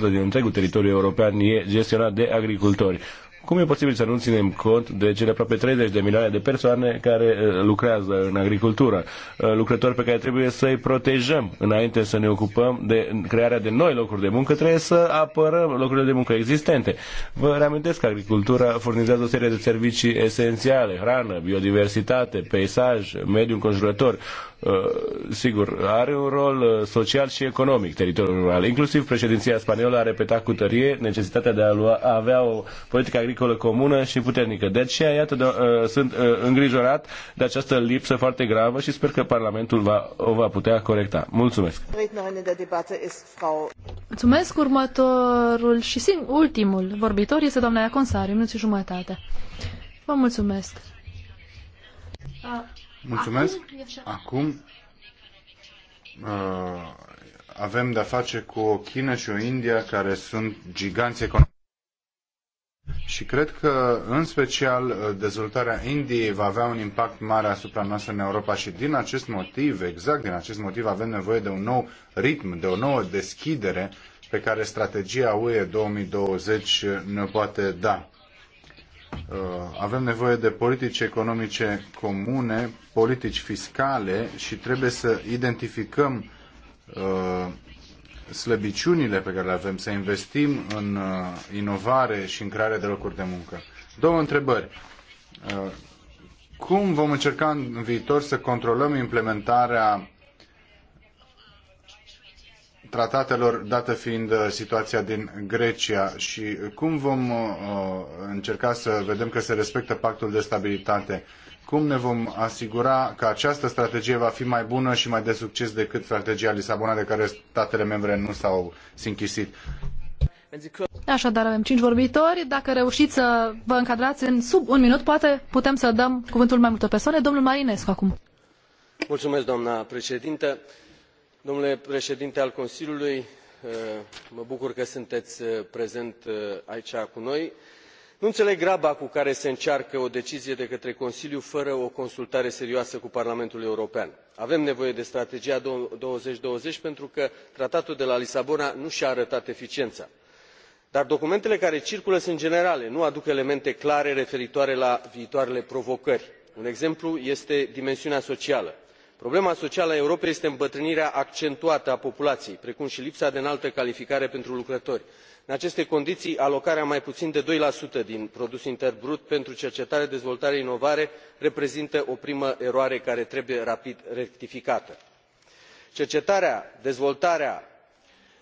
Speaker 3: din întregul teritoriu european e gestionat de agricultori? Cum e posibil să nu ținem cont de cele aproape 30 de milioane de persoane care uh, lucrează în agricultură, uh, lucrători pe care trebuie să-i protejăm înainte să ne ocupăm de crearea de noi locuri de muncă, trebuie să apărăm locurile de muncă existente. Vă reamintesc că agricultura furnizează o serie de servicii esențiale, hrană, biodiversitate, peisaj, mediul înconjurător, Uh, sigur, are un rol uh, social și economic teritoriul rural. Inclusiv președinția spaniolă a repetat cu tărie necesitatea de a, lua, a avea o politică agricolă comună și puternică. De aceea, iată, de, uh, sunt uh, îngrijorat de această lipsă foarte gravă și sper că Parlamentul va, o va putea corecta. Mulțumesc!
Speaker 1: Mulțumesc! Următorul și sing- ultimul vorbitor este doamna Iaconsari, nu și jumătate. Vă mulțumesc!
Speaker 2: Mulțumesc. Acum uh, avem de-a face cu o China și o India care sunt giganți economici. Și cred că, în special, uh, dezvoltarea Indiei va avea un impact mare asupra noastră în Europa și din acest motiv, exact din acest motiv, avem nevoie de un nou ritm, de o nouă deschidere pe care strategia UE 2020 ne poate da. Uh, avem nevoie de politici economice comune, politici fiscale și trebuie să identificăm uh, slăbiciunile pe care le avem, să investim în uh, inovare și în crearea de locuri de muncă. Două întrebări. Cum vom încerca în viitor să controlăm implementarea tratatelor, dată fiind uh, situația din Grecia și cum vom uh, încerca să vedem că se respectă pactul de stabilitate? Cum ne vom asigura că această strategie va fi mai bună și mai de succes decât strategia Lisabona de care statele membre nu s-au sinchisit?
Speaker 1: Așadar, avem cinci vorbitori. Dacă reușiți să vă încadrați în sub un minut, poate putem să dăm cuvântul mai multor persoane. Domnul Marinescu acum.
Speaker 5: Mulțumesc, doamna președintă domnule Președinte al consiliului uh, mă bucur că sunteți uh, prezent uh, aici cu noi. nu înțeleg graba cu care se încearcă o decizie de către consiliu fără o consultare serioasă cu parlamentul european. avem nevoie de strategia două mii douăzeci pentru că tratatul de la lisabona nu și a arătat eficiența. dar documentele care circulă sunt generale nu aduc elemente clare referitoare la viitoarele provocări. un exemplu este dimensiunea socială problema socială a europei este îmbătrânirea accentuată a populației, precum și lipsa de înaltă calificare pentru lucrători. în aceste condiții, alocarea a mai puțin de doi din produsul intern brut pentru cercetare dezvoltare inovare reprezintă o primă eroare care trebuie rapid rectificată. cercetarea dezvoltarea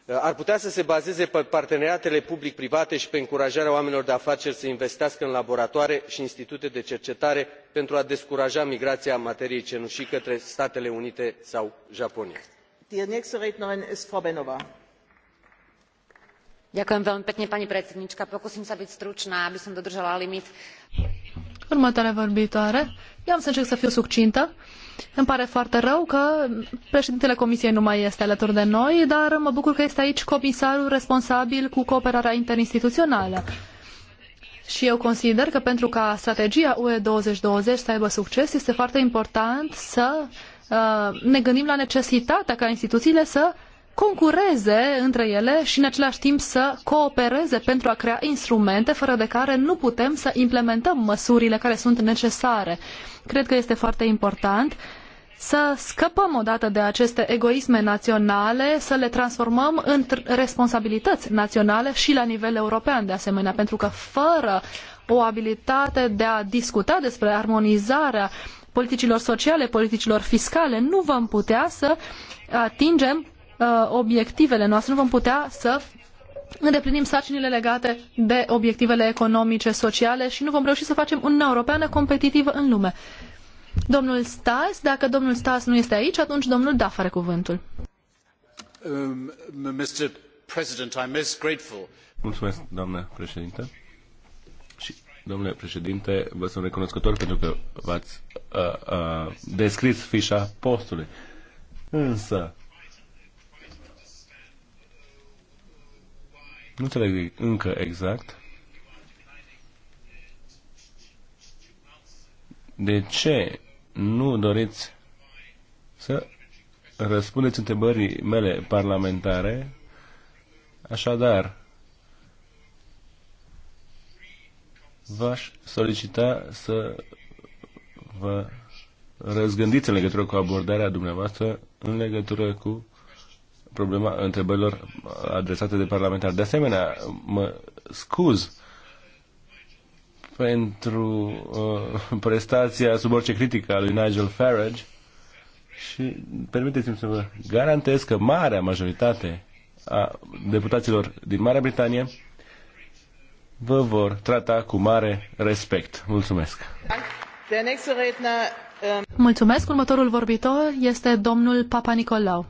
Speaker 5: Uh, ar putea să se bazeze pe parteneriatele public private i pe încurajarea oamenilor de afaceri să investească în laboratoare i institute de cercetare pentru a descuraja migraia materiei cenuii către statele unite sau japonia.
Speaker 1: următoarea vorbitoare am să încerc să fiu succintă. Îmi pare foarte rău că președintele Comisiei nu mai este alături de noi, dar mă bucur că este aici comisarul responsabil cu cooperarea interinstituțională. Și eu consider că pentru ca strategia UE 2020 să aibă succes, este foarte important să uh, ne gândim la necesitatea ca instituțiile să uh, concureze între ele și în același timp să coopereze pentru a crea instrumente fără de care nu putem să implementăm măsurile care sunt necesare. Cred că este foarte important să scăpăm odată de aceste egoisme naționale, să le transformăm în responsabilități naționale și la nivel european de asemenea, pentru că fără o abilitate de a discuta despre armonizarea politicilor sociale, politicilor fiscale, nu vom putea să atingem Uh, obiectivele noastre, nu vom putea să îndeplinim sarcinile legate de obiectivele economice, sociale și nu vom reuși să facem Uniunea Europeană competitivă în lume. Domnul Stas, dacă domnul Stas nu este aici, atunci domnul Daf are cuvântul.
Speaker 3: Mr. Um, President, I'm most grateful. Mulțumesc, doamnă președinte. Și, domnule președinte, vă sunt recunoscător pentru că v-ați uh, uh, descris fișa postului. Însă, Nu înțeleg încă exact. De ce nu doriți să răspundeți întrebării mele parlamentare? Așadar, v-aș solicita să vă răzgândiți în legătură cu abordarea dumneavoastră în legătură cu problema întrebărilor adresate de parlamentar. De asemenea, mă scuz pentru uh, prestația sub orice critică a lui Nigel Farage și permiteți-mi să vă garantez că marea majoritate a deputaților din Marea Britanie vă vor trata cu mare respect. Mulțumesc!
Speaker 1: Mulțumesc! Următorul vorbitor este domnul Papa Nicolau.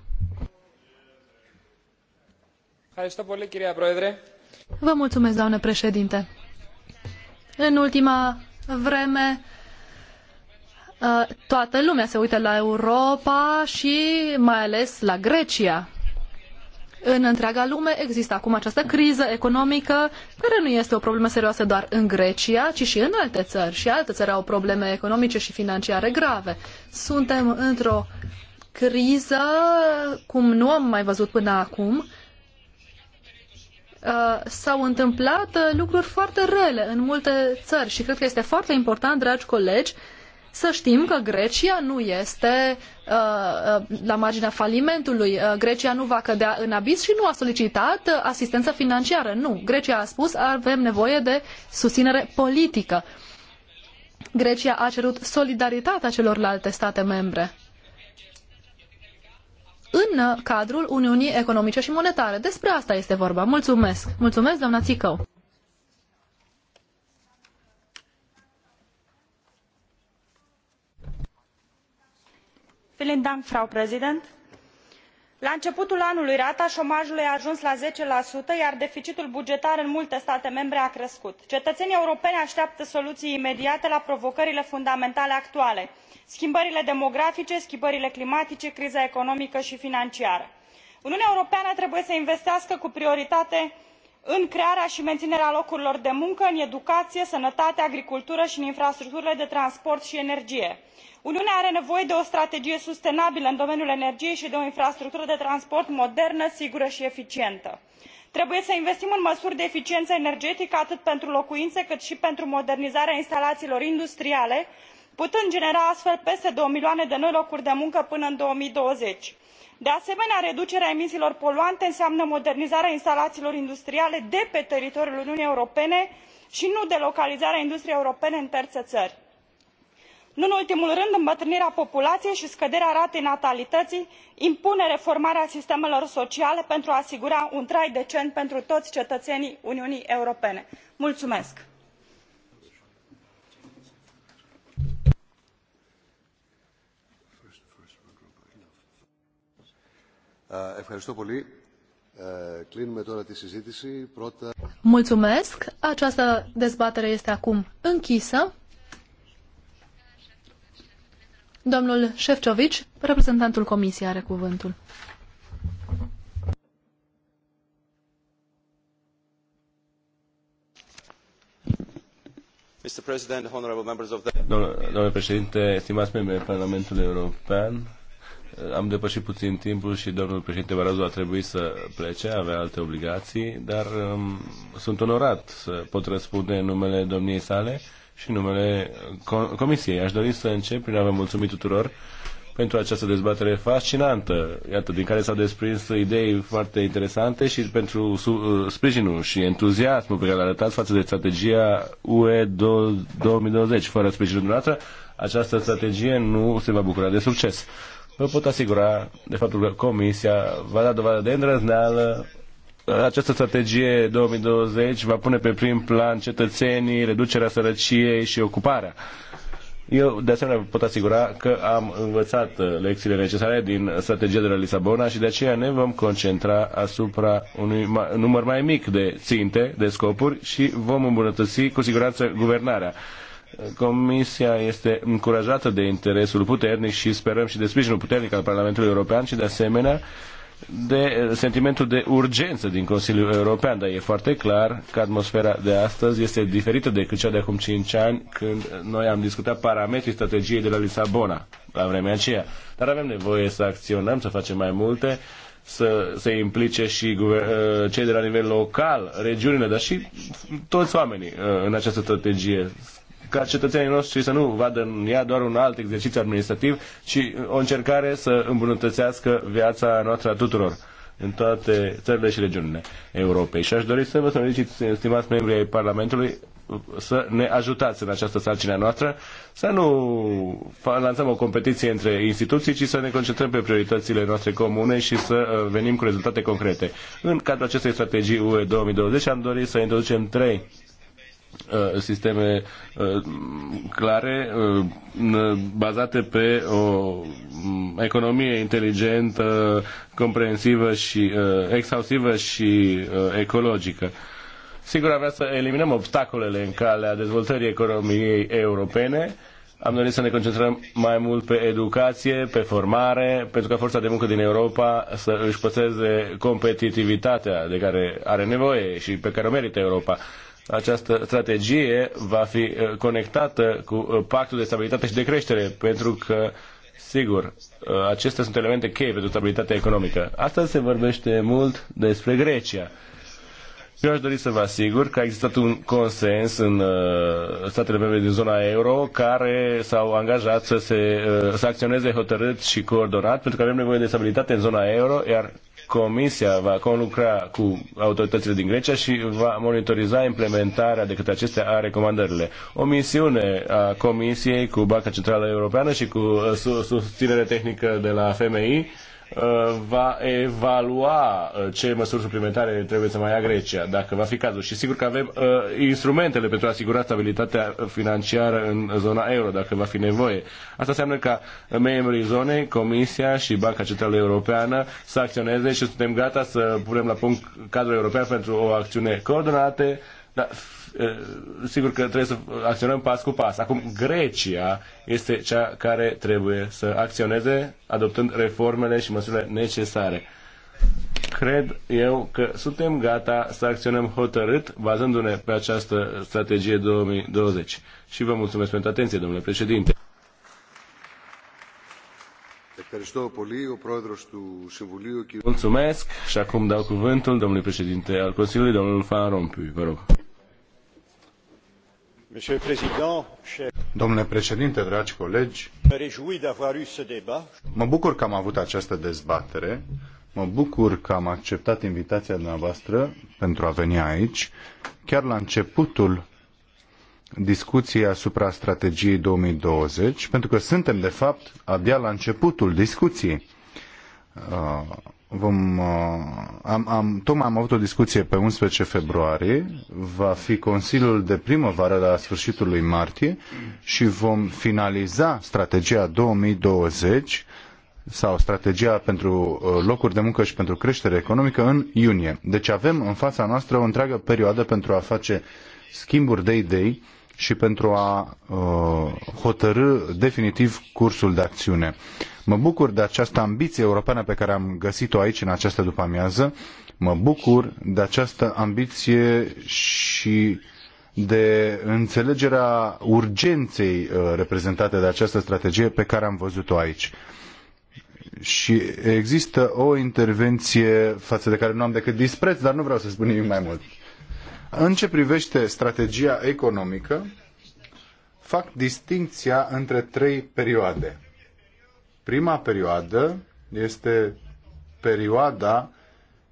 Speaker 1: Vă mulțumesc, doamnă președinte. În ultima vreme, ă, toată lumea se uită la Europa și mai ales la Grecia. În întreaga lume există acum această criză economică, care nu este o problemă serioasă doar în Grecia, ci și în alte țări. Și alte țări au probleme economice și financiare grave. Suntem într-o criză cum nu am mai văzut până acum Uh, s-au întâmplat uh, lucruri foarte rele în multe țări și cred că este foarte important, dragi colegi, să știm că Grecia nu este uh, uh la marginea falimentului. Grecia nu va cădea în abis și nu a solicitat asistență financiară. Nu. Grecia a spus avem nevoie de susținere politică. Grecia a cerut solidaritatea celorlalte state membre în cadrul Uniunii Economice și Monetare. Despre asta este vorba. Mulțumesc. Mulțumesc, doamna Țicău.
Speaker 4: Vielen Dank, Frau Präsident la începutul anului rata omajului a ajuns la zece iar deficitul bugetar în multe state membre a crescut. cetăenii europeni ateaptă soluii imediate la provocările fundamentale actuale schimbările demografice schimbările climatice criza economică i financiară. uniunea europeană trebuie să investească cu prioritate în în crearea i meninerea locurilor de muncă în educaie sănătate agricultură i în infrastructurile de transport i energie. uniunea are nevoie de o strategie sustenabilă în domeniul energiei i de o infrastructură de transport modernă sigură i eficientă. trebuie să investim în măsuri de eficienă energetică atât pentru locuine cât i pentru modernizarea instalaiilor industriale putând genera astfel peste două milioane de noi locuri de muncă până în două mii douăzeci de asemenea reducerea emisiilor poluante înseamnă modernizarea instalaiilor industriale de pe teritoriul uniunii europene i nu delocalizarea industriei europene în tere ări. nu în ultimul rând îmbătrânirea populaiei i scăderea ratei natalităii impune reformarea sistemelor sociale pentru a asigura un trai decent pentru toi cetăenii uniunii europene. mulumesc.
Speaker 1: Mulțumesc. Această dezbatere este acum închisă. Domnul Șefcovici, reprezentantul Comisiei, are cuvântul.
Speaker 3: Domnule președinte, stimați membri ai Parlamentului European, am depășit puțin timpul și domnul președinte Barazu a trebuit să plece, avea alte obligații, dar um, sunt onorat să pot răspunde în numele domniei sale și în numele uh, Comisiei. Aș dori să încep prin a vă mulțumi tuturor pentru această dezbatere fascinantă, iată, din care s-au desprins idei foarte interesante și pentru uh, sprijinul și entuziasmul pe care l-a arătat față de strategia UE 2020. Fără sprijinul dumneavoastră, această strategie nu se va bucura de succes vă pot asigura de faptul că Comisia va da dovadă de îndrăzneală această strategie 2020 va pune pe prim plan cetățenii, reducerea sărăciei și ocuparea. Eu, de asemenea, vă pot asigura că am învățat lecțiile necesare din strategia de la Lisabona și de aceea ne vom concentra asupra unui număr mai mic de ținte, de scopuri și vom îmbunătăți cu siguranță guvernarea. Comisia este încurajată de interesul puternic și sperăm și de sprijinul puternic al Parlamentului European și de asemenea de sentimentul de urgență din Consiliul European, dar e foarte clar că atmosfera de astăzi este diferită decât cea de acum 5 ani când noi am discutat parametrii strategiei de la Lisabona la vremea aceea. Dar avem nevoie să acționăm, să facem mai multe, să se implice și ă, cei de la nivel local, regiunile, dar și toți oamenii ă, în această strategie, ca cetățenii noștri să nu vadă în ea doar un alt exercițiu administrativ, ci o încercare să îmbunătățească viața noastră a tuturor în toate țările și regiunile Europei. Și aș dori să vă solicit, stimați membri ai Parlamentului, să ne ajutați în această sarcină noastră, să nu lansăm o competiție între instituții, ci să ne concentrăm pe prioritățile noastre comune și să uh, venim cu rezultate concrete. În cadrul acestei strategii UE 2020 am dorit să introducem trei Uh, sisteme uh, clare uh, bazate pe o mm, economie inteligentă, comprehensivă și exhaustivă și ecologică. Sigur, am vrea să eliminăm obstacolele în calea dezvoltării economiei europene. Am dorit să ne concentrăm mai mult pe educație, pe formare, pentru ca forța de muncă din Europa să își păstreze competitivitatea de care are nevoie și pe care o merită Europa această strategie va fi uh, conectată cu uh, pactul de stabilitate și de creștere, pentru că, sigur, uh, acestea sunt elemente cheie pentru stabilitatea economică. Astăzi se vorbește mult despre Grecia. Eu aș dori să vă asigur că a existat un consens în uh, statele membre din zona euro care s-au angajat să, se, uh, să acționeze hotărât și coordonat pentru că avem nevoie de stabilitate în zona euro, iar Comisia va conlucra cu autoritățile din Grecia și va monitoriza implementarea de către acestea a recomandările. O misiune a Comisiei cu Banca Centrală Europeană și cu uh, susținere tehnică de la FMI Uh, va evalua uh, ce măsuri suplimentare trebuie să mai ia Grecia, dacă va fi cazul. Și sigur că avem uh, instrumentele pentru a asigura stabilitatea financiară în zona euro, dacă va fi nevoie. Asta înseamnă ca membrii zonei, Comisia și Banca Centrală Europeană să acționeze și suntem gata să punem la punct cadrul european pentru o acțiune coordonată, dar sigur că trebuie să acționăm pas cu pas. Acum, Grecia este cea care trebuie să acționeze adoptând reformele și măsurile necesare. Cred eu că suntem gata să acționăm hotărât bazându-ne pe această strategie 2020. Și vă mulțumesc pentru atenție, domnule președinte. Mulțumesc și acum dau cuvântul domnului președinte al Consiliului, domnul Fan Rompuy. Vă rog. Domnule președinte, dragi colegi,
Speaker 2: mă bucur că am avut această dezbatere, mă bucur că am acceptat invitația dumneavoastră pentru a veni aici, chiar la începutul discuției asupra strategiei 2020, pentru că suntem, de fapt, abia la începutul discuției. Uh, vom, uh, am, am, tocmai am avut o discuție pe 11 februarie, va fi Consiliul de primăvară la sfârșitul lui martie și vom finaliza strategia 2020 sau strategia pentru uh, locuri de muncă și pentru creștere economică în iunie. Deci avem în fața noastră o întreagă perioadă pentru a face schimburi de idei și pentru a uh, hotărâ definitiv cursul de acțiune. Mă bucur de această ambiție europeană pe care am găsit-o aici în această după-amiază. Mă bucur de această ambiție și de înțelegerea urgenței uh, reprezentate de această strategie pe care am văzut-o aici. Și există o intervenție față de care nu am decât dispreț, dar nu vreau să spun nimic mai mult. În ce privește strategia economică, fac distinția între trei perioade. Prima perioadă este perioada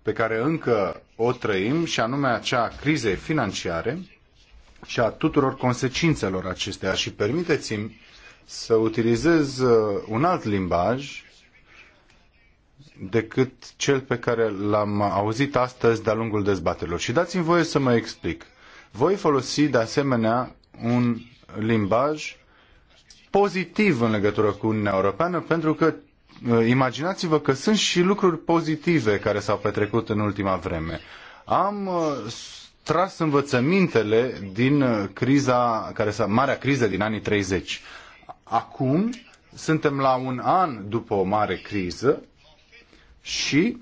Speaker 2: pe care încă o trăim și anume acea crizei financiare și a tuturor consecințelor acesteia și permiteți-mi să utilizez uh, un alt limbaj decât cel pe care l-am auzit astăzi de-a lungul dezbaterilor. Și dați-mi voie să mă explic. Voi folosi de asemenea un limbaj pozitiv în legătură cu Uniunea Europeană, pentru că uh, imaginați-vă că sunt și lucruri pozitive care s-au petrecut în ultima vreme. Am uh, tras învățămintele din uh, criza, care s-a, marea criză din anii 30. Acum suntem la un an după o mare criză și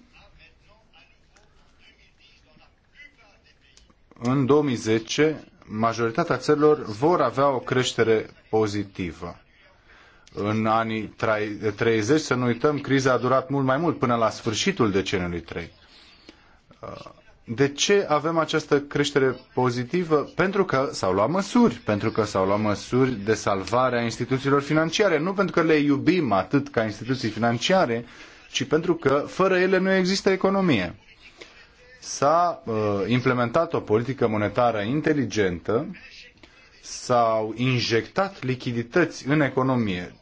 Speaker 2: în 2010 majoritatea țărilor vor avea o creștere pozitivă. În anii 30, să nu uităm, criza a durat mult mai mult, până la sfârșitul deceniului 3. Uh, de ce avem această creștere pozitivă? Pentru că s-au luat măsuri, pentru că s-au luat măsuri de salvare a instituțiilor financiare, nu pentru că le iubim atât ca instituții financiare, ci pentru că fără ele nu există economie. S-a uh, implementat o politică monetară inteligentă, s-au injectat lichidități în economie,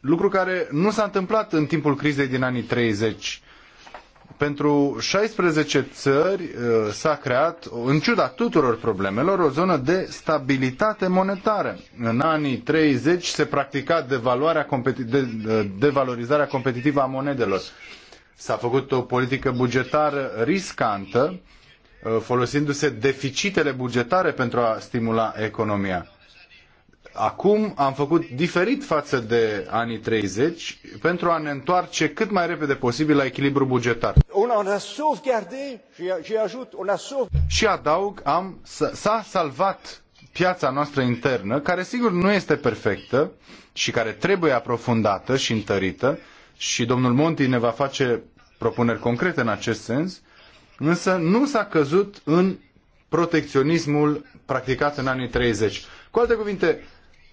Speaker 2: lucru care nu s-a întâmplat în timpul crizei din anii 30 pentru 16 țări uh, s-a creat, în ciuda tuturor problemelor, o zonă de stabilitate monetară. În anii 30 se practica devaluarea de, devalorizarea competitivă a monedelor. S-a făcut o politică bugetară riscantă, uh, folosindu-se deficitele bugetare pentru a stimula economia Acum am făcut diferit față de anii 30 pentru a ne întoarce cât mai repede posibil la echilibru bugetar. Și adaug, am, s-a salvat piața noastră internă, care sigur nu este perfectă și care trebuie aprofundată și întărită, și domnul Monti ne va face propuneri concrete în acest sens, însă nu s-a căzut în protecționismul practicat în anii 30. Cu alte cuvinte,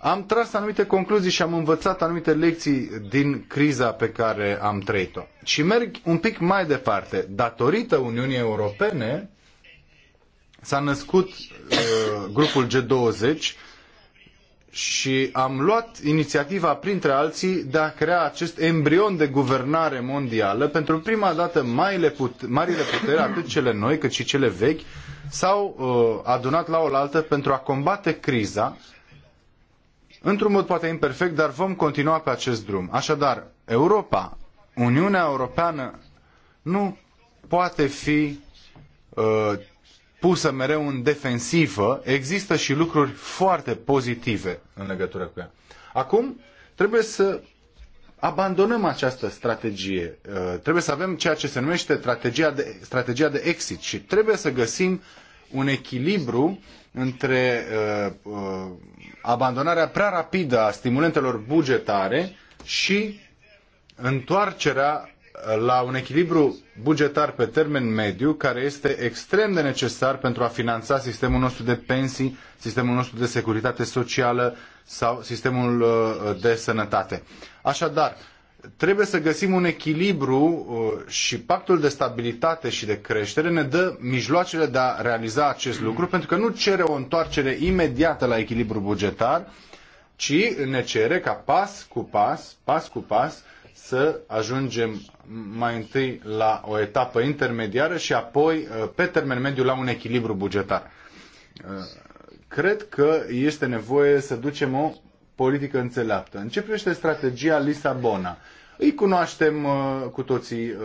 Speaker 2: am tras anumite concluzii și am învățat anumite lecții din criza pe care am trăit-o. Și merg un pic mai departe. Datorită Uniunii Europene s-a născut uh, grupul G20 și am luat inițiativa, printre alții, de a crea acest embrion de guvernare mondială. Pentru prima dată, marile put- marile puteri, atât cele noi cât și cele vechi, s-au uh, adunat la oaltă pentru a combate criza într-un mod poate imperfect, dar vom continua pe acest drum. Așadar, Europa, Uniunea Europeană, nu poate fi uh, pusă mereu în defensivă. Există și lucruri foarte pozitive în legătură cu ea. Acum, trebuie să abandonăm această strategie. Uh, trebuie să avem ceea ce se numește strategia de, strategia de exit și trebuie să găsim un echilibru între uh, uh, abandonarea prea rapidă a stimulentelor bugetare și întoarcerea uh, la un echilibru bugetar pe termen mediu care este extrem de necesar pentru a finanța sistemul nostru de pensii, sistemul nostru de securitate socială sau sistemul uh, de sănătate. Așadar, trebuie să găsim un echilibru uh, și pactul de stabilitate și de creștere ne dă mijloacele de a realiza acest lucru, pentru că nu cere o întoarcere imediată la echilibru bugetar, ci ne cere ca pas cu pas, pas cu pas, să ajungem mai întâi la o etapă intermediară și apoi, uh, pe termen mediu, la un echilibru bugetar. Uh, cred că este nevoie să ducem o politică înțeleaptă. În ce privește strategia Lisabona, îi cunoaștem uh, cu toții uh,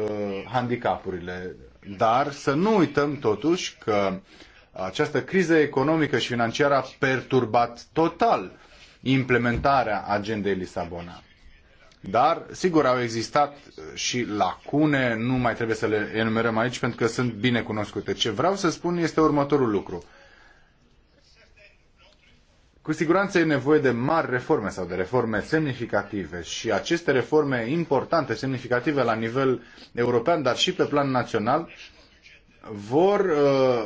Speaker 2: handicapurile, dar să nu uităm totuși că această criză economică și financiară a perturbat total implementarea agendei Lisabona. Dar, sigur, au existat uh, și lacune, nu mai trebuie să le enumerăm aici pentru că sunt bine cunoscute. Ce vreau să spun este următorul lucru. Cu siguranță e nevoie de mari reforme sau de reforme semnificative și aceste reforme importante, semnificative la nivel european, dar și pe plan național, vor uh,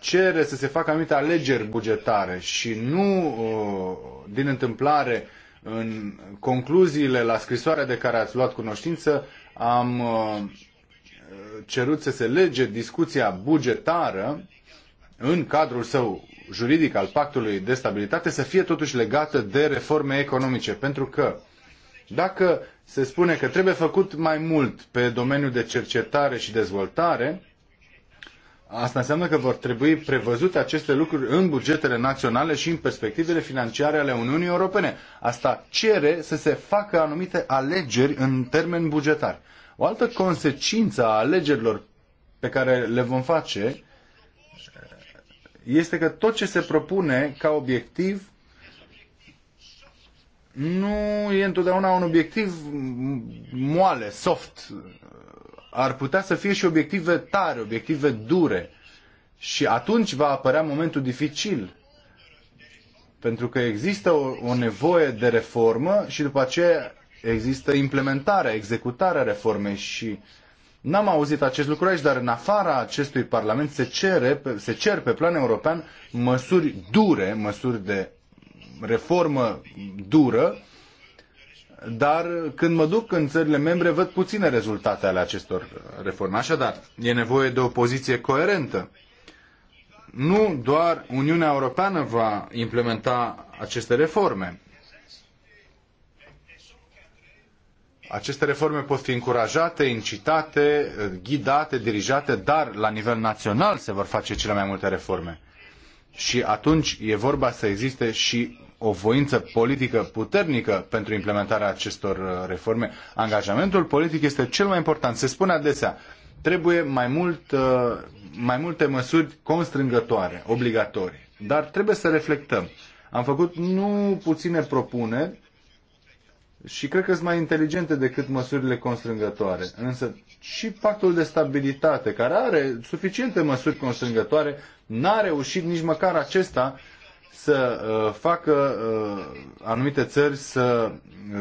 Speaker 2: cere să se facă anumite alegeri bugetare și nu uh, din întâmplare în concluziile la scrisoarea de care ați luat cunoștință am uh, cerut să se lege discuția bugetară în cadrul său juridic al pactului de stabilitate să fie totuși legată de reforme economice. Pentru că dacă se spune că trebuie făcut mai mult pe domeniul de cercetare și dezvoltare, asta înseamnă că vor trebui prevăzute aceste lucruri în bugetele naționale și în perspectivele financiare ale Uniunii Europene. Asta cere să se facă anumite alegeri în termeni bugetari. O altă consecință a alegerilor pe care le vom face este că tot ce se propune ca obiectiv nu e întotdeauna un obiectiv moale, soft. Ar putea să fie și obiective tare, obiective dure. Și atunci va apărea momentul dificil. Pentru că există o, o nevoie de reformă și după aceea există implementarea, executarea reformei și uh, N-am auzit acest lucru aici, dar în afara acestui Parlament se, cere, se cer pe plan european măsuri dure, măsuri de reformă dură, dar când mă duc în țările membre văd puține rezultate ale acestor reforme. Așadar, e nevoie de o poziție coerentă. Nu doar Uniunea Europeană va implementa aceste reforme. Aceste reforme pot fi încurajate, incitate, ghidate, dirijate, dar la nivel național se vor face cele mai multe reforme. Și atunci e vorba să existe și o voință politică puternică pentru implementarea acestor uh, reforme. Angajamentul politic este cel mai important. Se spune adesea, trebuie mai, mult, uh, mai multe măsuri constrângătoare, obligatorii. Dar trebuie să reflectăm. Am făcut nu puține propuneri și cred că sunt mai inteligente decât măsurile constrângătoare. Însă și pactul de stabilitate, care are suficiente măsuri constrângătoare, n-a reușit nici măcar acesta să uh, facă uh, anumite țări să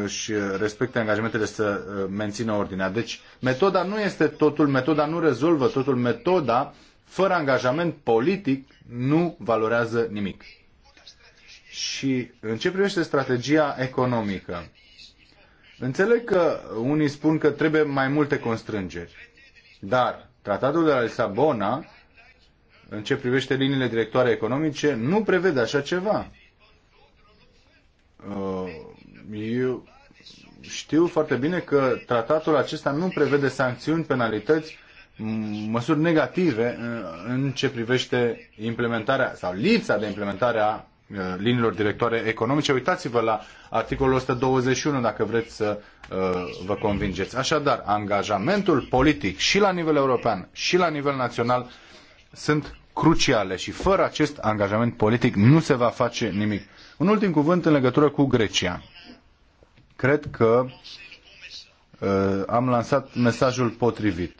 Speaker 2: își uh, respecte angajamentele, să uh, mențină ordinea. Deci metoda nu este totul, metoda nu rezolvă totul, metoda fără angajament politic nu valorează nimic. Și în ce privește strategia economică, Înțeleg că unii spun că trebuie mai multe constrângeri, dar tratatul de la Lisabona, în ce privește liniile directoare economice, nu prevede așa ceva. Uh, eu știu foarte bine că tratatul acesta nu prevede sancțiuni, penalități, măsuri negative uh, în ce privește implementarea sau lipsa de implementare a Uh, liniilor directoare economice. Uitați-vă la articolul 121 dacă vreți să uh, vă convingeți. Așadar, angajamentul politic și la nivel european și la nivel național sunt cruciale și fără acest angajament politic nu se va face nimic. Un ultim cuvânt în legătură cu Grecia. Cred că uh, am lansat mesajul potrivit.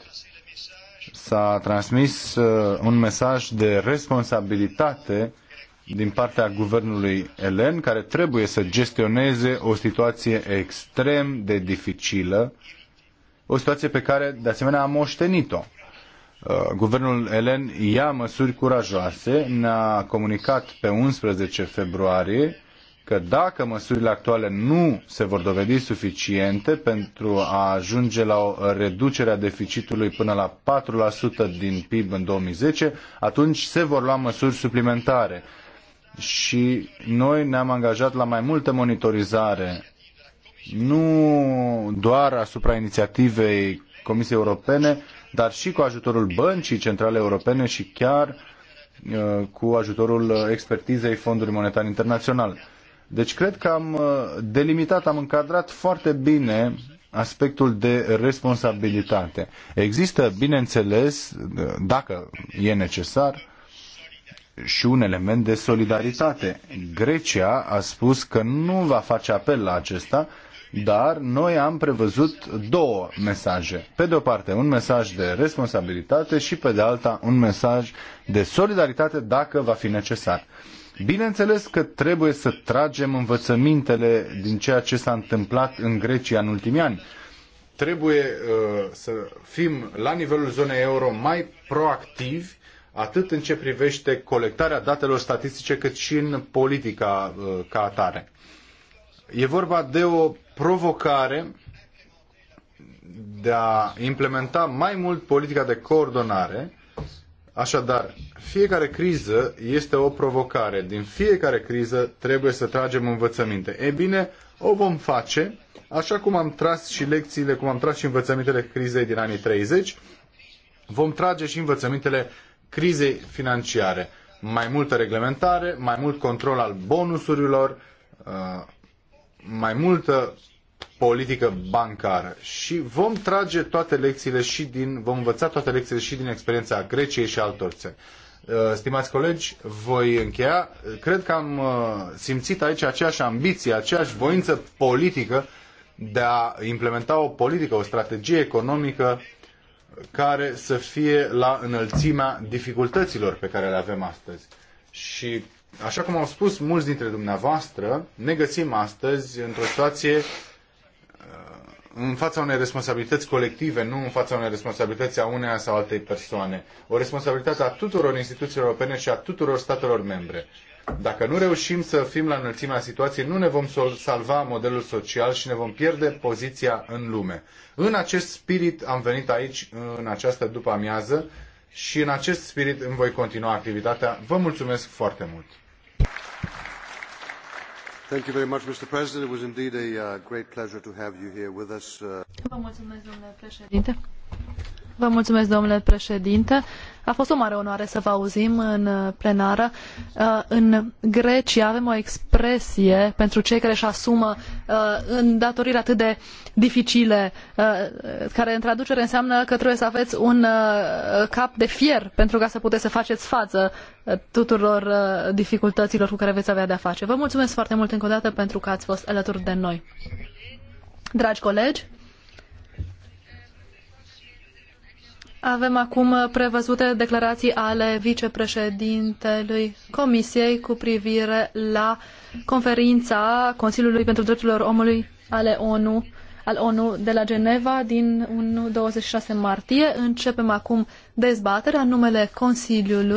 Speaker 2: S-a transmis uh, un mesaj de responsabilitate din partea guvernului elen, care trebuie să gestioneze o situație extrem de dificilă, o situație pe care, de asemenea, a moștenit-o. Uh, guvernul elen ia măsuri curajoase, ne-a comunicat pe 11 februarie că dacă măsurile actuale nu se vor dovedi suficiente pentru a ajunge la o reducere a deficitului până la 4% din PIB în 2010, atunci se vor lua măsuri suplimentare și noi ne-am angajat la mai multă monitorizare, nu doar asupra inițiativei Comisiei Europene, dar și cu ajutorul Băncii Centrale Europene și chiar uh, cu ajutorul expertizei Fondului Monetar Internațional. Deci cred că am uh, delimitat, am încadrat foarte bine aspectul de responsabilitate. Există, bineînțeles, uh, dacă e necesar, și un element de solidaritate. Grecia a spus că nu va face apel la acesta, dar noi am prevăzut două mesaje. Pe de o parte, un mesaj de responsabilitate și pe de alta, un mesaj de solidaritate dacă va fi necesar. Bineînțeles că trebuie să tragem învățămintele din ceea ce s-a întâmplat în Grecia în ultimii ani. Trebuie uh, să fim la nivelul zonei euro mai proactivi atât în ce privește colectarea datelor statistice, cât și în politica uh, ca atare. E vorba de o provocare de a implementa mai mult politica de coordonare. Așadar, fiecare criză este o provocare. Din fiecare criză trebuie să tragem învățăminte. E bine, o vom face așa cum am tras și lecțiile, cum am tras și învățămintele crizei din anii 30, vom trage și învățămintele crizei financiare. Mai multă reglementare, mai mult control al bonusurilor, uh, mai multă politică bancară și vom trage toate lecțiile și din, vom învăța toate lecțiile și din experiența Greciei și altor țări. Uh, stimați colegi, voi încheia. Cred că am uh, simțit aici aceeași ambiție, aceeași voință politică de a implementa o politică, o strategie economică care să fie la înălțimea dificultăților pe care le avem astăzi. Și așa cum au spus mulți dintre dumneavoastră, ne găsim astăzi într-o situație uh, în fața unei responsabilități colective, nu în fața unei responsabilități a uneia sau altei persoane. O responsabilitate a tuturor instituțiilor europene și a tuturor statelor membre. Dacă nu reușim să fim la înălțimea situației, nu ne vom salva modelul social și ne vom pierde poziția în lume. În acest spirit am venit aici în această după amiază și în acest spirit îmi voi continua activitatea. Vă mulțumesc foarte mult!
Speaker 1: Vă mulțumesc, domnule președinte. Vă mulțumesc, domnule președinte. A fost o mare onoare să vă auzim în uh, plenară. Uh, în Grecia avem o expresie pentru cei care își asumă uh, îndatoriri atât de dificile, care în traducere înseamnă că trebuie să aveți un cap de fier pentru ca să puteți să faceți față tuturor dificultăților cu care veți avea de-a face. Vă mulțumesc foarte mult încă o dată pentru că ați fost alături de noi. Dragi colegi, Avem acum prevăzute declarații ale vicepreședintelui Comisiei cu privire la conferința Consiliului pentru Drepturile Omului ale ONU, al ONU de la Geneva din 1-26 martie. Începem acum dezbaterea în numele Consiliului.